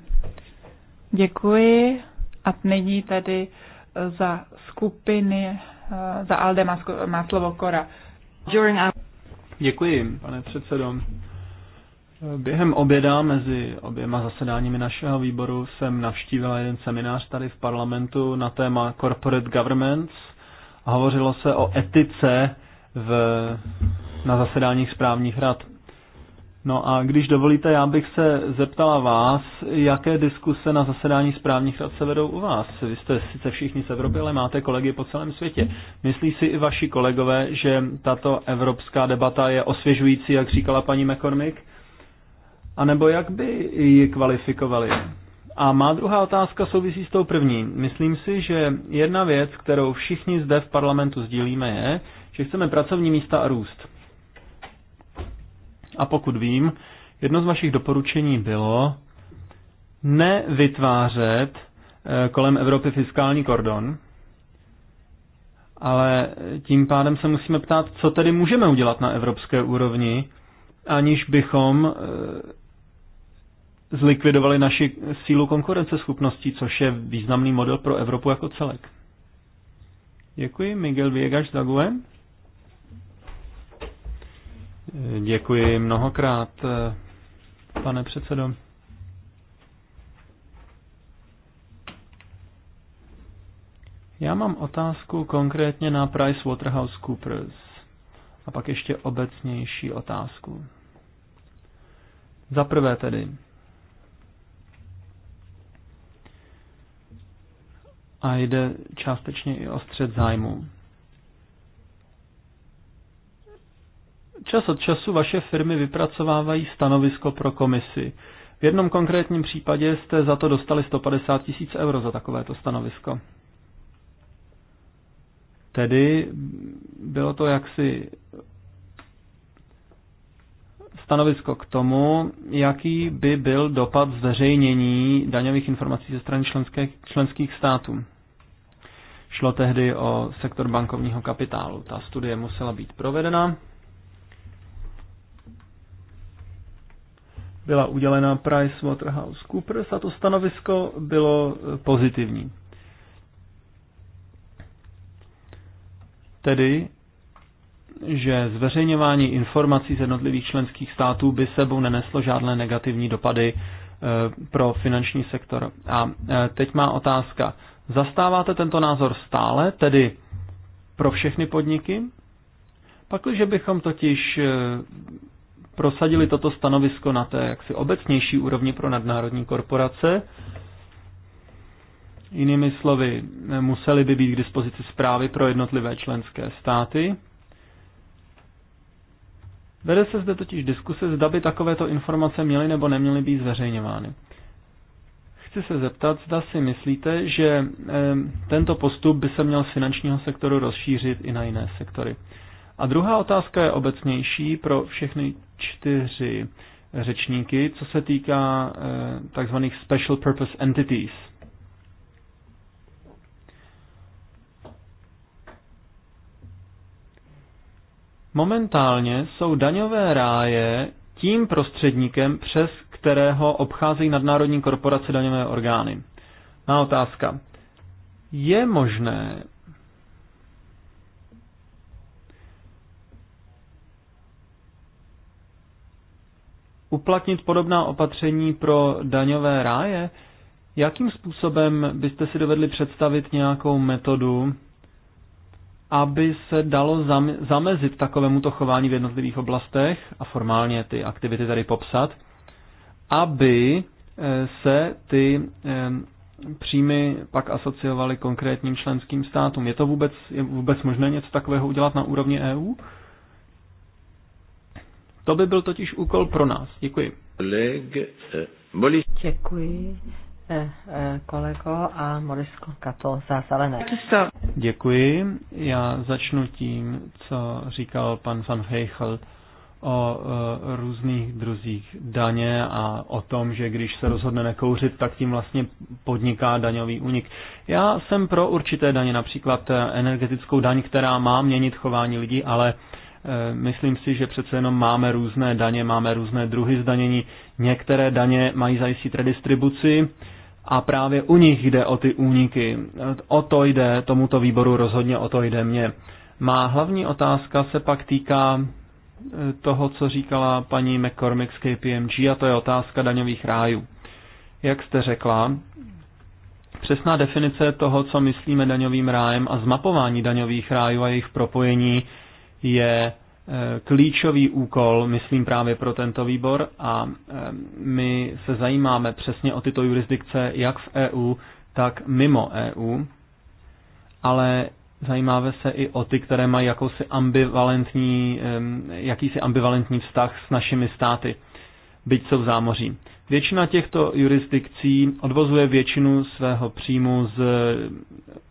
Speaker 2: Děkuji. A není tedy e, za skupiny, e, za Alde má, má slovo Kora.
Speaker 3: Děkuji, pane předsedo. E, během oběda mezi oběma zasedáními našeho výboru jsem navštívila jeden seminář tady v parlamentu na téma Corporate Governments a hovořilo se o etice v, na zasedáních správních rad. No a když dovolíte, já bych se zeptala vás, jaké diskuse na zasedání správních rad se vedou u vás. Vy jste sice všichni z Evropy, ale máte kolegy po celém světě. Myslí si i vaši kolegové, že tato evropská debata je osvěžující, jak říkala paní McCormick? A nebo jak by ji kvalifikovali? A má druhá otázka souvisí s tou první. Myslím si, že jedna věc, kterou všichni zde v parlamentu sdílíme, je, že chceme pracovní místa a růst. A pokud vím, jedno z vašich doporučení bylo nevytvářet eh, kolem Evropy fiskální kordon, ale tím pádem se musíme ptát, co tedy můžeme udělat na evropské úrovni, aniž bychom eh, zlikvidovali naši sílu konkurenceschopností, což je významný model pro Evropu jako celek. Děkuji, Miguel Viegas Daguen. Děkuji mnohokrát, pane předsedo. Já mám otázku konkrétně na PricewaterhouseCoopers a pak ještě obecnější otázku. Za prvé tedy. A jde částečně i o střed zájmu. Čas od času vaše firmy vypracovávají stanovisko pro komisi. V jednom konkrétním případě jste za to dostali 150 tisíc euro za takovéto stanovisko. Tedy bylo to jaksi stanovisko k tomu, jaký by byl dopad zveřejnění daňových informací ze strany členské, členských států. Šlo tehdy o sektor bankovního kapitálu. Ta studie musela být provedena byla udělena PricewaterhouseCoopers a to stanovisko bylo eh, pozitivní. Tedy, že zveřejňování informací z jednotlivých členských států by sebou neneslo žádné negativní dopady eh, pro finanční sektor. A eh, teď má otázka. Zastáváte tento názor stále, tedy pro všechny podniky? Pakliže bychom totiž prosadili toto stanovisko na té jaksi obecnější úrovni pro nadnárodní korporace. Jinými slovy, museli by být k dispozici zprávy pro jednotlivé členské státy. Vede se zde totiž diskuse, zda by takovéto informace měly nebo neměly být zveřejňovány. Chci se zeptat, zda si myslíte, že eh, tento postup by se měl z finančního sektoru rozšířit i na jiné sektory. A druhá otázka je obecnější pro všechny čtyři řečníky, co se týká eh, takzvaných special purpose entities. Momentálně jsou daňové ráje tím prostředníkem, přes kterého obcházejí nadnárodní korporace daňové orgány. Má otázka. Je možné uplatnit podobná opatření pro daňové ráje? Jakým způsobem byste si dovedli představit nějakou metodu, aby se dalo zamezit takovémuto chování v jednotlivých oblastech a formálně ty aktivity tady popsat, aby eh, se ty eh, příjmy pak asociovaly konkrétním členským státům. Je to vůbec, je vůbec možné něco takového udělat na úrovni EU? To by byl
Speaker 1: totiž úkol pro nás. Děkuji. Eh, Děkuji eh, eh, kolego a Morisko Kato za zelené.
Speaker 3: Děkuji. Já začnu tím, co říkal pan van Heichel o různých druzích daně a o tom, že když se rozhodne nekouřit, tak tím vlastně podniká daňový únik. Já jsem pro určité daně, například energetickou daň, která má měnit chování lidí, ale Eh, myslím si, že přece jenom máme různé daně, máme různé druhy zdanění. Některé daně mají zajistit redistribuci a právě u nich jde o ty úniky. Eh, o to jde tomuto výboru, rozhodně o to jde mě. Má hlavní otázka se pak týká eh, toho, co říkala paní McCormick z KPMG, a to je otázka daňových rájů. Jak jste řekla, přesná definice toho, co myslíme daňovým rájem a zmapování daňových rájů a jejich propojení je eh, klíčový úkol, myslím právě pro tento výbor a eh, my se zajímáme přesně o tyto jurisdikce jak v EU, tak mimo EU, ale zajímáme se i o ty, které mají jakousi ambivalentní, eh, jakýsi ambivalentní vztah s našimi státy, byť jsou v zámoří. Většina těchto jurisdikcí odvozuje většinu svého příjmu z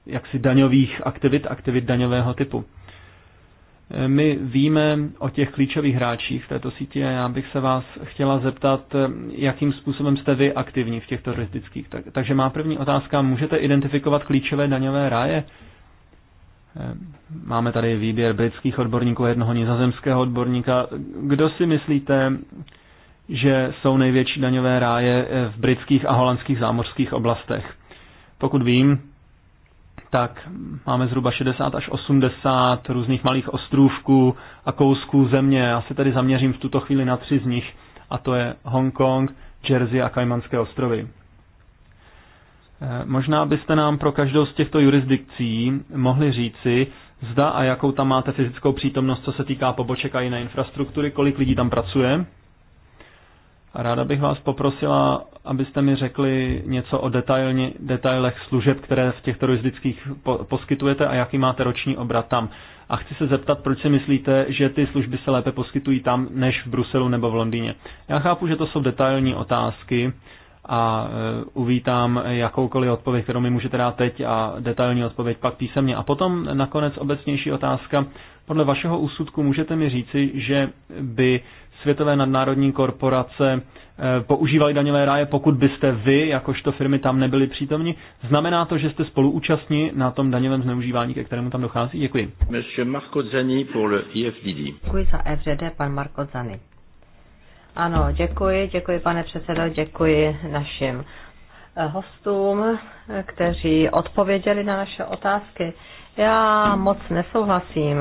Speaker 3: jaksi daňových aktivit, aktivit daňového typu. My víme o těch klíčových hráčích v této síti a já bych se vás chtěla zeptat, jakým způsobem jste vy aktivní v těchto turistických. Tak, takže má první otázka, můžete identifikovat klíčové daňové ráje? Eh, máme tady výběr britských odborníků, jednoho nizozemského odborníka. Kdo si myslíte, že jsou největší daňové ráje eh, v britských a holandských zámořských oblastech? Pokud vím, tak máme zhruba 60 až 80 různých malých ostrůvků a kousků země. Já se tady zaměřím v tuto chvíli na tři z nich, a to je Hongkong, Jersey a Kajmanské ostrovy. Eh, možná byste nám pro každou z těchto jurisdikcí mohli říci, zda a jakou tam máte fyzickou přítomnost, co se týká poboček a jiné infrastruktury, kolik lidí tam pracuje, a ráda bych vás poprosila, abyste mi řekli něco o detailně, detailech služeb, které v těchto turistických po, poskytujete a jaký máte roční obrat tam. A chci se zeptat, proč si myslíte, že ty služby se lépe poskytují tam, než v Bruselu nebo v Londýně. Já chápu, že to jsou detailní otázky a e, uvítám jakoukoliv odpověď, kterou mi můžete dát teď a detailní odpověď pak písemně. A potom nakonec obecnější otázka. Podle vašeho úsudku můžete mi říci, že by světové nadnárodní korporace eh, používali daňové ráje, pokud byste vy, jakožto firmy, tam nebyli přítomni. Znamená to, že jste spoluúčastní na tom daňovém zneužívání, ke kterému tam dochází? Děkuji.
Speaker 1: Monsieur IFDD. Děkuji za FDD, e pan Marko Zani. Ano, děkuji, děkuji pane předsedo, děkuji našim eh, hostům, kteří odpověděli na naše otázky. Já moc nesouhlasím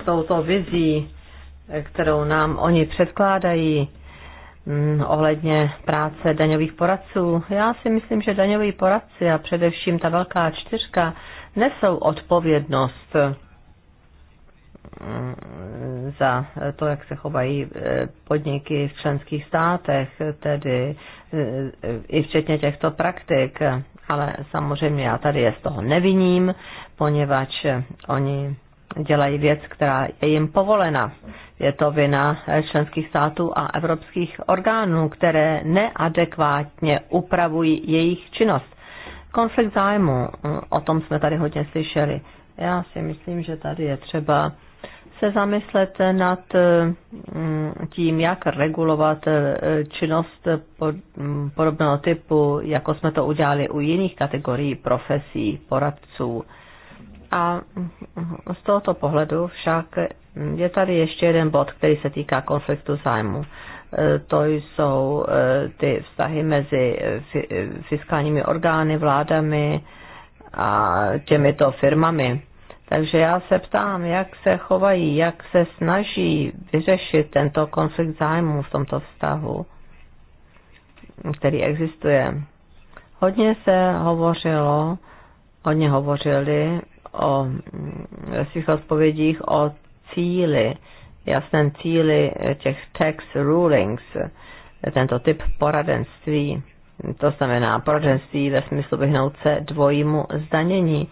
Speaker 1: s touto vizí kterou nám oni předkládají mm, ohledně práce daňových poradců. Já si myslím, že daňoví poradci a především ta velká čtyřka nesou odpovědnost mm, za to, jak se chovají eh, podniky v členských státech, tedy eh, i včetně těchto praktik. Ale samozřejmě já tady je z toho neviním, poněvadž oni dělají věc, která je jim povolena. Je to vina členských států a evropských orgánů, které neadekvátně upravují jejich činnost. Konflikt zájmu, o tom jsme tady hodně slyšeli. Já si myslím, že tady je třeba se zamyslet nad mm, tím, jak regulovat eh, činnost podobného typu, jako jsme to udělali u jiných kategorií profesí, poradců. A z tohoto pohledu však je tady ještě jeden bod, který se týká konfliktu zájmu. E, to jsou e, ty vztahy mezi e, fiskálními orgány, vládami a těmito firmami. Takže já se ptám, jak se chovají, jak se snaží vyřešit tento konflikt zájmů v tomto vztahu, který existuje. Hodně se hovořilo, hodně hovořili o, ve svých odpovědích o cíli, jasném cíli těch tax rulings, tento typ poradenství. To znamená poradenství ve smyslu vyhnout se dvojímu zdanění.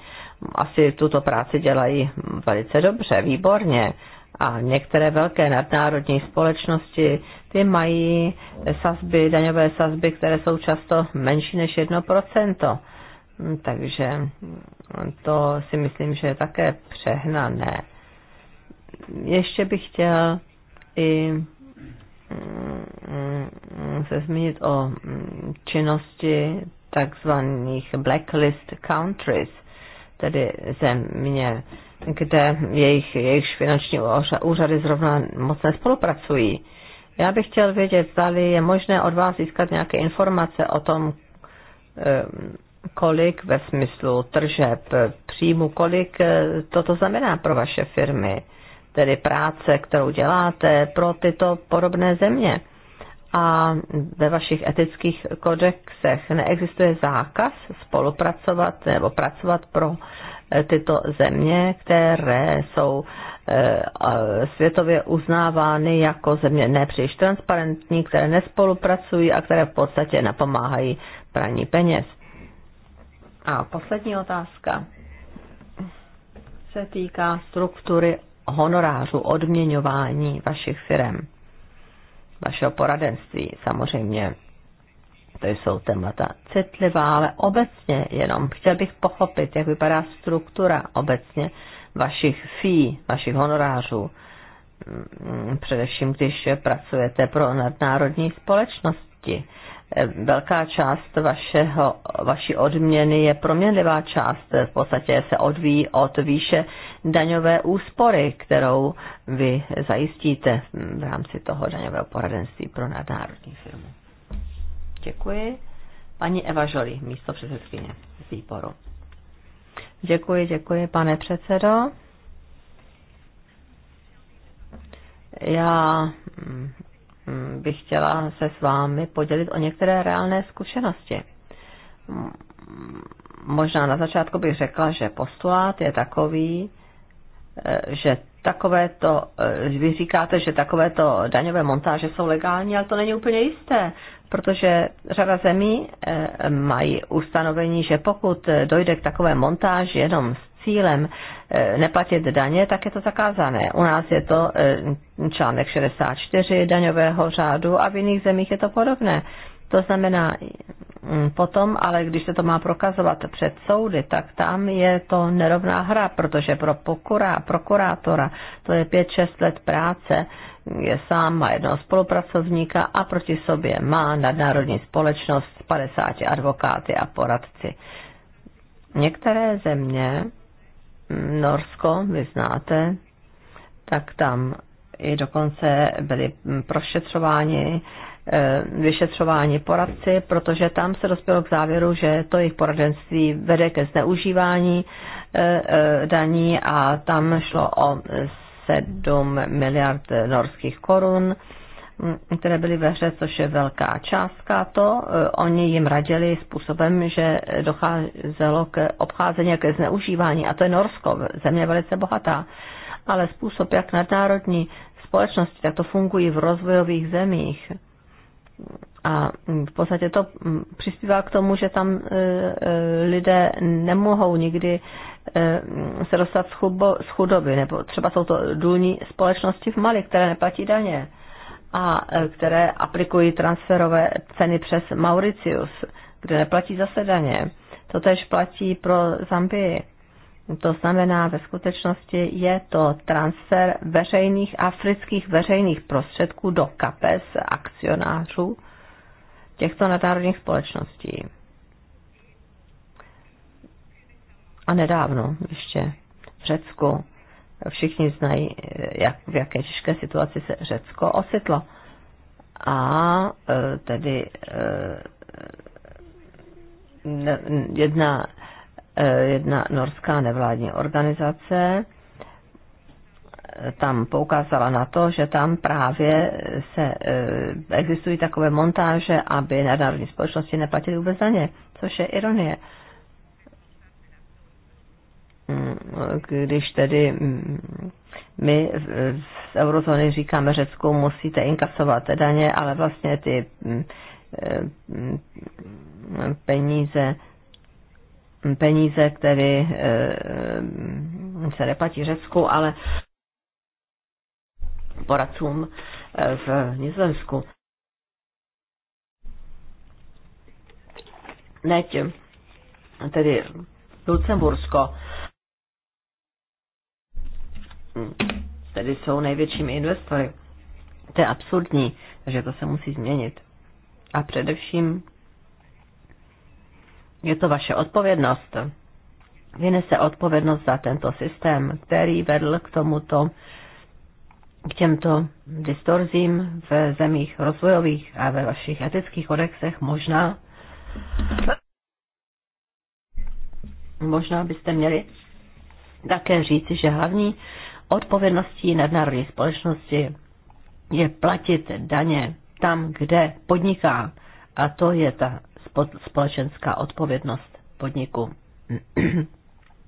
Speaker 1: Asi tuto práci dělají velice dobře, výborně. A některé velké nadnárodní společnosti, ty mají sazby, daňové sazby, které jsou často menší než 1%. Takže to si myslím, že je také přehnané. Ještě bych chtěl i mm, mm, se zmínit o mm, činnosti takzvaných blacklist countries, tedy země, kde jejich, jejich finanční úřady zrovna moc nespolupracují. Já bych chtěl vědět, zda je možné od vás získat nějaké informace o tom, kolik ve smyslu tržeb, příjmu, kolik eh, toto znamená pro vaše firmy, tedy práce, kterou děláte pro tyto podobné země. A ve vašich etických kodexech neexistuje zákaz spolupracovat nebo pracovat pro eh, tyto země, které jsou eh, světově uznávány jako země nepříliš transparentní, které nespolupracují a které v podstatě napomáhají praní peněz. A poslední otázka se týká struktury honorářů, odměňování vašich firm, vašeho poradenství samozřejmě. To jsou témata citlivá, ale obecně jenom chtěl bych pochopit, jak vypadá struktura obecně vašich fí, vašich honorářů, mm, především když pracujete pro nadnárodní společnosti. Eh, velká část vašeho, vaší odměny je proměnlivá část, v podstatě se odvíjí od výše daňové úspory, kterou vy zajistíte v rámci toho daňového poradenství pro nadnárodní firmu. Děkuji. Paní Eva Žoli, místo předsedkyně výboru. Děkuji, děkuji, pane předsedo. Já mm, Mm, bych chtěla se s vámi podělit o některé reálné zkušenosti. Mm, možná na začátku bych řekla, že postulát je takový, e, že takovéto, e, vy říkáte, že takovéto daňové montáže jsou legální, ale to není úplně jisté, protože řada zemí e, mají ustanovení, že pokud dojde k takové montáži jenom z cílem eh, neplatit daně, tak je to zakázané. U nás je to eh, článek 64 daňového řádu a v jiných zemích je to podobné. To znamená, mm, potom, ale když se to má prokazovat před soudy, tak tam je to nerovná hra, protože pro pokura, prokurátora to je 5-6 let práce, je sám, má jednoho spolupracovníka a proti sobě má nadnárodní společnost s 50 advokáty a poradci. Některé země Norsko, vy znáte, tak tam i dokonce byli prošetřováni eh, vyšetřování poradci, protože tam se dospělo k závěru, že to jejich poradenství vede ke zneužívání eh, eh, daní a tam šlo o 7 miliard norských korun Mm, které byly ve hře, což je velká částka, to eh, oni jim radili způsobem, že docházelo k obcházení a ke zneužívání. A to je Norsko, země velice bohatá. Ale způsob, jak nadnárodní společnosti to fungují v rozvojových zemích, a v podstatě to mm, přispívá k tomu, že tam eh, eh, lidé nemohou nikdy mm, se dostat z chudoby, nebo třeba jsou to důlní společnosti v Mali, které neplatí daně a e, které aplikují transferové ceny přes Mauritius, kde neplatí zase daně. To tež platí pro Zambii. To znamená, ve skutečnosti je to transfer veřejných afrických veřejných prostředků do kapes akcionářů těchto nadnárodních společností. A nedávno ještě v Řecku Všichni znají, jak, v jaké těžké situaci se Řecko ocitlo. A e, tedy e, jedna, e, jedna norská nevládní organizace tam poukázala na to, že tam právě se existují takové montáže, aby nadnárodní společnosti neplatily vůbec ně, což je ironie když tedy mm, my z eurozóny říkáme Řecku, musíte inkasovat daně, ale vlastně ty mm, mm, peníze, peníze, které se neplatí Řecku, ale poradcům eh, v Nizozemsku. Neď tedy Lucembursko tedy jsou největšími investory. To je absurdní, takže to se musí změnit. A především je to vaše odpovědnost. Vy nese odpovědnost za tento systém, který vedl k tomuto, k těmto distorzím v zemích rozvojových a ve vašich etických kodexech možná. Možná byste měli také říci, že hlavní odpovědností nadnárodní společnosti je platit daně tam, kde podniká. A to je ta společenská odpovědnost podniku.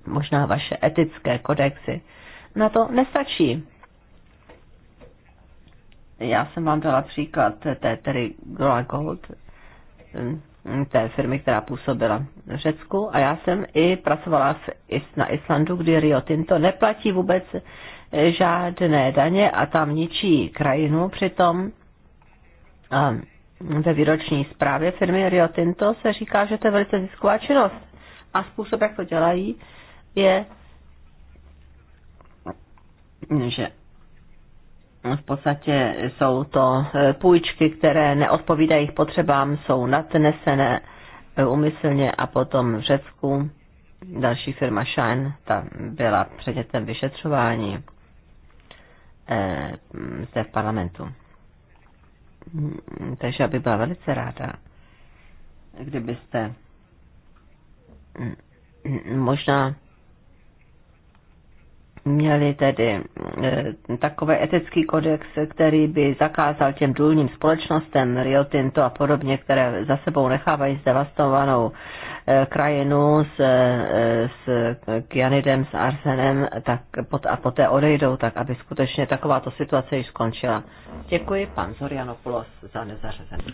Speaker 1: Možná vaše etické kodexy na to nestačí. Já jsem vám dala příklad té Gola Gold, hm, té firmy, která působila v Řecku a já jsem i pracovala v, na Islandu, kdy Rio Tinto neplatí vůbec žádné daně a tam ničí krajinu přitom. ve výroční zprávě firmy Rio Tinto se říká, že to je velice zisková činnost. A způsob, jak to dělají, je, že v podstatě jsou to eh, půjčky, které neodpovídají jejich potřebám, jsou nadnesené umyslně eh, a potom v Řecku další firma Shine, ta byla předmětem vyšetřování zde eh, v parlamentu. Takže já bych byla velice ráda, kdybyste možná měli tedy e, takový etický kodex, který by zakázal těm důlním společnostem Rio Tinto a podobně, které za sebou nechávají zdevastovanou e, krajinu s, e, s kyanidem, s arsenem tak pot, a poté odejdou, tak aby skutečně takováto situace již skončila. Děkuji pan Zorianopoulos za nezařazení.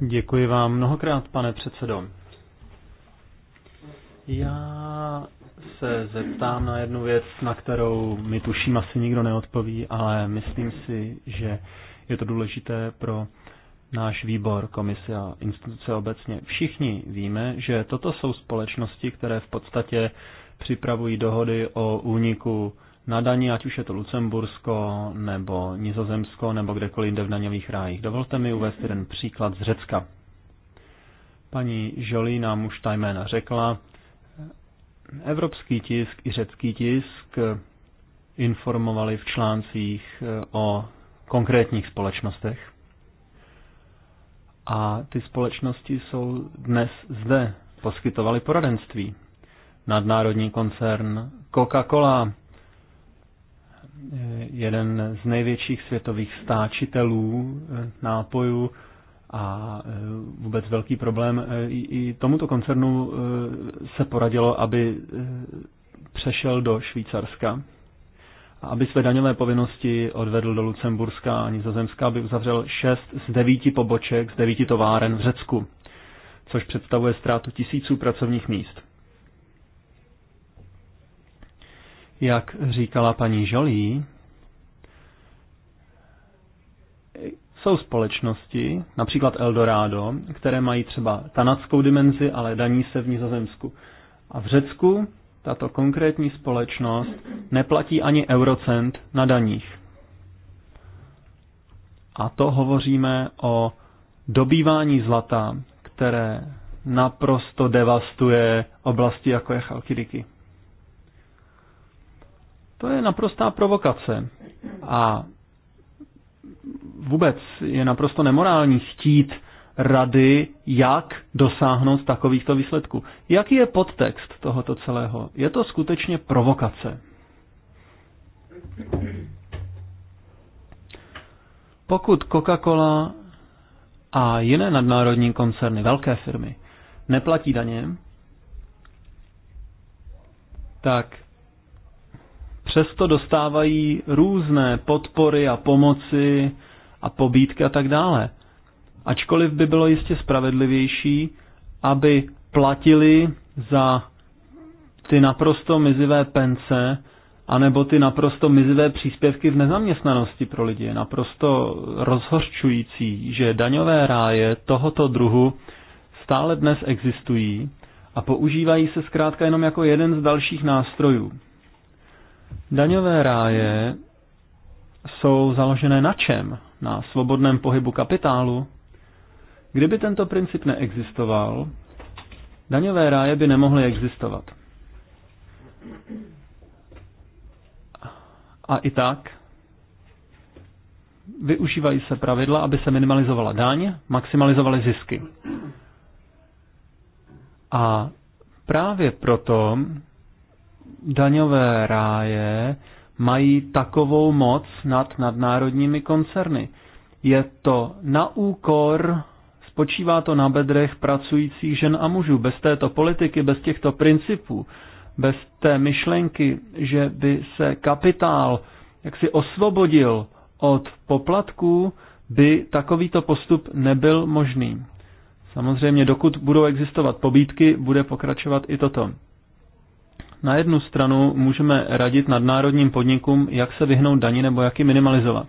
Speaker 3: Děkuji vám mnohokrát, pane předsedo.
Speaker 1: Já
Speaker 3: se zeptám na jednu věc, na kterou mi tuším asi nikdo neodpoví, ale myslím si, že je to důležité pro náš výbor, komise a instituce obecně. Všichni víme, že toto jsou společnosti, které v podstatě připravují dohody o úniku na daní, ať už je to Lucembursko nebo Nizozemsko nebo kdekoliv jinde v daňových rájích. Dovolte mi uvést jeden příklad z Řecka. Paní Jolie nám už ta jména řekla, Evropský tisk i řecký tisk informovali v článcích eh, o konkrétních společnostech. A ty společnosti jsou dnes zde, poskytovali poradenství. Nadnárodní koncern Coca-Cola, eh, jeden z největších světových stáčitelů eh, nápojů, a e, vůbec velký problém e, i tomuto koncernu e, se poradilo, aby přešel do Švýcarska a aby své daňové povinnosti odvedl do Lucemburska a Nizozemska, aby uzavřel šest z devíti poboček z devíti továren v Řecku, což představuje ztrátu tisíců pracovních míst. Jak říkala paní Jolie, jsou společnosti, například Eldorado, které mají třeba tanackou dimenzi, ale daní se v Nizozemsku. A v Řecku tato konkrétní společnost neplatí ani eurocent na daních. A to hovoříme o dobývání zlata, které naprosto devastuje oblasti, jako je Chalkidiky. To je naprostá provokace. A vůbec je naprosto nemorální chtít rady, jak dosáhnout takovýchto výsledků. Jaký je podtext tohoto celého? Je to skutečně provokace. Pokud Coca-Cola a jiné nadnárodní koncerny, velké firmy, neplatí daně, tak přesto dostávají různé podpory a pomoci a pobídky a tak dále. Ačkoliv by bylo jistě spravedlivější, aby platili za ty naprosto mizivé pence, anebo ty naprosto mizivé příspěvky v nezaměstnanosti pro lidi. Je naprosto rozhorčující, že daňové ráje tohoto druhu stále dnes existují a používají se zkrátka jenom jako jeden z dalších nástrojů. Daňové ráje jsou založené na čem? na svobodném pohybu kapitálu, kdyby tento princip neexistoval, daňové ráje by nemohly existovat. A i tak využívají se pravidla, aby se minimalizovala daň, maximalizovaly zisky. A právě proto daňové ráje mají takovou moc nad nadnárodními koncerny. Je to na úkor, spočívá to na bedrech pracujících žen a mužů. Bez této politiky, bez těchto principů, bez té myšlenky, že by se kapitál jaksi osvobodil od poplatků, by takovýto postup nebyl možný. Samozřejmě, dokud budou existovat pobídky, bude pokračovat i toto. Na jednu stranu můžeme radit nadnárodním podnikům, jak se vyhnout daní nebo jak ji minimalizovat.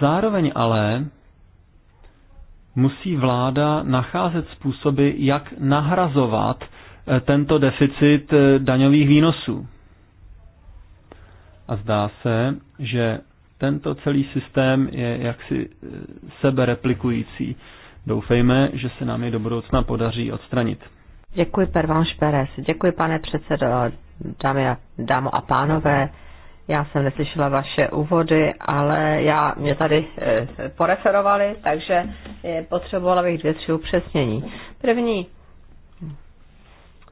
Speaker 3: Zároveň ale musí vláda nacházet způsoby, jak nahrazovat eh, tento deficit eh, daňových výnosů. A zdá se, že tento celý systém je jaksi eh, sebereplikující. Doufejme, že se nám je do budoucna podaří odstranit.
Speaker 1: Děkuji, Pervanš Perez. Děkuji, pane předsedo, dámy a, dámo a pánové. Já jsem neslyšela vaše úvody, ale já mě tady e, poreferovali, takže je eh, potřebovala bych dvě, tři upřesnění. První,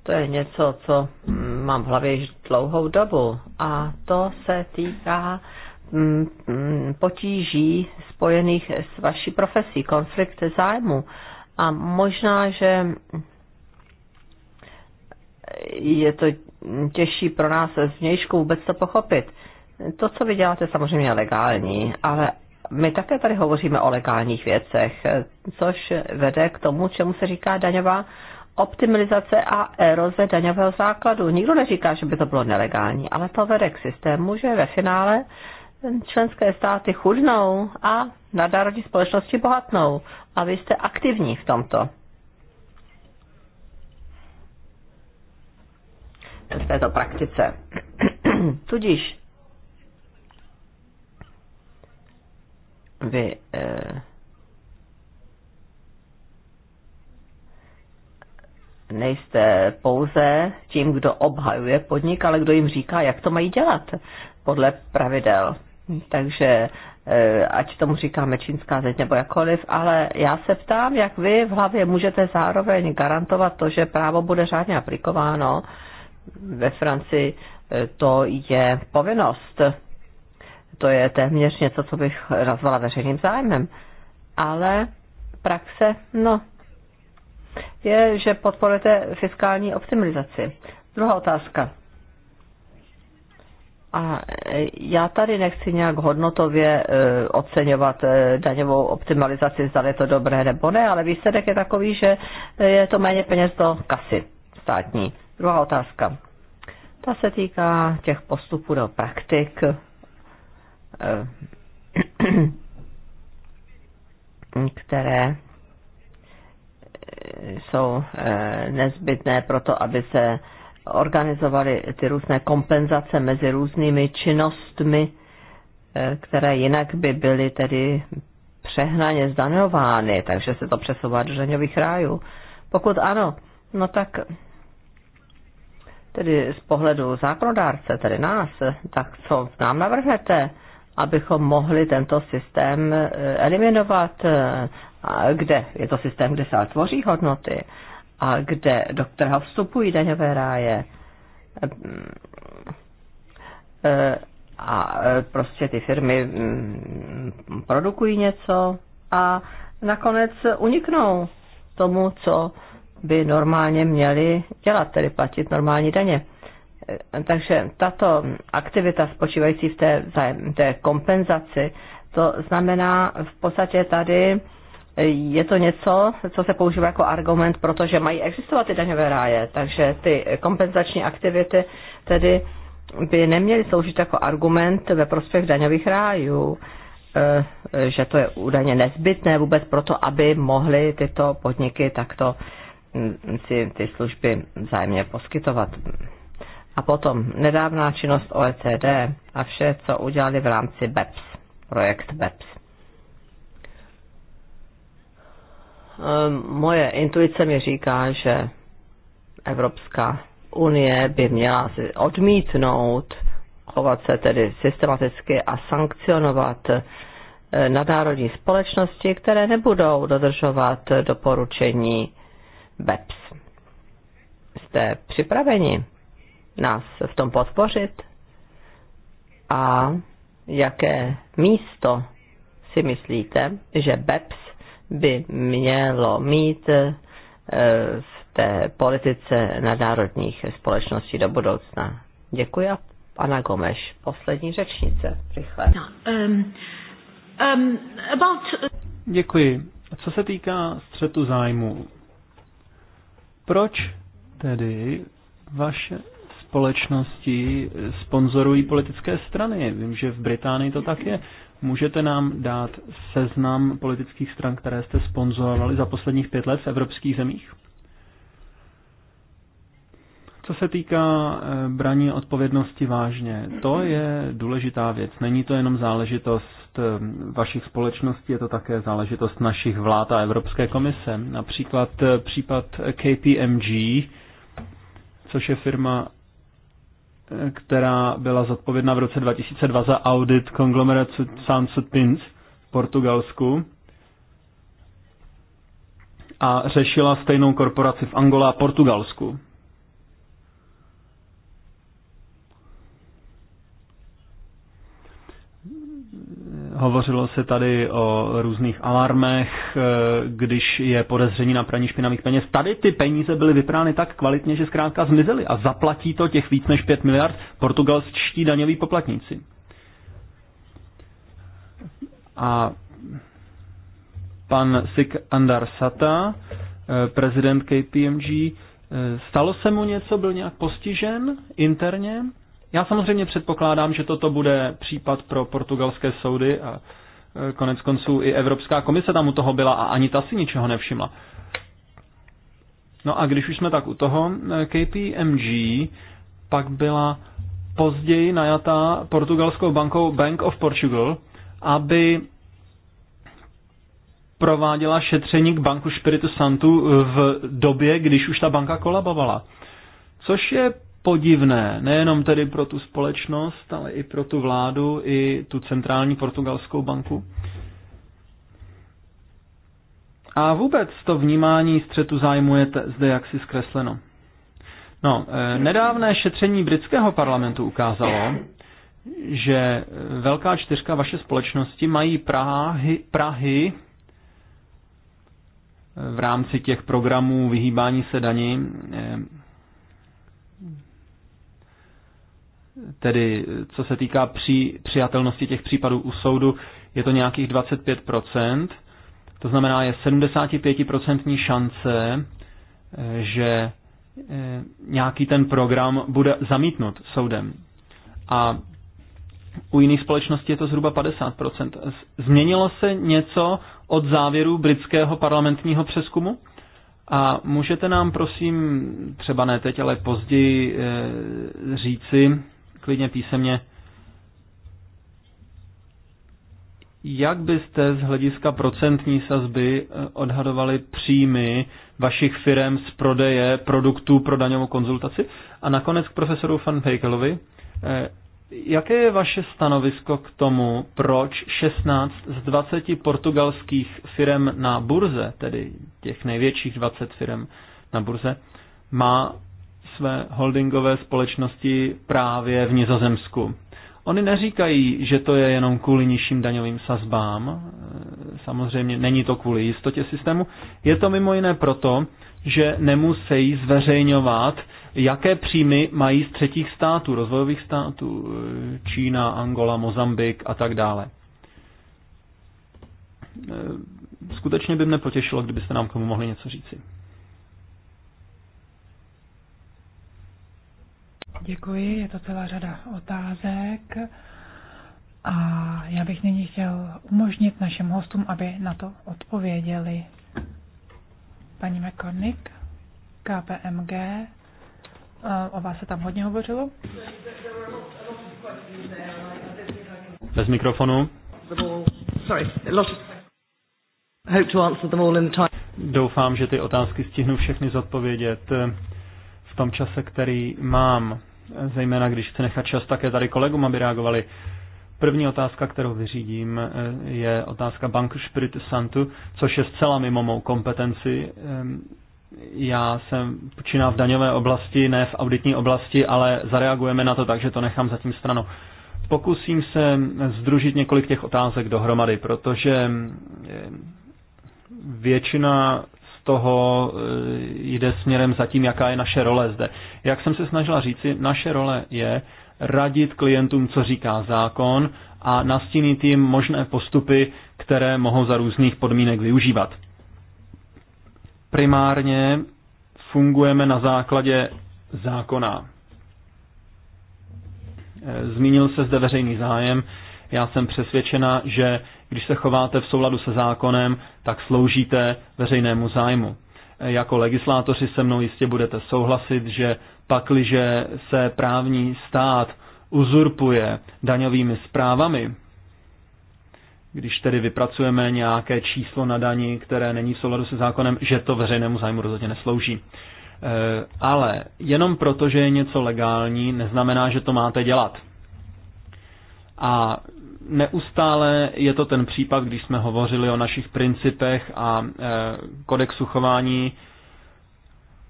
Speaker 1: to je něco, co mm, mám v hlavě již dlouhou dobu a to se týká mm, mm, potíží spojených s vaší profesí, konflikt zájmu. A možná, že je to těžší pro nás z vnějšku vůbec to pochopit. To, co vy děláte, samozřejmě je legální, ale my také tady hovoříme o legálních věcech, což vede k tomu, čemu se říká daňová optimalizace a eroze daňového základu. Nikdo neříká, že by to bylo nelegální, ale to vede k systému, že ve finále členské státy chudnou a nadárodní společnosti bohatnou. A vy jste aktivní v tomto. v této praktice. Tudíž vy eh, nejste pouze tím, kdo obhajuje podnik, ale kdo jim říká, jak to mají dělat podle pravidel. Takže eh, ať tomu říkáme čínská zeď nebo jakkoliv, ale já se ptám, jak vy v hlavě můžete zároveň garantovat to, že právo bude řádně aplikováno, ve Francii e, to je povinnost. To je téměř něco, co bych nazvala veřejným zájmem. Ale praxe, no, je, že podporujete fiskální optimalizaci. Druhá otázka. A e, já tady nechci nějak hodnotově e, oceňovat daňovou optimalizaci, zda je to dobré nebo ne, ale výsledek je takový, že je to méně peněz do kasy státní. Druhá otázka. Ta se týká těch postupů do praktik. Eh, které eh, jsou eh, nezbytné pro to, aby se organizovaly ty různé kompenzace mezi různými činnostmi, které jinak by byly tedy přehnaně zdanovány, takže se to přesouvá do daňových rájů. Pokud ano, no tak tedy z pohledu zákonodárce, tedy nás, tak co nám navrhnete, abychom mohli tento systém eh, eliminovat, eh, kde je to systém, kde se ale tvoří hodnoty a kde, do kterého vstupují daňové ráje eh, a prostě ty firmy mm, produkují něco a nakonec uniknou tomu, co by normálně měli dělat, tedy platit normální daně. E, takže tato aktivita spočívající v té, té kompenzaci, to znamená v podstatě tady e, je to něco, co se používá jako argument, protože mají existovat ty daňové ráje, takže ty kompenzační aktivity tedy by neměly sloužit jako argument ve prospěch daňových rájů, e, že to je údajně nezbytné vůbec proto, aby mohly tyto podniky takto Mm, si ty služby vzájemně poskytovat. A potom nedávná činnost OECD a vše, co udělali v rámci BEPS, projekt BEPS. Ehm, moje intuice mi říká, že Evropská unie by měla si odmítnout chovat se tedy systematicky a sankcionovat eh, nadnárodní společnosti, které nebudou dodržovat doporučení BEPS. Jste připraveni nás v tom podpořit? A jaké místo si myslíte, že BEPS by mělo mít eh, v té politice nadnárodních společností do budoucna? Děkuji a pana Gomeš, poslední řečnice, rychle. No, um, um, about... Děkuji. Co se týká střetu zájmu,
Speaker 3: proč tedy vaše společnosti sponzorují politické strany? Vím, že v Británii to tak je. Můžete nám dát seznam politických stran, které jste sponzorovali za posledních pět let v evropských zemích? Co se týká eh, braní odpovědnosti vážně, to je důležitá věc. Není to jenom záležitost záležitost vašich společností, je to také záležitost našich vlád a Evropské komise. Například e, případ KPMG, což je firma, e, která byla zodpovědná v roce 2002 za audit konglomerace Sansupins v Portugalsku a řešila stejnou korporaci v Angola a Portugalsku. Hovořilo se tady o různých alarmech, eh, když je podezření na praní špinavých peněz. Tady ty peníze byly vyprány tak kvalitně, že zkrátka zmizely a zaplatí to těch víc než 5 miliard portugalskí daňoví poplatníci. A pan Sik Andarsata, eh, prezident KPMG, eh, stalo se mu něco, byl nějak postižen interně? Já samozřejmě předpokládám, že toto bude případ pro portugalské soudy a e, konec konců i Evropská komise tam u toho byla a ani ta si ničeho nevšimla. No a když už jsme tak u toho, e, KPMG pak byla později najatá portugalskou bankou Bank of Portugal, aby prováděla šetření k banku Spiritu Santu v době, když už ta banka kolabovala. Což je podivné, nejenom tedy pro tu společnost, ale i pro tu vládu, i tu centrální portugalskou banku. A vůbec to vnímání střetu zájmu je zde jaksi zkresleno. No, eh, nedávné šetření britského parlamentu ukázalo, že eh, velká čtyřka vaše společnosti mají Prahy, Prahy eh, v rámci těch programů vyhýbání se daní tedy co se týká při, přijatelnosti těch případů u soudu, je to nějakých 25%, to znamená je 75% šance, eh, že eh, nějaký ten program bude zamítnut soudem. A u jiných společností je to zhruba 50%. Změnilo se něco od závěru britského parlamentního přeskumu? A můžete nám prosím, třeba ne teď, ale později eh, říci, klidně písemně. Jak byste z hlediska procentní sazby eh, odhadovali příjmy vašich firm z prodeje produktů pro daňovou konzultaci? A nakonec k profesoru Van Pekelovi. Eh, jaké je vaše stanovisko k tomu, proč 16 z 20 portugalských firm na burze, tedy těch největších 20 firm na burze, má své holdingové společnosti právě v Nizozemsku. Oni neříkají, že to je jenom kvůli nižším daňovým sazbám, e, samozřejmě není to kvůli jistotě systému, je to mimo jiné proto, že nemusí zveřejňovat, jaké příjmy mají z třetích států, rozvojových států, e, Čína, Angola, Mozambik a tak dále. E, skutečně by mne potěšilo, kdybyste nám k tomu mohli něco říci.
Speaker 2: Děkuji, je to celá řada otázek. A já bych nyní chtěl umožnit našim hostům, aby na to odpověděli. Paní McCormick, KPMG, eh, o vás se tam hodně hovořilo.
Speaker 1: Bez mikrofonu.
Speaker 3: Doufám, že ty otázky stihnu všechny zodpovědět v tom čase, který mám, zejména když chci nechat čas také tady kolegům, aby reagovali. První otázka, kterou vyřídím, eh, je otázka Banku Spirit Santu, což je zcela mimo mou kompetenci. Ehm, já jsem počíná v daňové oblasti, ne v auditní oblasti, ale zareagujeme na to, takže to nechám zatím stranou. Pokusím se združit několik těch otázek dohromady, protože ehm, většina toho eh, jde směrem za tím, jaká je naše role zde. Jak jsem se snažila říci, naše role je radit klientům, co říká zákon a nastínit jim možné postupy, které mohou za různých podmínek využívat. Primárně fungujeme na základě zákona. Eh, zmínil se zde veřejný zájem. Já jsem přesvědčena, že když se chováte v souladu se zákonem, tak sloužíte veřejnému zájmu. Jako legislátoři se mnou jistě budete souhlasit, že pakliže se právní stát uzurpuje daňovými zprávami, když tedy vypracujeme nějaké číslo na dani, které není v souladu se zákonem, že to veřejnému zájmu rozhodně neslouží. Eh, ale jenom proto, že je něco legální, neznamená, že to máte dělat. A Neustále je to ten případ, když jsme hovořili o našich principech a eh, kodexu chování.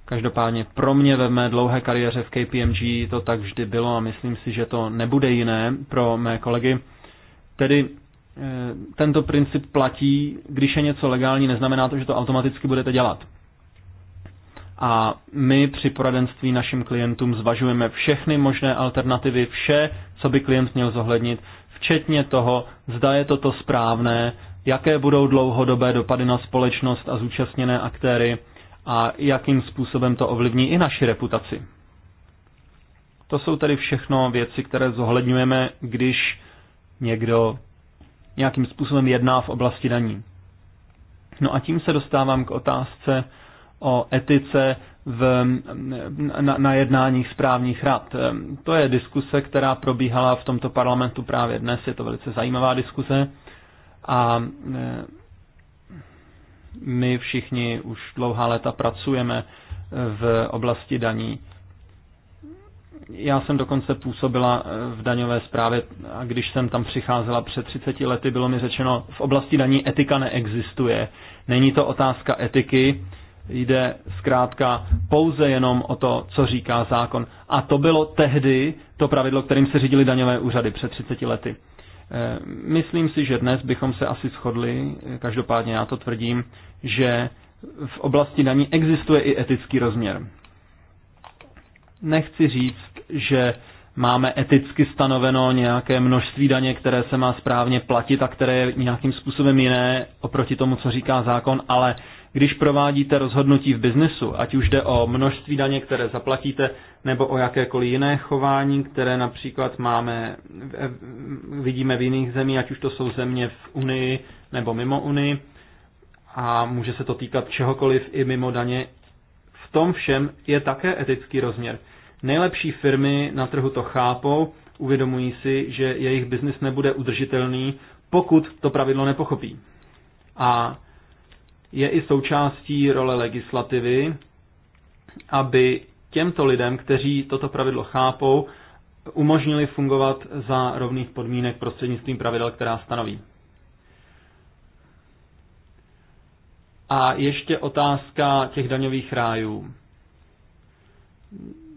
Speaker 3: Každopádně pro mě ve mé dlouhé kariéře v KPMG to tak vždy bylo a myslím si, že to nebude jiné pro mé kolegy. Tedy eh, tento princip platí, když je něco legální, neznamená to, že to automaticky budete dělat. A my při poradenství našim klientům zvažujeme všechny možné alternativy, vše, co by klient měl zohlednit, včetně toho, zda je toto správné, jaké budou dlouhodobé dopady na společnost a zúčastněné aktéry a jakým způsobem to ovlivní i naši reputaci. To jsou tedy všechno věci, které zohledňujeme, když někdo nějakým způsobem jedná v oblasti daní. No a tím se dostávám k otázce, o etice v, na, na jednáních správních rad. To je diskuse, která probíhala v tomto parlamentu právě dnes. Je to velice zajímavá diskuse a e, my všichni už dlouhá léta pracujeme v oblasti daní. Já jsem dokonce působila e, v daňové správě a když jsem tam přicházela před 30 lety, bylo mi řečeno, v oblasti daní etika neexistuje. Není to otázka etiky, Jde zkrátka pouze jenom o to, co říká zákon. A to bylo tehdy to pravidlo, kterým se řídili daňové úřady před 30 lety. E, myslím si, že dnes bychom se asi shodli, e, každopádně já to tvrdím, že v oblasti daní existuje i etický rozměr. Nechci říct, že máme eticky stanoveno nějaké množství daně, které se má správně platit a které je nějakým způsobem jiné oproti tomu, co říká zákon, ale když provádíte rozhodnutí v biznesu, ať už jde o množství daně, které zaplatíte, nebo o jakékoliv jiné chování, které například máme, vidíme v jiných zemích, ať už to jsou země v Unii nebo mimo Unii, a může se to týkat čehokoliv i mimo daně, v tom všem je také etický rozměr. Nejlepší firmy na trhu to chápou, uvědomují si, že jejich biznis nebude udržitelný, pokud to pravidlo nepochopí. A je i součástí role legislativy, aby těmto lidem, kteří toto pravidlo chápou, umožnili fungovat za rovných podmínek prostřednictvím pravidel, která stanoví. A ještě otázka těch daňových rájů.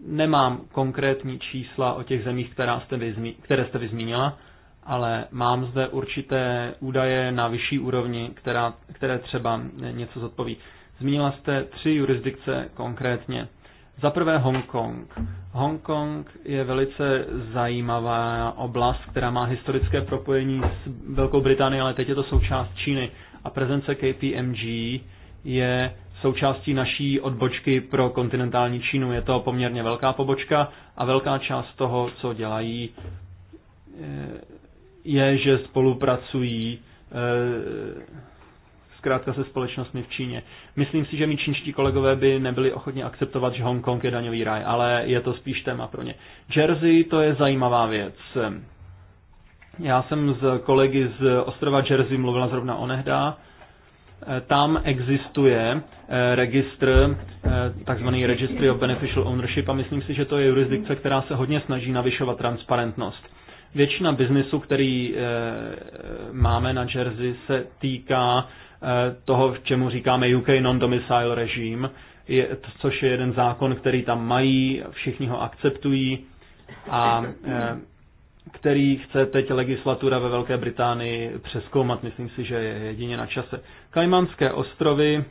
Speaker 3: Nemám konkrétní čísla o těch zemích, která jste vy, které jste vyzmínila, ale mám zde určité údaje na vyšší úrovni, která, které třeba něco zodpoví. Zmínila jste tři jurisdikce konkrétně. Za prvé Hongkong. Hongkong je velice zajímavá oblast, která má historické propojení s Velkou Británií, ale teď je to součást Číny. A prezence KPMG je součástí naší odbočky pro kontinentální Čínu. Je to poměrně velká pobočka a velká část toho, co dělají, eh, je, že spolupracují eh, zkrátka se společnostmi v Číně. Myslím si, že mi čínští kolegové by nebyli ochotně akceptovat, že Hongkong je daňový ráj, ale je to spíš téma pro ně. Jersey to je zajímavá věc. Já jsem s kolegy z ostrova Jersey mluvila zrovna onehda. Eh, tam existuje eh, registr, takzvaný Registry of Beneficial Ownership a myslím si, že to je jurisdikce, která se hodně snaží navyšovat transparentnost. Většina biznesu, který eh, máme na Jersey, se týká eh, toho, čemu říkáme UK non-domicile režim, což je jeden zákon, který tam mají, všichni ho akceptují a eh, který chce teď legislatura ve Velké Británii přeskoumat. Myslím si, že je jedině na čase. Kajmanské ostrovy.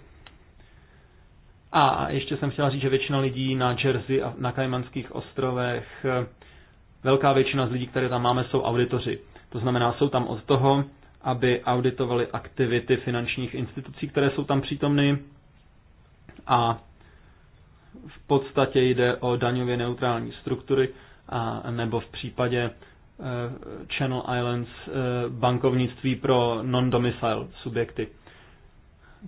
Speaker 3: A ještě jsem chtěla říct, že většina lidí na Jersey a na Kajmanských ostrovech velká většina z lidí, které tam máme, jsou auditoři. To znamená, jsou tam od toho, aby auditovali aktivity finančních institucí, které jsou tam přítomny a v podstatě jde o daňově neutrální struktury a, nebo v případě e, Channel Islands e, bankovnictví pro non-domicile subjekty.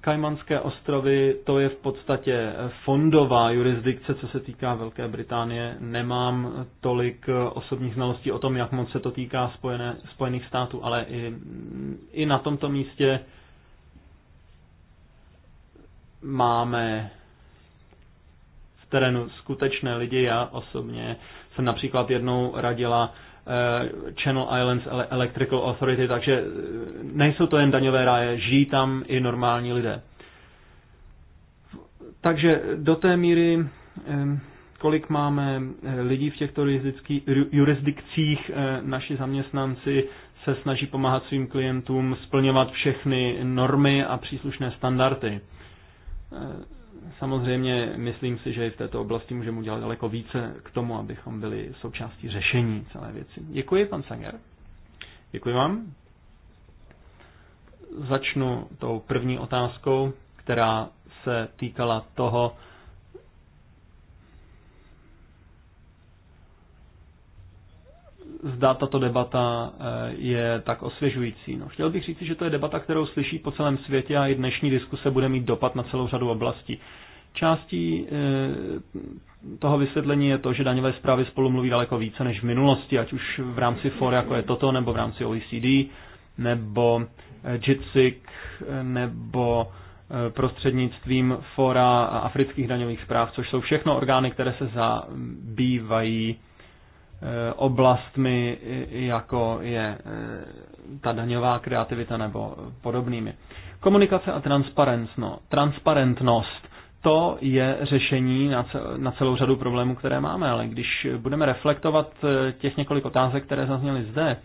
Speaker 3: Kajmanské ostrovy, to je v podstatě fondová jurisdikce, co se týká Velké Británie. Nemám tolik eh, osobních znalostí o tom, jak moc se to týká Spojené, Spojených států, ale i, i na tomto místě máme v terénu skutečné lidi. Já osobně jsem například jednou radila Eh, Channel Islands Electrical Authority, takže eh, nejsou to jen daňové ráje, žijí tam i normální lidé. Takže do té míry, kolik máme eh, lidí v těchto jurisdikcích, naši zaměstnanci se snaží pomáhat svým klientům splňovat všechny normy a příslušné standardy. Samozřejmě myslím si, že i v této oblasti můžeme udělat daleko více k tomu, abychom byli součástí řešení celé věci. Děkuji, pan Sanger. Děkuji vám. Začnu tou první otázkou, která se týkala toho, zda tato debata eh, je tak osvěžující. No, chtěl bych říci, že to je debata, kterou slyší po celém světě a i dnešní diskuse bude mít dopad na celou řadu oblastí. Částí eh, toho vysvětlení je to, že daňové zprávy spolu mluví daleko více než v minulosti, ať už v rámci FOR, jako je toto, nebo v rámci OECD, nebo eh, JITSIC, nebo prostřednictvím fora afrických daňových zpráv, což jsou všechno orgány, které se zabývají Eh, oblastmi, jako je eh, ta daňová kreativita nebo podobnými. Komunikace a transparentnost. To je řešení na celou řadu problémů, které máme, ale když budeme reflektovat eh, těch několik otázek, které zazněly zde,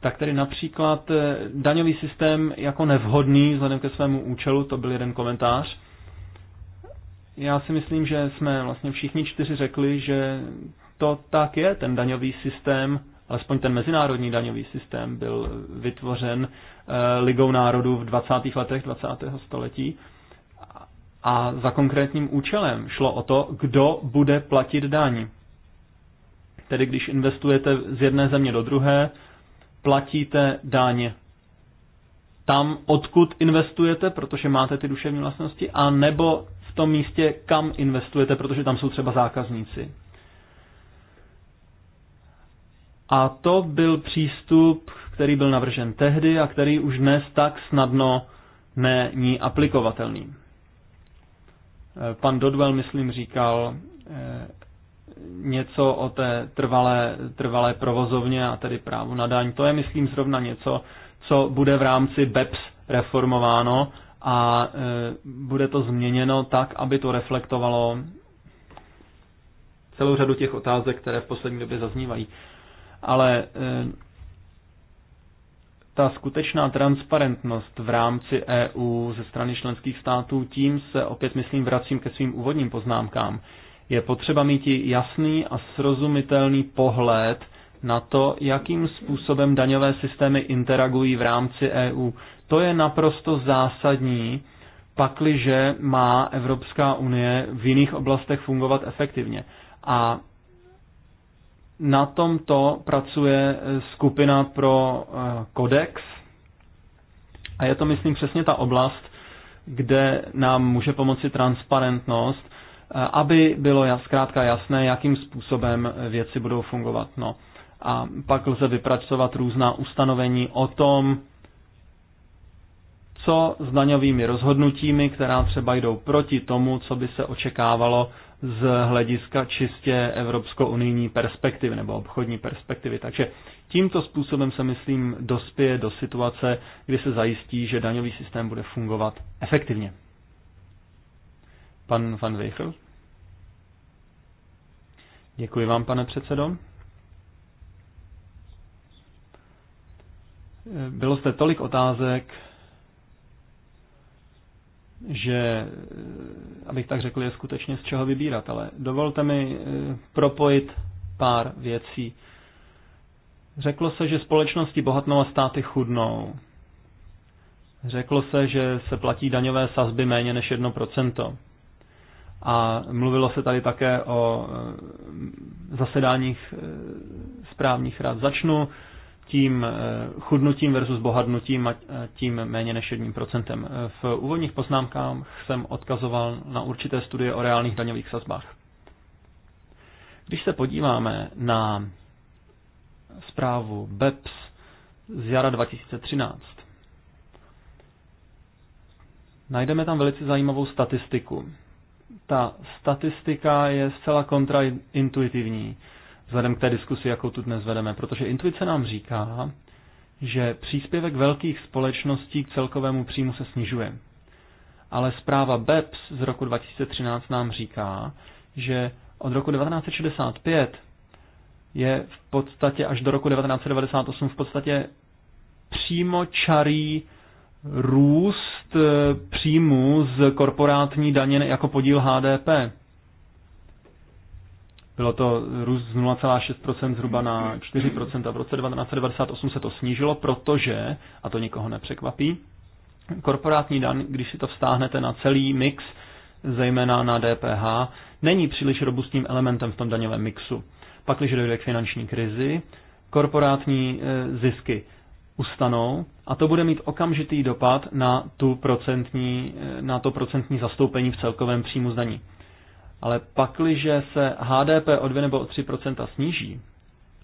Speaker 3: tak tedy například daňový systém jako nevhodný vzhledem ke svému účelu, to byl jeden komentář. Já si myslím, že jsme vlastně všichni čtyři řekli, že to tak je. Ten daňový systém, alespoň ten mezinárodní daňový systém, byl vytvořen eh, Ligou národů v 20. letech 20. století. A za konkrétním účelem šlo o to, kdo bude platit daň. Tedy když investujete z jedné země do druhé, platíte daň tam, odkud investujete, protože máte ty duševní vlastnosti, a nebo v tom místě, kam investujete, protože tam jsou třeba zákazníci. A to byl přístup, který byl navržen tehdy a který už dnes tak snadno není aplikovatelný. Eh, pan Dodwell, myslím, říkal eh, něco o té trvalé, trvalé provozovně a tedy právu na daň. To je, myslím, zrovna něco, co bude v rámci BEPS reformováno a eh, bude to změněno tak, aby to reflektovalo celou řadu těch otázek, které v poslední době zaznívají ale eh, ta skutečná transparentnost v rámci EU ze strany členských států, tím se opět, myslím, vracím ke svým úvodním poznámkám. Je potřeba mít jasný a srozumitelný pohled na to, jakým způsobem daňové systémy interagují v rámci EU. To je naprosto zásadní, pakliže má Evropská unie v jiných oblastech fungovat efektivně. A na tomto pracuje skupina pro eh, kodex a je to, myslím, přesně ta oblast, kde nám může pomoci transparentnost, eh, aby bylo zkrátka jasné, jakým způsobem věci budou fungovat. No. A pak lze vypracovat různá ustanovení o tom, co s daňovými rozhodnutími, která třeba jdou proti tomu, co by se očekávalo z hlediska čistě evropsko-unijní perspektivy nebo obchodní perspektivy. Takže tímto způsobem se, myslím, dospěje do situace, kdy se zajistí, že daňový systém bude fungovat efektivně. Pan Van Weichel? Děkuji vám, pane předsedo. Bylo jste tolik otázek, že, abych tak řekl, je skutečně z čeho vybírat, ale dovolte mi eh, propojit pár věcí. Řeklo se, že společnosti bohatnou a státy chudnou. Řeklo se, že se platí daňové sazby méně než 1%. A mluvilo se tady také o eh, zasedáních eh, správních rad. Začnu tím eh, chudnutím versus bohadnutím a tím méně než jedním procentem. Eh, v úvodních poznámkách jsem odkazoval na určité studie o reálných daňových sazbách. Když se podíváme na zprávu BEPS z jara 2013, najdeme tam velice zajímavou statistiku. Ta statistika je zcela kontraintuitivní vzhledem k té diskusi, jakou tu dnes vedeme, protože intuice nám říká, že příspěvek velkých společností k celkovému příjmu se snižuje. Ale zpráva BEPS z roku 2013 nám říká, že od roku 1965 je v podstatě až do roku 1998 v podstatě přímo čarý růst eh, příjmu z korporátní daně jako podíl HDP. Bylo to růst z 0,6% zhruba na 4% a v roce 1998 se to snížilo, protože, a to nikoho nepřekvapí, korporátní dan, když si to vstáhnete na celý mix, zejména na DPH, není příliš robustním elementem v tom daňovém mixu. Pak, když dojde k finanční krizi, korporátní e, zisky ustanou a to bude mít okamžitý dopad na, tu procentní, e, na to procentní zastoupení v celkovém příjmu zdaní. daní ale pakliže se HDP o 2 nebo o 3 sníží,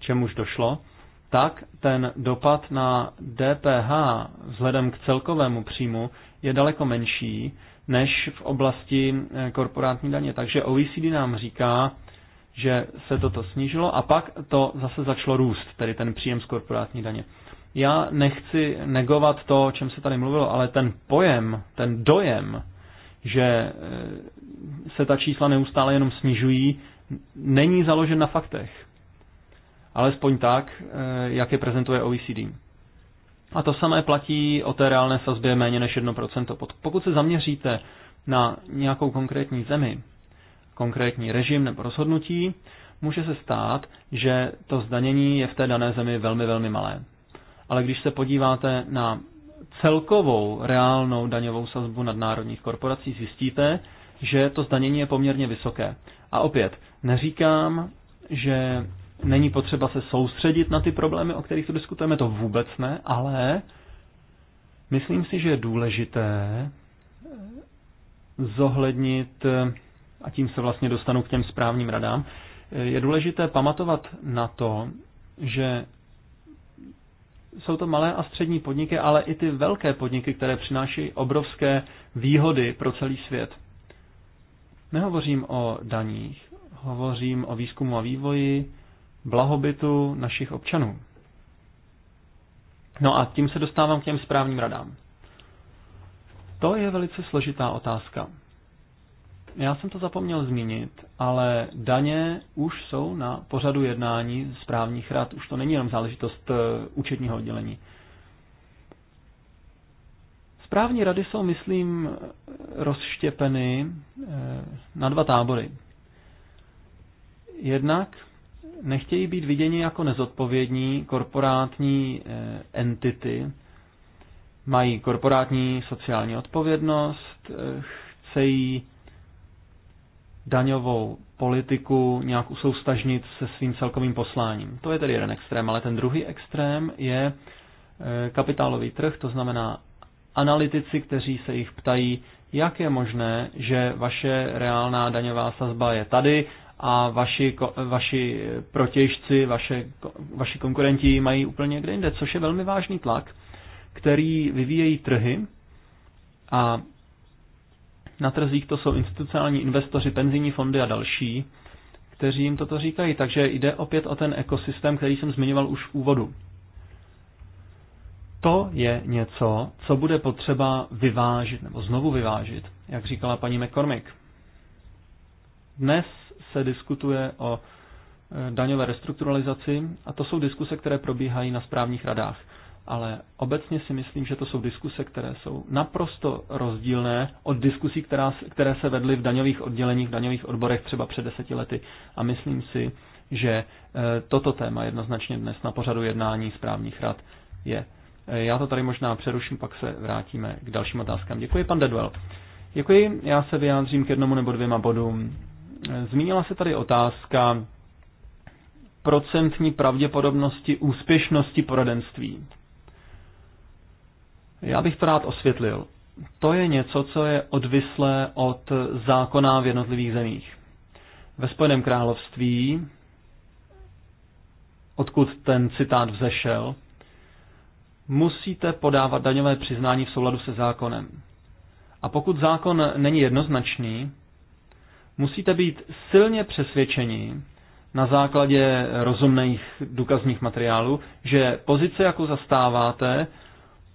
Speaker 3: čemuž došlo, tak ten dopad na DPH vzhledem k celkovému příjmu je daleko menší než v oblasti eh, korporátní daně. Takže OECD nám říká, že se toto snížilo a pak to zase začalo růst, tedy ten příjem z korporátní daně. Já nechci negovat to, o čem se tady mluvilo, ale ten pojem, ten dojem že eh, se ta čísla neustále jenom snižují, není založen na faktech. Alespoň tak, eh, jak je prezentuje OECD. A to samé platí o té reálné sazbě méně než 1%. Pokud se zaměříte na nějakou konkrétní zemi, konkrétní režim nebo rozhodnutí, může se stát, že to zdanění je v té dané zemi velmi, velmi malé. Ale když se podíváte na celkovou reálnou daňovou sazbu nadnárodních korporací, zjistíte, že to zdanění je poměrně vysoké. A opět, neříkám, že není potřeba se soustředit na ty problémy, o kterých tu diskutujeme, to vůbec ne, ale myslím si, že je důležité eh, zohlednit, eh, a tím se vlastně dostanu k těm správním radám, eh, je důležité pamatovat na to, že jsou to malé a střední podniky, ale i ty velké podniky, které přináší obrovské výhody pro celý svět. Nehovořím o daních, hovořím o výzkumu a vývoji, blahobytu našich občanů. No a tím se dostávám k těm správním radám. To je velice složitá otázka. Já jsem to zapomněl zmínit, ale daně už jsou na pořadu jednání správních rad. Už to není jenom záležitost eh, účetního oddělení. Správní rady jsou, myslím, rozštěpeny eh, na dva tábory. Jednak nechtějí být viděni jako nezodpovědní korporátní eh, entity, mají korporátní sociální odpovědnost, chcejí daňovou politiku nějak usoustažnit se svým celkovým posláním. To je tedy jeden extrém, ale ten druhý extrém je e, kapitálový trh, to znamená analytici, kteří se jich ptají, jak je možné, že vaše reálná daňová sazba je tady a vaši, vaši protěžci, vaše, vaši konkurenti mají úplně někde jinde, což je velmi vážný tlak, který vyvíjejí trhy a na trzích, to jsou institucionální investoři, penzijní fondy a další, kteří jim toto říkají. Takže jde opět o ten ekosystém, který jsem zmiňoval už v úvodu. To je něco, co bude potřeba vyvážit, nebo znovu vyvážit, jak říkala paní McCormick. Dnes se diskutuje o e, daňové restrukturalizaci a to jsou diskuse, které probíhají na správních radách ale obecně si myslím, že to jsou diskuse, které jsou naprosto rozdílné od diskusí, která, které se vedly v daňových odděleních, v daňových odborech třeba před deseti lety. A myslím si, že e, toto téma jednoznačně dnes na pořadu jednání správních rad je. E, já to tady možná přeruším, pak se vrátíme k dalším otázkám. Děkuji, pan Dedwell. Děkuji, já se vyjádřím k jednomu nebo dvěma bodům. E, zmínila se tady otázka procentní pravděpodobnosti úspěšnosti poradenství. Já bych to rád osvětlil. To je něco, co je odvislé od zákona v jednotlivých zemích. Ve Spojeném království, odkud ten citát vzešel, musíte podávat daňové přiznání v souladu se zákonem. A pokud zákon není jednoznačný, musíte být silně přesvědčeni na základě rozumných důkazních materiálů, že pozice, jakou zastáváte,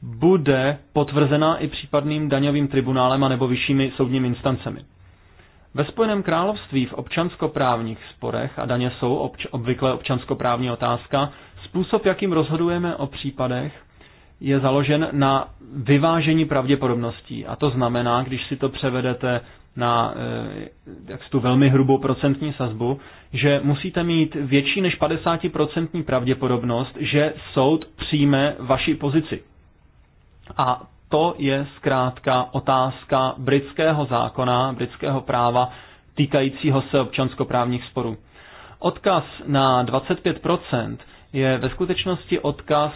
Speaker 3: bude potvrzena i případným daňovým tribunálem nebo vyššími soudními instancemi. Ve Spojeném království v občanskoprávních sporech, a daně jsou obč- obvykle občanskoprávní otázka, způsob, jakým rozhodujeme o případech, je založen na vyvážení pravděpodobností. A to znamená, když si to převedete na eh, jak tu velmi hrubou procentní sazbu, že musíte mít větší než 50% pravděpodobnost, že soud přijme vaši pozici. A to je zkrátka otázka britského zákona, britského práva týkajícího se občanskoprávních sporů. Odkaz na 25% je ve skutečnosti odkaz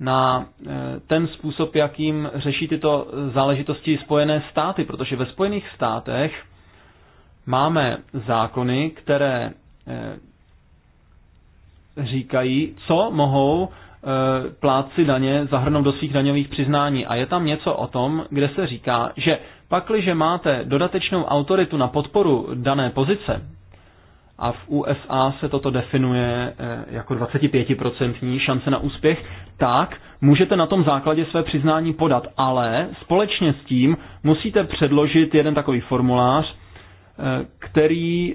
Speaker 3: na e, ten způsob, jakým řeší tyto záležitosti Spojené státy, protože ve Spojených státech máme zákony, které e, říkají, co mohou Eh, pláci daně zahrnou do svých daňových přiznání. A je tam něco o tom, kde se říká, že pakliže máte dodatečnou autoritu na podporu dané pozice, a v USA se toto definuje eh, jako 25% šance na úspěch, tak můžete na tom základě své přiznání podat, ale společně s tím musíte předložit jeden takový formulář, eh, který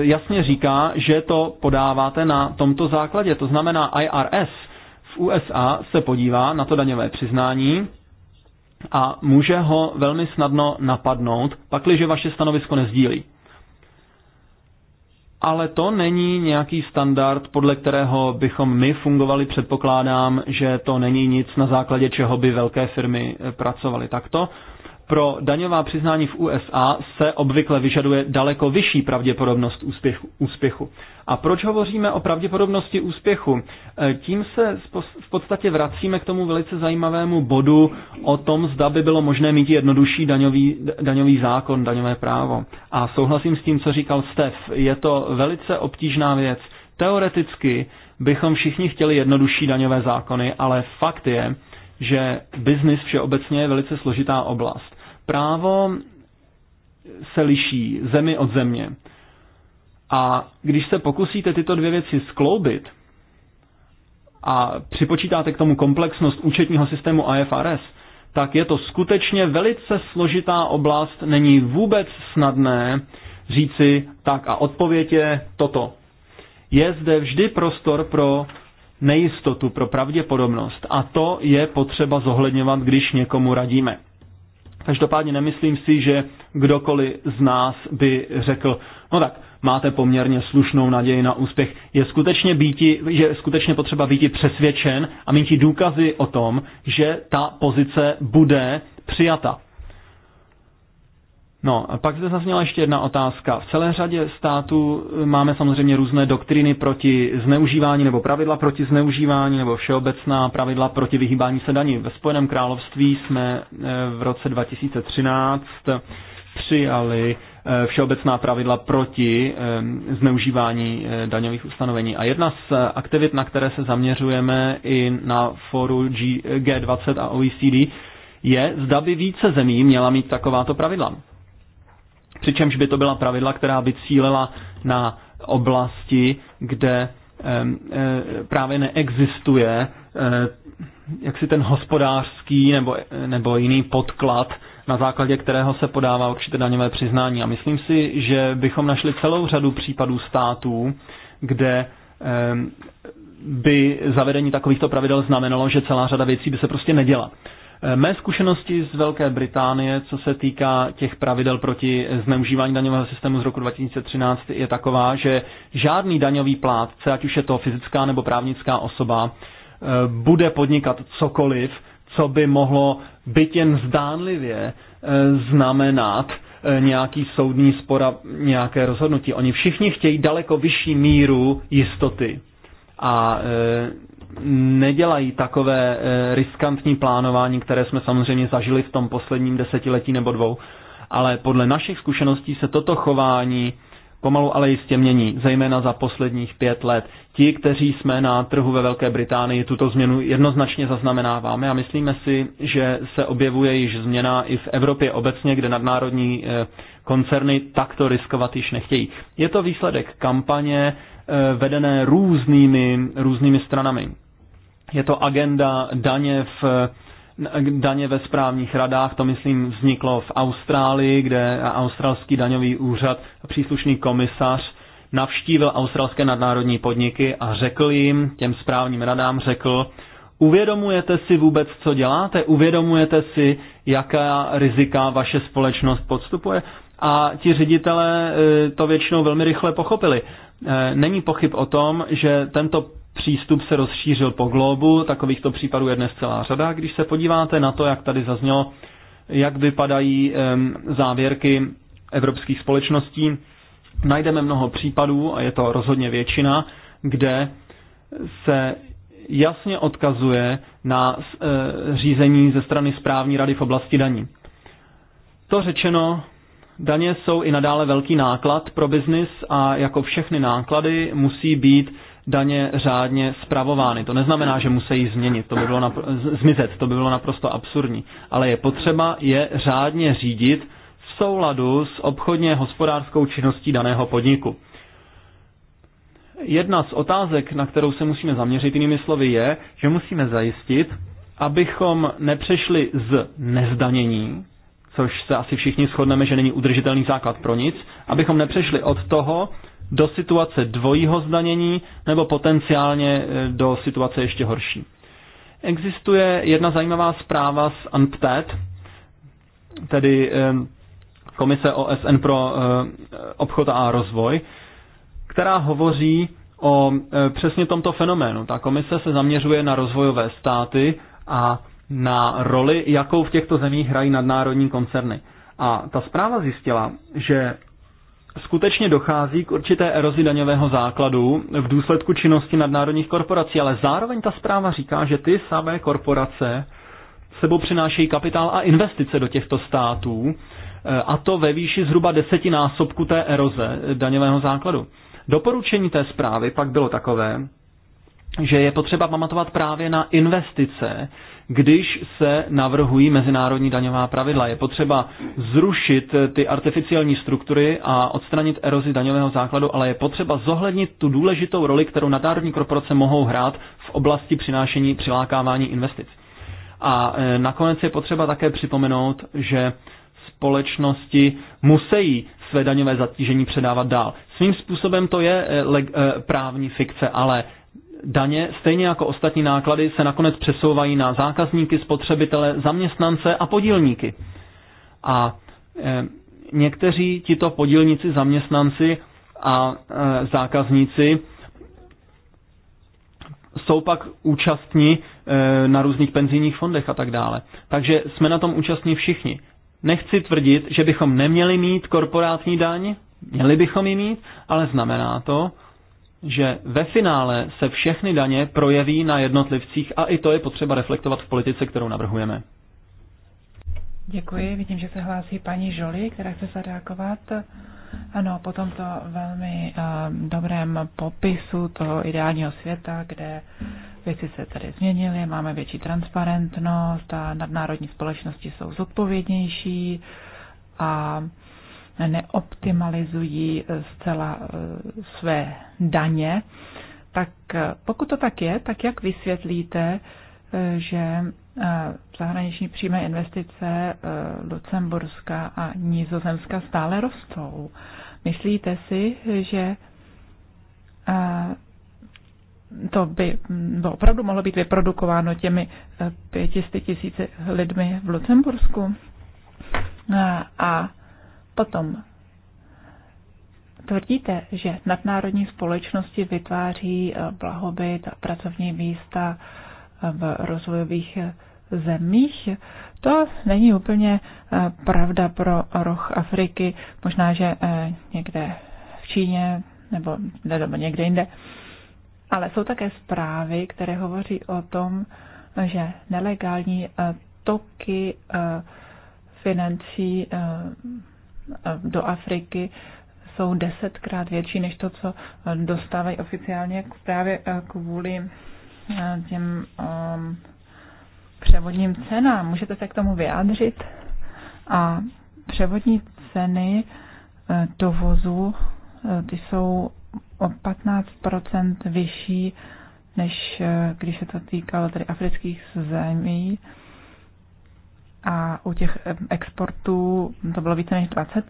Speaker 3: jasně říká, že to podáváte na tomto základě. To znamená IRS v USA se podívá na to daňové přiznání a může ho velmi snadno napadnout, pakliže vaše stanovisko nezdílí. Ale to není nějaký standard, podle kterého bychom my fungovali. Předpokládám, že to není nic, na základě čeho by velké firmy pracovaly takto. Pro daňová přiznání v USA se obvykle vyžaduje daleko vyšší pravděpodobnost úspěchu. úspěchu. A proč hovoříme o pravděpodobnosti úspěchu? E, tím se v podstatě vracíme k tomu velice zajímavému bodu o tom, zda by bylo možné mít jednodušší daňový, daňový zákon, daňové právo. A souhlasím s tím, co říkal Stef. Je to velice obtížná věc. Teoreticky bychom všichni chtěli jednodušší daňové zákony, ale fakt je, že biznis všeobecně je velice složitá oblast právo se liší zemi od země. A když se pokusíte tyto dvě věci skloubit a připočítáte k tomu komplexnost účetního systému IFRS, tak je to skutečně velice složitá oblast, není vůbec snadné říci tak a odpověď je toto. Je zde vždy prostor pro nejistotu, pro pravděpodobnost a to je potřeba zohledňovat, když někomu radíme. Každopádně nemyslím si, že kdokoliv z nás by řekl, no tak, máte poměrně slušnou naději na úspěch. Je skutečně, býti, že je skutečně potřeba být přesvědčen a mít důkazy o tom, že ta pozice bude přijata. No, a pak zde zazněla ještě jedna otázka. V celé řadě států máme samozřejmě různé doktriny proti zneužívání nebo pravidla proti zneužívání nebo všeobecná pravidla proti vyhýbání se daní. Ve Spojeném království jsme eh, v roce 2013 přijali eh, všeobecná pravidla proti eh, zneužívání daňových ustanovení. A jedna z aktivit, na které se zaměřujeme i na fóru G20 a OECD, je, zda by více zemí měla mít takováto pravidla přičemž by to byla pravidla, která by cílela na oblasti, kde e, právě neexistuje e, jaksi ten hospodářský nebo, nebo jiný podklad, na základě kterého se podává určité daňové přiznání. A myslím si, že bychom našli celou řadu případů států, kde by zavedení takovýchto pravidel znamenalo, že celá řada věcí by se prostě neděla. Eh, mé zkušenosti z Velké Británie, co se týká těch pravidel proti zneužívání daňového systému z roku 2013, je taková, že žádný daňový plátce, ať už je to fyzická nebo právnická osoba, eh, bude podnikat cokoliv, co by mohlo byt jen zdánlivě eh, znamenat nějaký soudní spor a nějaké rozhodnutí. Oni všichni chtějí daleko vyšší míru jistoty. A nedělají takové eh, riskantní plánování, které jsme samozřejmě zažili v tom posledním desetiletí nebo dvou, ale podle našich zkušeností se toto chování pomalu ale jistě mění, zejména za posledních pět let. Ti, kteří jsme na trhu ve Velké Británii, tuto změnu jednoznačně zaznamenáváme a myslíme si, že se objevuje již změna i v Evropě obecně, kde nadnárodní eh, koncerny takto riskovat již nechtějí. Je to výsledek kampaně Eh, vedené různými, různými stranami. Je to agenda daně v eh, daně ve správních radách, to myslím vzniklo v Austrálii, kde australský daňový úřad, příslušný komisař, navštívil australské nadnárodní podniky a řekl jim, těm správním radám řekl, uvědomujete si vůbec, co děláte, uvědomujete si, jaká rizika vaše společnost podstupuje a ti ředitelé eh, to většinou velmi rychle pochopili. Eh, není pochyb o tom, že tento přístup se rozšířil po globu, takovýchto případů je dnes celá řada. Když se podíváte na to, jak tady zaznělo, jak vypadají závěrky evropských společností, najdeme mnoho případů, a je to rozhodně většina, kde se jasně odkazuje na eh, řízení ze strany správní rady v oblasti daní. To řečeno, Daně jsou i nadále velký náklad pro biznis a jako všechny náklady musí být daně řádně spravovány. To neznamená, že musí změnit, to by bylo napr- zmizet, to by bylo naprosto absurdní. Ale je potřeba je řádně řídit v souladu s obchodně hospodářskou činností daného podniku. Jedna z otázek, na kterou se musíme zaměřit, jinými slovy, je, že musíme zajistit, abychom nepřešli z nezdanění což se asi všichni shodneme, že není udržitelný základ pro nic, abychom nepřešli od toho do situace dvojího zdanění nebo potenciálně eh, do situace ještě horší. Existuje jedna zajímavá zpráva z UNPTED, tedy eh, Komise OSN pro eh, obchod a rozvoj, která hovoří o přesně tomto fenoménu. Ta komise se zaměřuje na rozvojové státy a na roli, jakou v těchto zemích hrají nadnárodní koncerny. A ta zpráva zjistila, že skutečně dochází k určité erozi daňového základu v důsledku činnosti nadnárodních korporací, ale zároveň ta zpráva říká, že ty samé korporace sebou přinášejí kapitál a investice do těchto států, eh, a to ve výši zhruba desetinásobku té eroze daňového základu. Doporučení té zprávy pak bylo takové, že je potřeba pamatovat právě na investice, když se navrhují mezinárodní daňová pravidla. Je potřeba zrušit ty artificiální struktury a odstranit erozi daňového základu, ale je potřeba zohlednit tu důležitou roli, kterou nadnárodní korporace mohou hrát v oblasti přinášení přilákávání investic. A e, nakonec je potřeba také připomenout, že společnosti musí své daňové zatížení předávat dál. Svým způsobem to je e, e, právní fikce, ale daně, stejně jako ostatní náklady, se nakonec přesouvají na zákazníky, spotřebitele, zaměstnance a podílníky. A e, někteří tito podílníci, zaměstnanci a e, zákazníci jsou pak účastní e, na různých penzijních fondech a tak dále. Takže jsme na tom účastní všichni. Nechci tvrdit, že bychom neměli mít korporátní daň, měli bychom ji mít, ale znamená to, že ve finále se všechny daně projeví na jednotlivcích a i to je potřeba reflektovat v politice, kterou navrhujeme.
Speaker 2: Děkuji, vidím, že se hlásí paní Žoli, která chce zareagovat. Ano, po tomto velmi uh, dobrém popisu toho ideálního světa, kde věci se tady změnily, máme větší transparentnost a nadnárodní společnosti jsou zodpovědnější a uh, neoptimalizují eh, zcela eh, své daně. Tak eh, pokud to tak je, tak jak vysvětlíte, že zahraniční přímé investice Lucemburska a Nizozemska stále rostou? Myslíte si, že to by mm, to opravdu mohlo být vyprodukováno těmi 500 tisíci lidmi v Lucembursku? A Potom tvrdíte, že nadnárodní společnosti vytváří eh, blahobyt a pracovní místa eh, v rozvojových eh, zemích. To není úplně pravda pro roh Afriky, možná, že někde v Číně nebo, nebo někde jinde. Ale jsou také zprávy, které hovoří o tom, že nelegální toky financí do Afriky jsou desetkrát větší než to, co eh, dostávají oficiálně právě eh, kvůli eh, těm um, převodním cenám. Můžete se k tomu vyjádřit? A převodní ceny dovozu, ty jsou o 15% vyšší, než když se to týkalo tedy afrických zemí a u těch exportů to bylo více než 20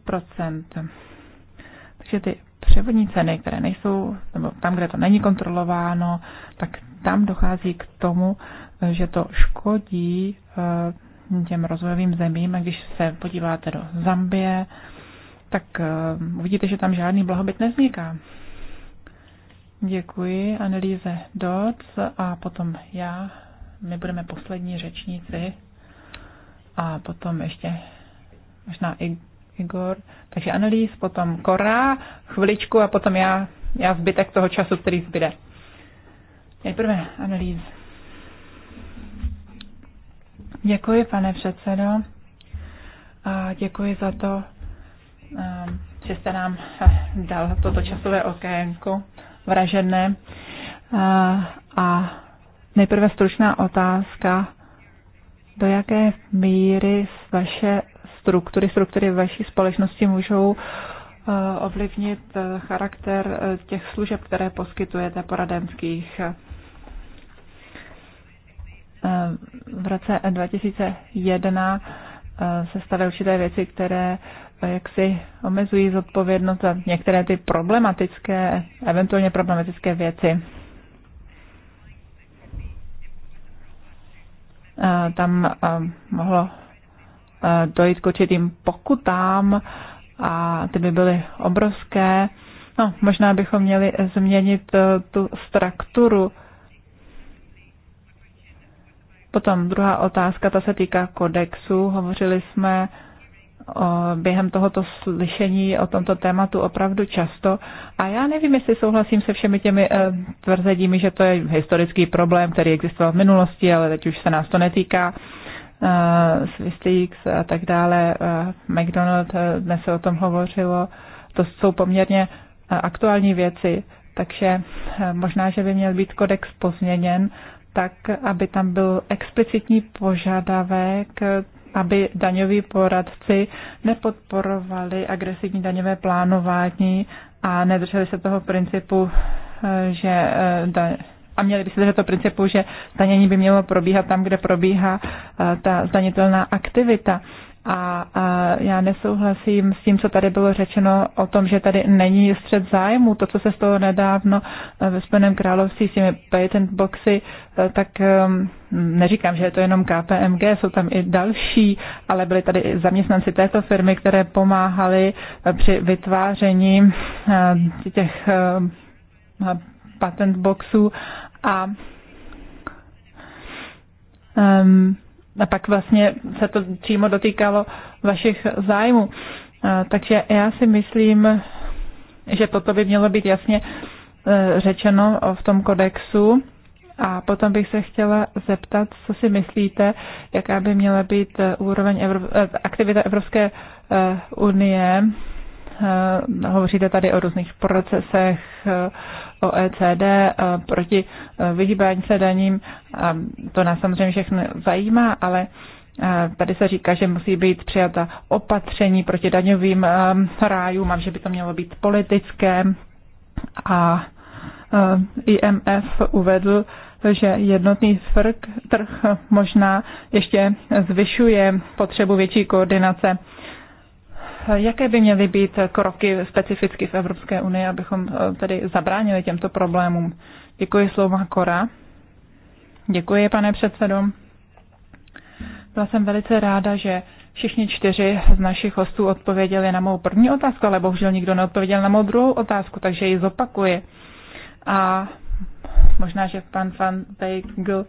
Speaker 2: Takže ty převodní ceny, které nejsou, nebo tam, kde to není kontrolováno, tak tam dochází k tomu, že to škodí eh, těm rozvojovým zemím. A když se podíváte do Zambie, tak eh, uvidíte, že tam žádný blahobyt nevzniká. Děkuji Annelíze Dodds a potom já. My budeme poslední řečníci a potom ještě možná Igor, takže Annelies, potom Kora, chviličku a potom já, já zbytek toho času, který zbyde. Nejprve Annelies. Děkuji, pane předsedo. A děkuji za to, ehm, že jste nám eh, dal toto časové okénko vražené. A nejprve stručná otázka do jaké míry vaše struktury, struktury vaší společnosti můžou eh, ovlivnit eh, charakter eh, těch služeb, které poskytujete poradenských. V roce 2001 se staly určité věci, které jak si omezují zodpovědnost za některé ty problematické, eventuálně problematické věci. Eh, tam eh, mohlo eh, dojít k určitým pokutám a ty by byly obrovské. No, možná bychom měli změnit tu strukturu. Potom druhá otázka, ta se týká kodexu. Hovořili jsme během tohoto slyšení o tomto tématu opravdu často. A já nevím, jestli souhlasím se všemi těmi eh, tvrzeními, že to je historický problém, který existoval v minulosti, ale teď už se nás to netýká. Eh, Swiss a tak dále, eh, McDonald, dnes se o tom hovořilo, to jsou poměrně aktuální věci, takže možná, že by měl být kodex pozměněn, tak aby tam byl explicitní požadavek aby daňoví poradci nepodporovali agresivní daňové plánování a nedrželi se toho principu, eh, že eh, a měli by se držet toho principu, že zdanění by mělo probíhat tam, kde probíhá eh, ta zdanitelná aktivita. A, a já nesouhlasím s tím, co tady bylo řečeno o tom, že tady není střed zájmu. To, co se z toho nedávno eh, ve Spojeném království s těmi patent boxy, eh, tak ehm, neříkám, že je to jenom KPMG, jsou tam i další, ale byli tady zaměstnanci této firmy, které pomáhali eh, při vytváření těch patent boxů a um, a pak vlastně se to přímo dotýkalo vašich zájmů. E, takže já si myslím, že toto by mělo být jasně e, řečeno v tom kodexu. A potom bych se chtěla zeptat, co si myslíte, jaká by měla být e, úroveň Evro- aktivita Evropské unie. Hovoříte tady o různých procesech, OECD eh, proti eh, vyhýbání se daním. To nás samozřejmě všechno zajímá, ale eh, Tady se říká, že musí být přijata opatření proti daňovým rájům a že by to mělo být politické. A IMF uvedl, že jednotný trh možná ještě zvyšuje potřebu větší koordinace jaké by měly být kroky specificky v Evropské unii, abychom eh, tedy zabránili těmto problémům? Děkuji slova Kora. Děkuji, pane předsedo. Byla jsem velice ráda, že všichni čtyři z našich hostů odpověděli na mou první otázku, ale bohužel nikdo neodpověděl na mou druhou otázku, takže ji zopakuji. A možná, že pan Van Beigel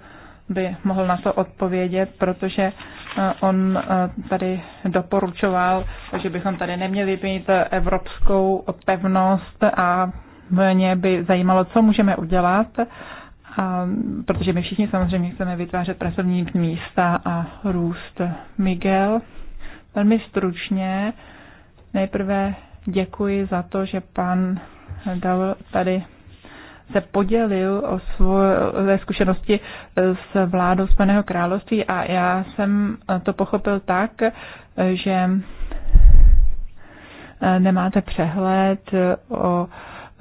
Speaker 2: by mohl na to odpovědět, protože eh, on eh, tady doporučoval, že bychom tady neměli mít evropskou pevnost a mě by zajímalo, co můžeme udělat, a, protože my všichni samozřejmě chceme vytvářet pracovní místa a růst. Miguel, velmi stručně, nejprve děkuji za to, že pan Dal tady se podělil o své zkušenosti s vládou Spojeného království a já jsem to pochopil tak, že nemáte přehled o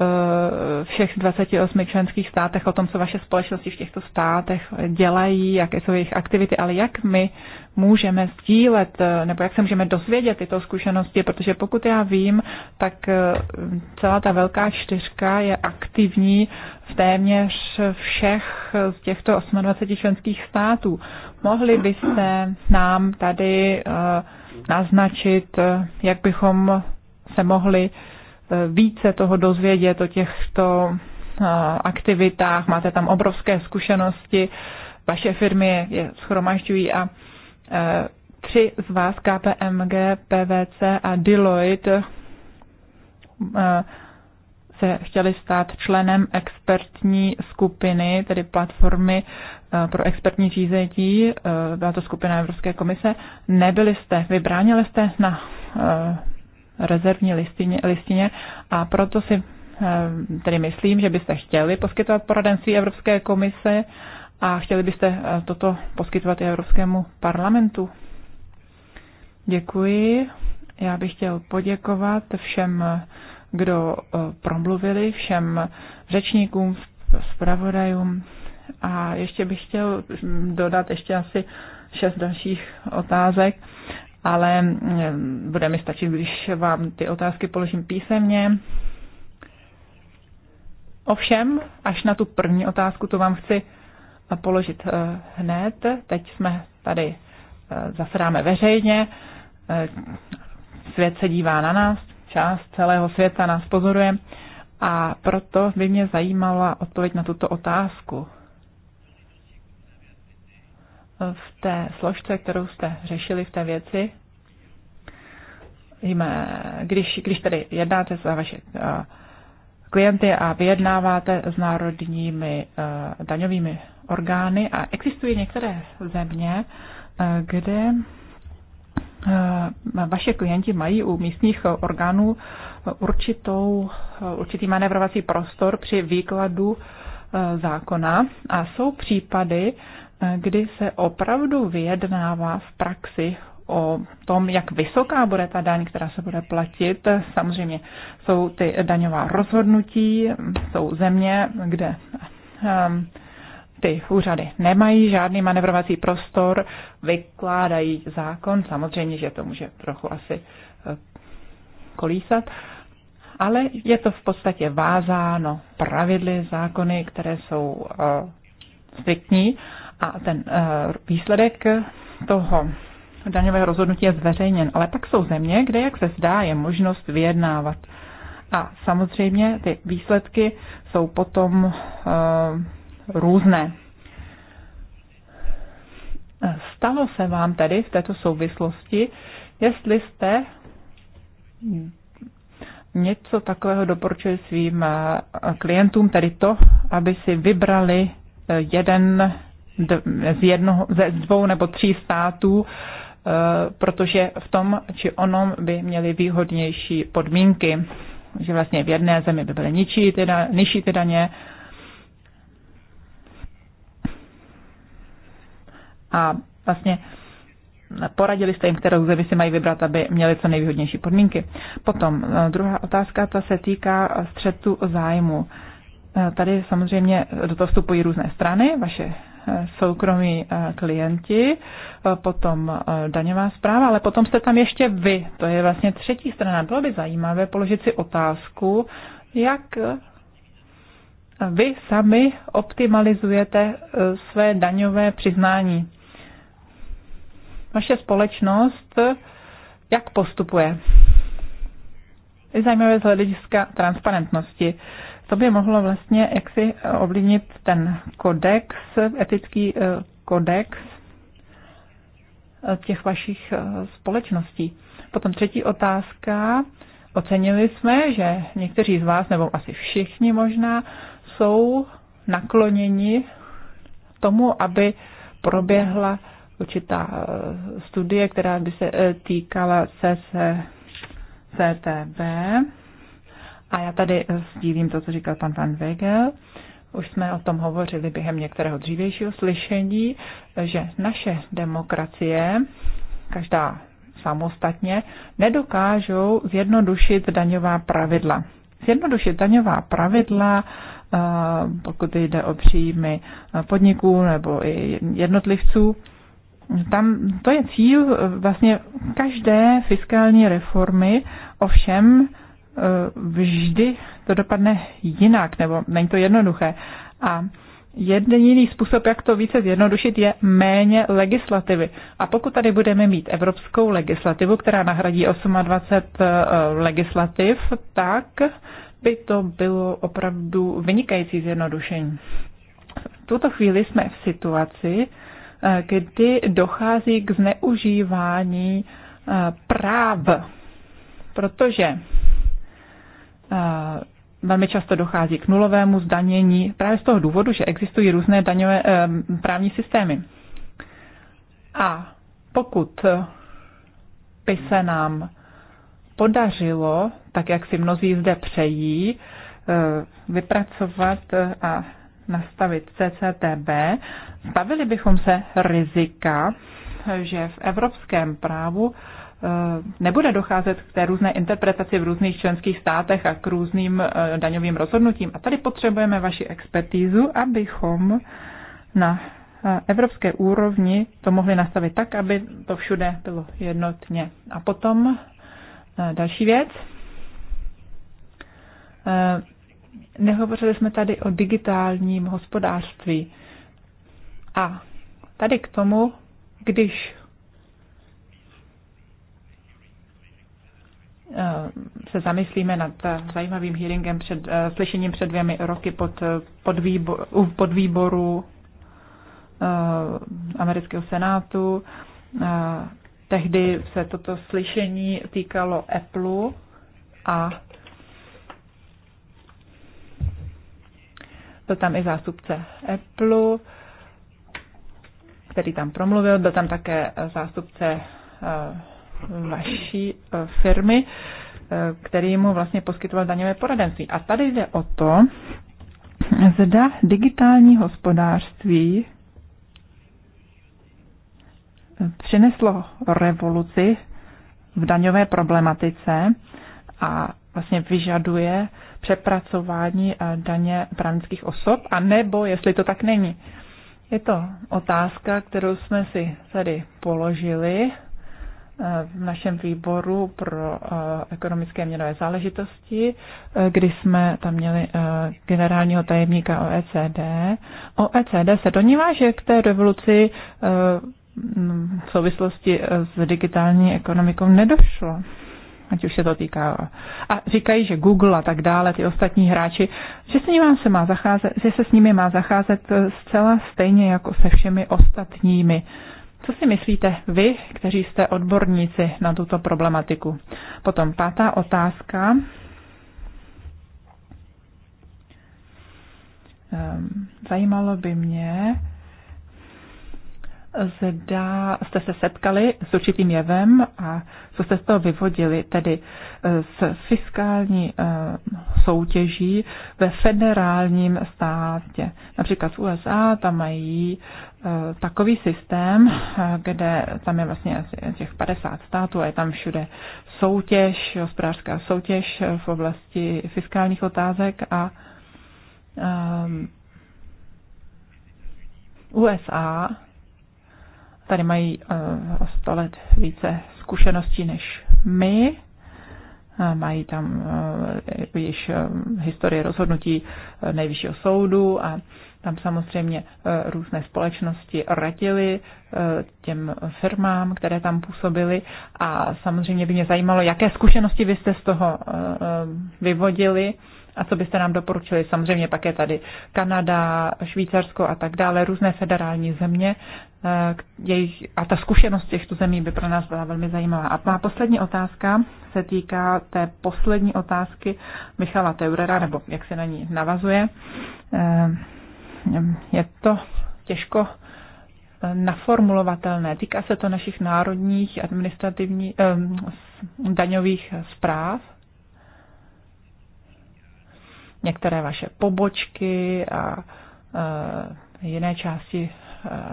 Speaker 2: Eh, všech 28 členských státech, o tom, co vaše společnosti v těchto státech dělají, jaké jsou jejich aktivity, ale jak my můžeme sdílet, eh, nebo jak se můžeme dozvědět tyto zkušenosti, protože pokud já vím, tak eh, celá ta velká čtyřka je aktivní v téměř všech z těchto 28 členských států. Mohli byste nám tady naznačit, jak bychom se mohli uh, více toho dozvědět o těchto eh, aktivitách, máte tam obrovské zkušenosti, vaše firmy je schromažďují a eh, tři z vás, KPMG, PVC a Deloitte, eh, se chtěli stát členem expertní skupiny, tedy platformy pro expertní řízení, byla to skupina Evropské komise. Nebyli jste, vybránili jste na rezervní listině, listině a proto si eh, tedy myslím, že byste chtěli poskytovat poradenství Evropské komise a chtěli byste eh, toto poskytovat i Evropskému parlamentu. Děkuji. Já bych chtěl poděkovat všem, kdo eh, promluvili, všem řečníkům, zpravodajům a ještě bych chtěl hm, dodat ještě asi šest dalších otázek ale mm, bude mi stačit, když vám ty otázky položím písemně. Ovšem, až na tu první otázku, to vám chci eh, položit eh, hned. Teď jsme tady, eh, zasedáme veřejně, svět se dívá na nás, část celého světa nás pozoruje a proto by mě zajímala odpověď na tuto otázku v té složce, kterou jste řešili v té věci, když, když tedy jednáte za vaše eh, klienty a vyjednáváte s národními eh, daňovými orgány a existují některé země, eh, kde vaše klienti mají u místních orgánů určitou, určitý manévrovací prostor při výkladu zákona a jsou případy, kdy se opravdu vyjednává v praxi o tom, jak vysoká bude ta daň, která se bude platit. Samozřejmě jsou ty daňová rozhodnutí, jsou země, kde ehm, ty úřady nemají žádný manevrovací prostor, vykládají zákon, samozřejmě, že to může trochu asi eh, kolísat, ale je to v podstatě vázáno pravidly, zákony, které jsou eh, striktní a ten eh, výsledek toho daňového rozhodnutí je zveřejněn. Ale pak jsou země, kde, jak se zdá, je možnost vyjednávat. A samozřejmě ty výsledky jsou potom uh, různé. Stalo se vám tedy v této souvislosti, jestli jste něco takového doporučili svým eh, klientům, tedy to, aby si vybrali jeden z, jednoho, ze dvou nebo tří států, e, protože v tom či onom by měli výhodnější podmínky, že vlastně v jedné zemi by byly ničí, teda, nižší ty daně, a vlastně poradili jste jim, kterou zemi si mají vybrat, aby měli co nejvýhodnější podmínky. Potom e, druhá otázka, ta se týká střetu zájmu. E, tady samozřejmě do toho vstupují různé strany, vaše soukromí eh, klienti, eh, potom eh, daňová zpráva, ale potom jste tam ještě vy. To je vlastně třetí strana. Bylo by zajímavé položit si otázku, jak vy sami optimalizujete své daňové přiznání. Vaše společnost jak postupuje? Je zajímavé z hlediska transparentnosti. Uh, to by mohlo vlastně jaksi ovlivnit ten kodex, etický eh, kodex eh, těch vašich eh, společností. Potom třetí otázka. Ocenili jsme, že někteří z vás, nebo asi všichni možná, jsou nakloněni tomu, aby proběhla určitá studie, která by se týkala CCCTB. A já tady eh, sdílím to, co říkal pan Van Wegel. Už jsme o tom hovořili během některého dřívějšího slyšení, že naše demokracie, každá samostatně, nedokážou zjednodušit daňová pravidla. Zjednodušit daňová pravidla, eh, pokud jde o příjmy podniků nebo i jednotlivců, tam to je cíl eh, vlastně každé fiskální reformy, ovšem Eh, vždy to dopadne jinak, nebo není to jednoduché. A Jediný způsob, jak to více zjednodušit, je méně legislativy. A pokud tady budeme mít evropskou legislativu, která nahradí 28 eh, legislativ, tak by to bylo opravdu vynikající zjednodušení. V tuto chvíli jsme v situaci, eh, kdy dochází k zneužívání práv, protože Eh, velmi často dochází k nulovému zdanění právě z toho důvodu, že existují různé daňové eh, právní systémy. A pokud by se nám podařilo, tak jak si mnozí zde přejí, eh, vypracovat a nastavit CCTB, zbavili bychom se rizika, že v evropském právu Eh, nebude docházet k té různé interpretaci v různých členských státech a k různým eh, daňovým rozhodnutím. A tady potřebujeme vaši expertízu, abychom na eh, evropské úrovni to mohli nastavit tak, aby to všude bylo jednotně. A potom další věc. Nehovořili jsme tady o digitálním hospodářství. A tady k tomu, když Eh, se zamyslíme nad eh, zajímavým hearingem před, eh, slyšením před dvěmi roky pod, pod, výbo, pod výboru amerického senátu. Tehdy se toto slyšení týkalo Apple a byl tam i zástupce Apple, který tam promluvil, byl tam také zástupce vaší eh, firmy, eh, který mu vlastně poskytoval daňové poradenství. A tady jde o to, zda digitální hospodářství přineslo revoluci v daňové problematice a vlastně vyžaduje přepracování eh, daně právnických osob, a nebo jestli to tak není. Je to otázka, kterou jsme si tady položili v našem výboru pro eh, ekonomické měnové záležitosti, eh, kdy jsme tam měli eh, generálního tajemníka OECD. OECD se donívá, že k té revoluci v souvislosti s digitální ekonomikou nedošlo. Ať už se to týká. A říkají, že Google a tak dále, ty ostatní hráči, že, se nimi se má zacházet, že se s nimi má zacházet zcela stejně jako se všemi ostatními. Uh, co si myslíte vy, kteří jste odborníci na tuto problematiku? Potom pátá otázka. Ehm, zajímalo by mě, zda jste se setkali s určitým jevem a co jste z toho vyvodili, tedy s eh, fiskální eh, soutěží ve federálním státě. Například v USA tam mají Eh, takový systém, eh, kde tam je vlastně asi těch 50 států a je tam všude soutěž, hospodářská soutěž eh, v oblasti fiskálních otázek a ehm, USA tady mají o 100 let více zkušeností než my. Mají tam již historie rozhodnutí nejvyššího soudu a tam samozřejmě e, různé společnosti radily e, těm firmám, které tam působily a samozřejmě by mě zajímalo, jaké zkušenosti vy jste z toho e, vyvodili a co byste nám doporučili. Samozřejmě pak je tady Kanada, Švýcarsko a tak dále, různé federální země jejich, a ta zkušenost těchto zemí by pro nás byla velmi zajímavá. A má poslední otázka se týká té poslední otázky Michala Teurera, nebo jak se na ní navazuje je to těžko eh, naformulovatelné. Týká se to našich národních administrativní eh, daňových zpráv. Některé vaše pobočky a eh, jiné části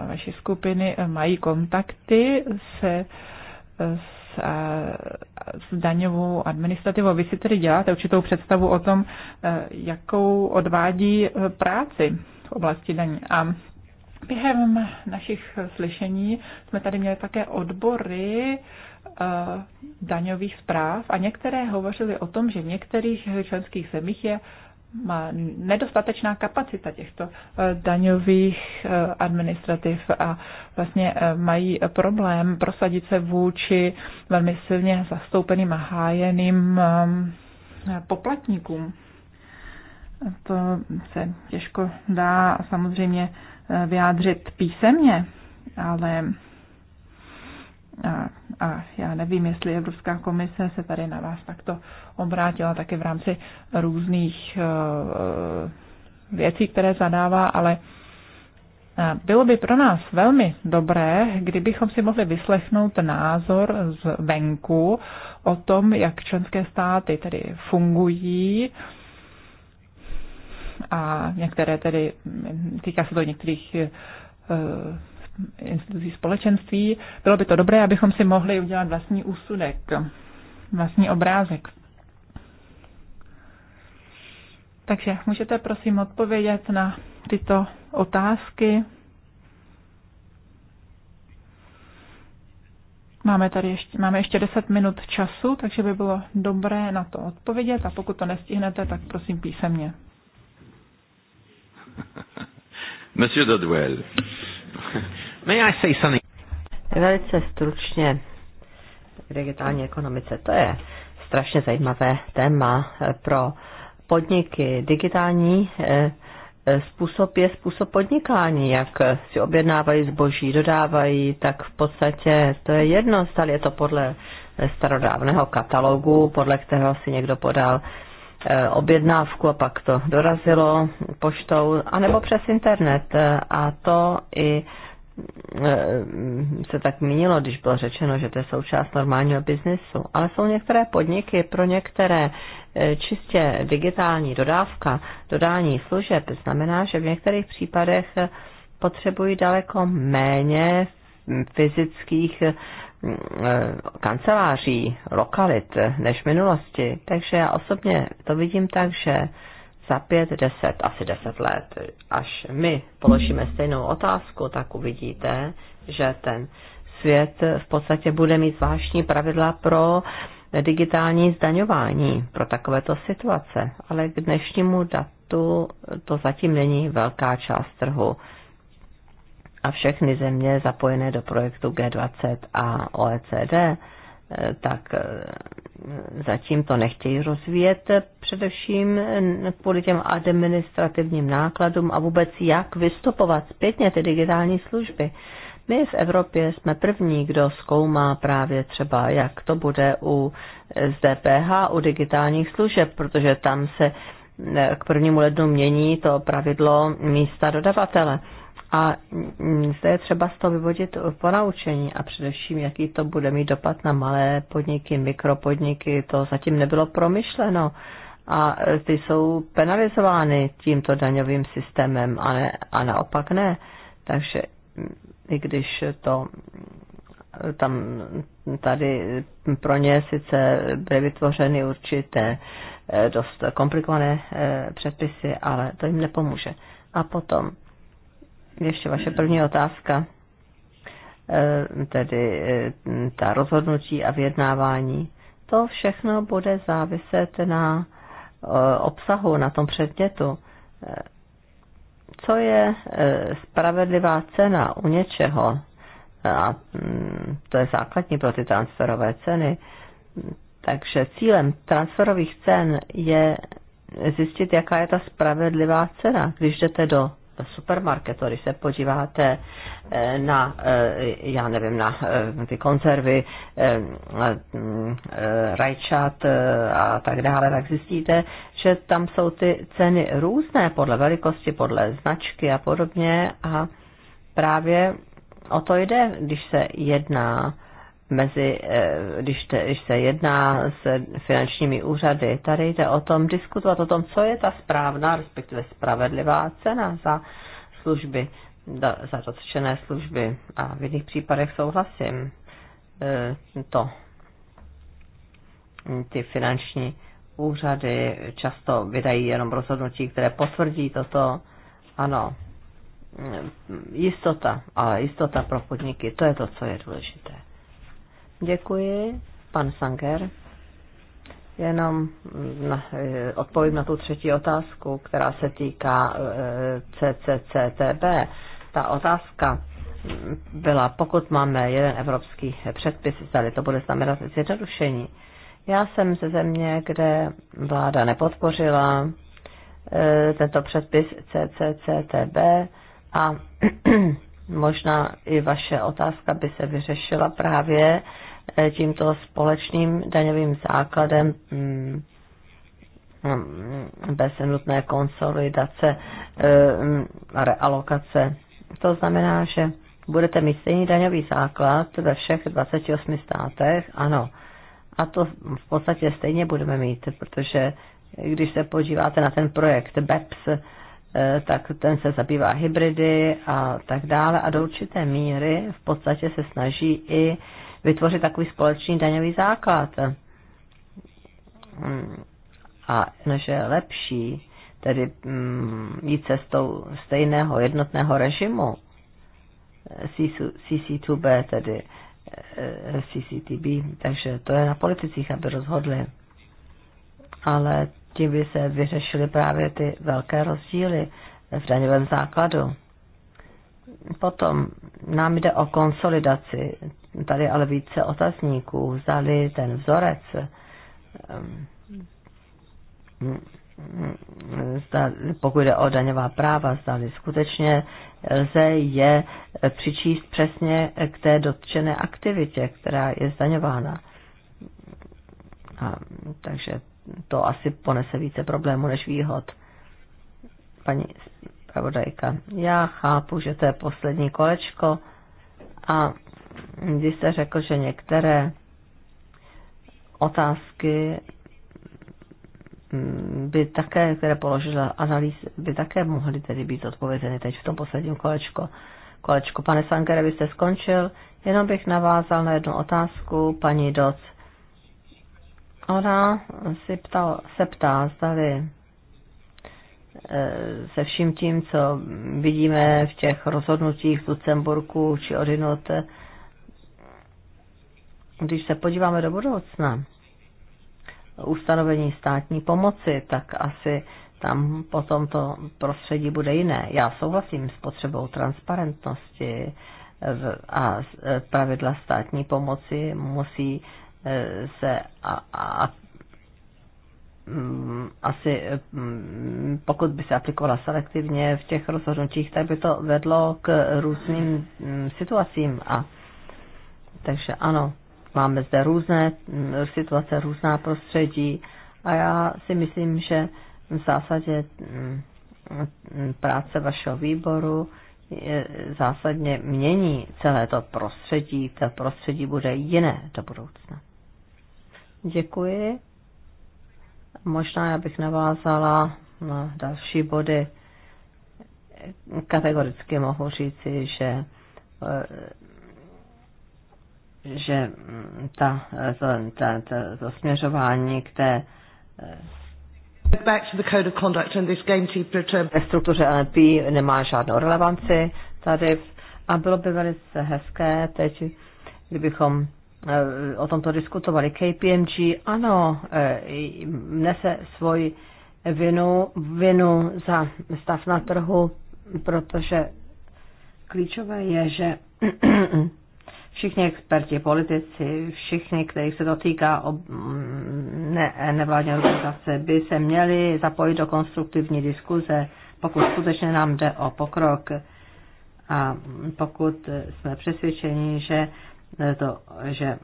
Speaker 2: vaší skupiny mají kontakty se s, s daňovou administrativou. Vy si tedy děláte určitou představu o tom, jakou odvádí práci v oblasti daní. A během našich slyšení jsme tady měli také odbory eh, daňových zpráv a některé hovořili o tom, že v některých členských zemích je má nedostatečná kapacita těchto eh, daňových eh, administrativ a vlastně mají problém prosadit se vůči velmi silně zastoupeným a hájeným poplatníkům. To se těžko dá samozřejmě eh, vyjádřit písemně, ale a, a já nevím, jestli Evropská komise se tady na vás takto obrátila taky v rámci různých uh, věcí, které zadává, ale bylo by pro nás velmi dobré, kdybychom si mohli vyslechnout názor z venku o tom, jak členské státy tedy fungují, uh, a některé tedy, týká se to některých eh, institucí společenství, bylo by to dobré, abychom si mohli udělat vlastní úsudek, vlastní obrázek. Takže můžete prosím odpovědět na tyto otázky. Máme tady ještě, máme ještě 10 minut času, takže by bylo dobré na to odpovědět a pokud to nestihnete, tak prosím písemně.
Speaker 1: Monsieur Dodwell, may I say something? Velice stručně v digitální ekonomice. To je strašně zajímavé téma pro podniky. Digitální eh, eh, způsob je způsob podnikání, jak si objednávají zboží, dodávají, tak v podstatě to je jedno, stále je to podle starodávného katalogu, podle kterého si někdo podal Eh, objednávku a pak to dorazilo poštou, anebo přes internet. Eh, a to i eh, se tak mínilo, když bylo řečeno, že to je součást normálního biznesu. Ale jsou některé podniky, pro některé čistě digitální dodávka, dodání služeb, znamená, že v některých případech potřebují daleko méně fyzických Mm, eh, kanceláří, lokalit eh, než v minulosti. Takže já osobně to vidím tak, že za pět, deset, asi deset let, až my položíme stejnou otázku, tak uvidíte, že ten svět v podstatě bude mít zvláštní pravidla pro digitální zdaňování, pro takovéto situace. Ale k dnešnímu datu to zatím není velká část trhu a všechny země zapojené do projektu G20 a OECD, eh, tak eh, zatím to nechtějí rozvíjet především eh, kvůli těm administrativním nákladům a vůbec jak vystupovat zpětně ty digitální služby. My v Evropě jsme první, kdo zkoumá právě třeba, jak to bude u DPH, u digitálních služeb, protože tam se k prvnímu lednu mění to pravidlo místa dodavatele. A zde je třeba z toho vyvodit ponaučení a především, jaký to bude mít dopad na malé podniky, mikropodniky, to zatím nebylo promyšleno. A ty jsou penalizovány tímto daňovým systémem a, ne, a naopak ne. Takže i když to tam tady pro ně sice byly vytvořeny určité eh, dost komplikované eh, předpisy, ale to jim nepomůže. A potom ještě vaše první otázka, eh, tedy eh, ta rozhodnutí a vyjednávání. To všechno bude záviset na eh, obsahu, na tom předmětu. Co je spravedlivá cena u něčeho? A mm, to je základní pro ty transferové ceny. Takže cílem transferových cen je zjistit, jaká je ta spravedlivá cena. Když jdete do supermarketu, když se podíváte eh, na, eh, já nevím, na eh, ty konzervy rajčat a tak dále, tak zjistíte, že tam jsou ty ceny různé podle velikosti, podle značky a podobně a právě o to jde, když se jedná mezi, eh, když, te, když se jedná s finančními úřady. Tady jde o tom diskutovat o tom, co je ta správná, respektive spravedlivá cena za služby, za dotčené služby. A v jiných případech souhlasím eh, to. Ty finanční úřady často vydají jenom rozhodnutí, které potvrdí toto. Ano, jistota, ale jistota pro podniky, to je to, co je důležité. Děkuji. Pan Sanger. Jenom mm, eh, odpovím na tu třetí otázku, která se týká eh, CCCTB. Ta otázka mm, byla, pokud máme jeden evropský předpis, tady to bude znamenat zjednodušení. Já jsem ze země, kde vláda nepodpořila eh, tento předpis CCCTB a možná i vaše otázka by se vyřešila právě tímto společným daňovým základem mm, mm, bez nutné konsolidace, eh, realokace. To znamená, že budete mít stejný daňový základ ve všech 28 státech, ano. A to v podstatě stejně budeme mít, protože když se podíváte na ten projekt BEPS, eh, tak ten se zabývá hybridy a tak dále a do určité míry v podstatě se snaží i vytvořit takový společný daňový základ. Mm, A no, že je lepší tedy mm, jít cestou stejného jednotného režimu CC2B, tedy eh, CCTB, takže to je na politicích, aby rozhodli. Ale tím by se vyřešily právě ty velké rozdíly v daňovém základu. Potom nám jde o konsolidaci tady ale více otazníků, vzali ten vzorec, zda, pokud jde o daňová práva, zdali skutečně lze je přičíst přesně k té dotčené aktivitě, která je zdaňována. A, takže to asi ponese více problémů než výhod. Paní zpravodajka, já chápu, že to je poslední kolečko a když jste řekl, že některé otázky by také, které položila analýz, by také mohly tedy být odpovězeny teď v tom posledním kolečko. kolečku. Pane Sankere, byste skončil, jenom bych navázal na jednu otázku paní Doc. Ona si ptal, se ptá, zdali eh, se vším tím, co vidíme v těch rozhodnutích v Lucemburku či odinut, když se podíváme do budoucna, ustanovení státní pomoci, tak asi tam potom to prostředí bude jiné. Já souhlasím s potřebou transparentnosti a e, pravidla státní pomoci musí e, se a, a, mm, asi mm, pokud by se aplikovala selektivně v těch rozhodnutích, tak by to vedlo k různým mm, situacím. A, takže ano, Máme zde různé mm, situace, různá prostředí a já si myslím, že v zásadě mm, práce vašeho výboru zásadně mění celé to prostředí. To prostředí bude jiné do budoucna. Děkuji. Možná já bych navázala na další body. Kategoricky mohu říci, že e, že mm, ta, to, ta, to, to směřování k té back to the code of conduct and this gamekeeper term. Ve struktuře LP nemá žádnou relevanci tady a bylo by velice hezké teď, kdybychom eh, o tomto diskutovali. KPMG, ano, eh, nese svoji vinu, vinu za stav na trhu, protože klíčové je, že eh, všichni experti, politici, všichni, kterých se dotýká ob, ne, nevládní organizace, by se měli zapojit do konstruktivní diskuze, pokud skutečně nám jde o pokrok a pokud jsme přesvědčeni, že to, že,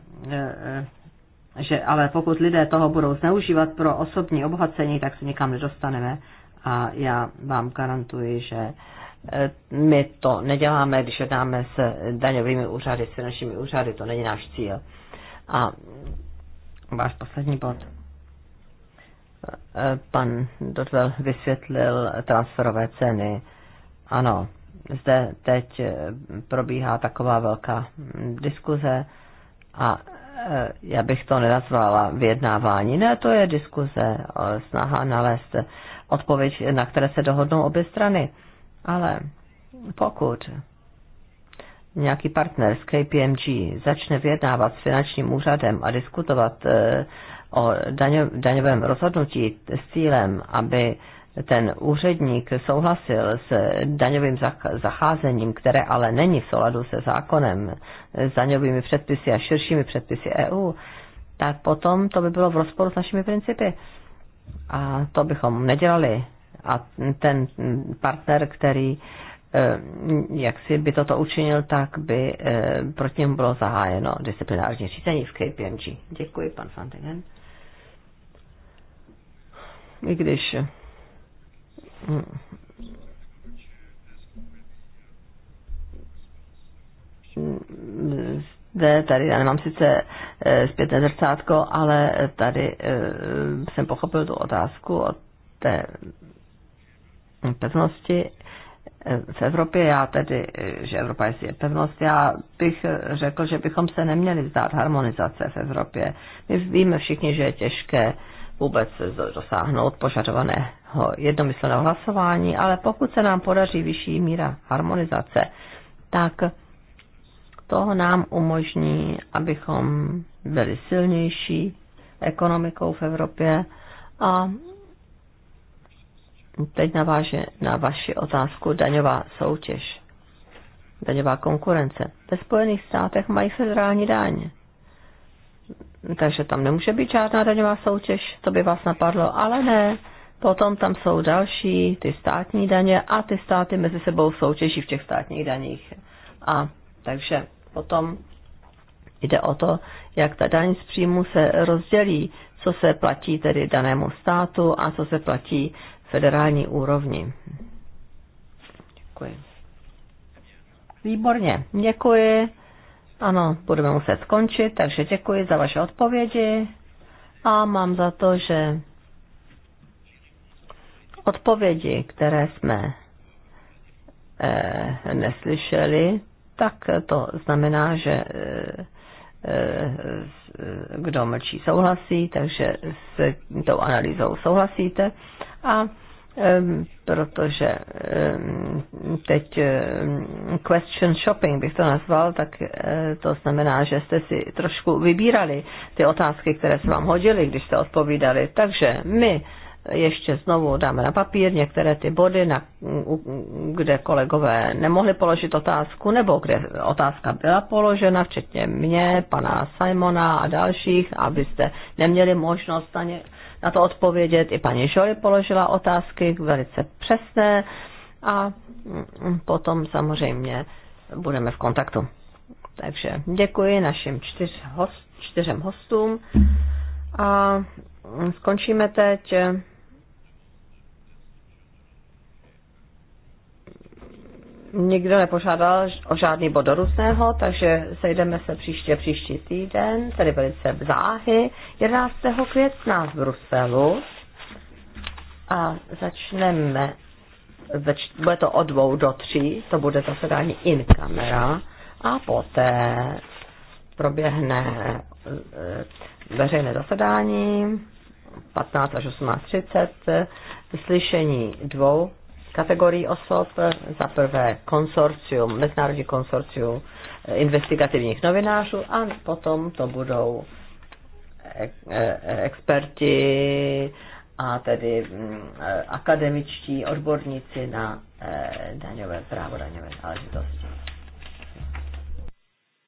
Speaker 1: že ale pokud lidé toho budou zneužívat pro osobní obohacení, tak se nikam nedostaneme. A já vám garantuji, že Eh, my to neděláme, když jednáme s daňovými úřady, s finančními úřady, to není náš cíl. A váš poslední bod. Eh, pan Dotvel vysvětlil transferové ceny. Ano, zde teď eh, probíhá taková velká hm, diskuze a já bych to nenazvala vyjednávání, ne, to je diskuze, snaha nalézt odpověď, na které se dohodnou obě strany. Ale pokud nějaký partner z KPMG začne vyjednávat s finančním úřadem a diskutovat eh, o daňovém rozhodnutí s cílem, aby ten úředník souhlasil s daňovým zacházením, které ale není v souladu se zákonem, eh, s daňovými předpisy a širšími předpisy EU, tak potom to by bylo v rozporu s našimi principy. A to bychom nedělali a ten partner, který eh, jak si by toto učinil, tak by eh, proti němu bylo zahájeno disciplinární řízení v KPMG. Děkuji, pan Fantingen. I když eh, zde, tady já nemám sice zpětné zrcátko, ale tady jsem pochopil tu otázku od té pevnosti eh, v Evropě, já tedy, eh, že Evropa je pevnost, já bych eh, řekl, že bychom se neměli vzdát harmonizace v Evropě. My víme všichni, že je těžké vůbec dosáhnout požadovaného jednomyslného hlasování, ale pokud se nám podaří vyšší míra harmonizace, tak to nám umožní, abychom byli silnější ekonomikou v Evropě a teď naváže na vaši otázku daňová soutěž, daňová konkurence. Ve Spojených státech mají federální daň, takže tam nemůže být žádná daňová soutěž, to by vás napadlo, ale ne. Potom tam jsou další, ty státní daně a ty státy mezi sebou soutěží v těch státních daních. A takže potom jde o to, jak ta daň z příjmu se rozdělí, co se platí tedy danému státu a co se platí federální úrovni. Děkuji. Výborně, děkuji. Ano, budeme muset skončit, takže děkuji za vaše odpovědi a mám za to, že odpovědi, které jsme eh, neslyšeli, tak to znamená, že eh, eh kdo mlčí souhlasí, takže s tou analýzou souhlasíte. A Ehm, protože ehm, teď ehm, question shopping bych to nazval, tak eh, to znamená, že jste si trošku vybírali ty otázky, které se vám hodily, když jste odpovídali. Takže my ještě znovu dáme na papír některé ty body, na, kde kolegové nemohli položit otázku, nebo kde otázka byla položena, včetně mě, pana Simona a dalších, abyste neměli možnost na ně na to odpovědět. I paní Žoli položila otázky velice přesné a mm, potom samozřejmě budeme v kontaktu. Takže děkuji našim čtyř host, čtyřem hostům a mm, skončíme teď. nikdo nepožádal o žádný bod takže sejdeme se příště, příští týden, tedy velice záhy, 11. května v Bruselu a začneme, bude to od dvou do tří, to bude zasedání in kamera a poté proběhne eh, veřejné zasedání 15 až 18.30, slyšení dvou kategorií osob. Eh, za prvé konsorcium, mezinárodní konsorcium eh, investigativních novinářů a potom to budou eh, experti a tedy mm, akademičtí odborníci na daňové právo, daňové záležitosti.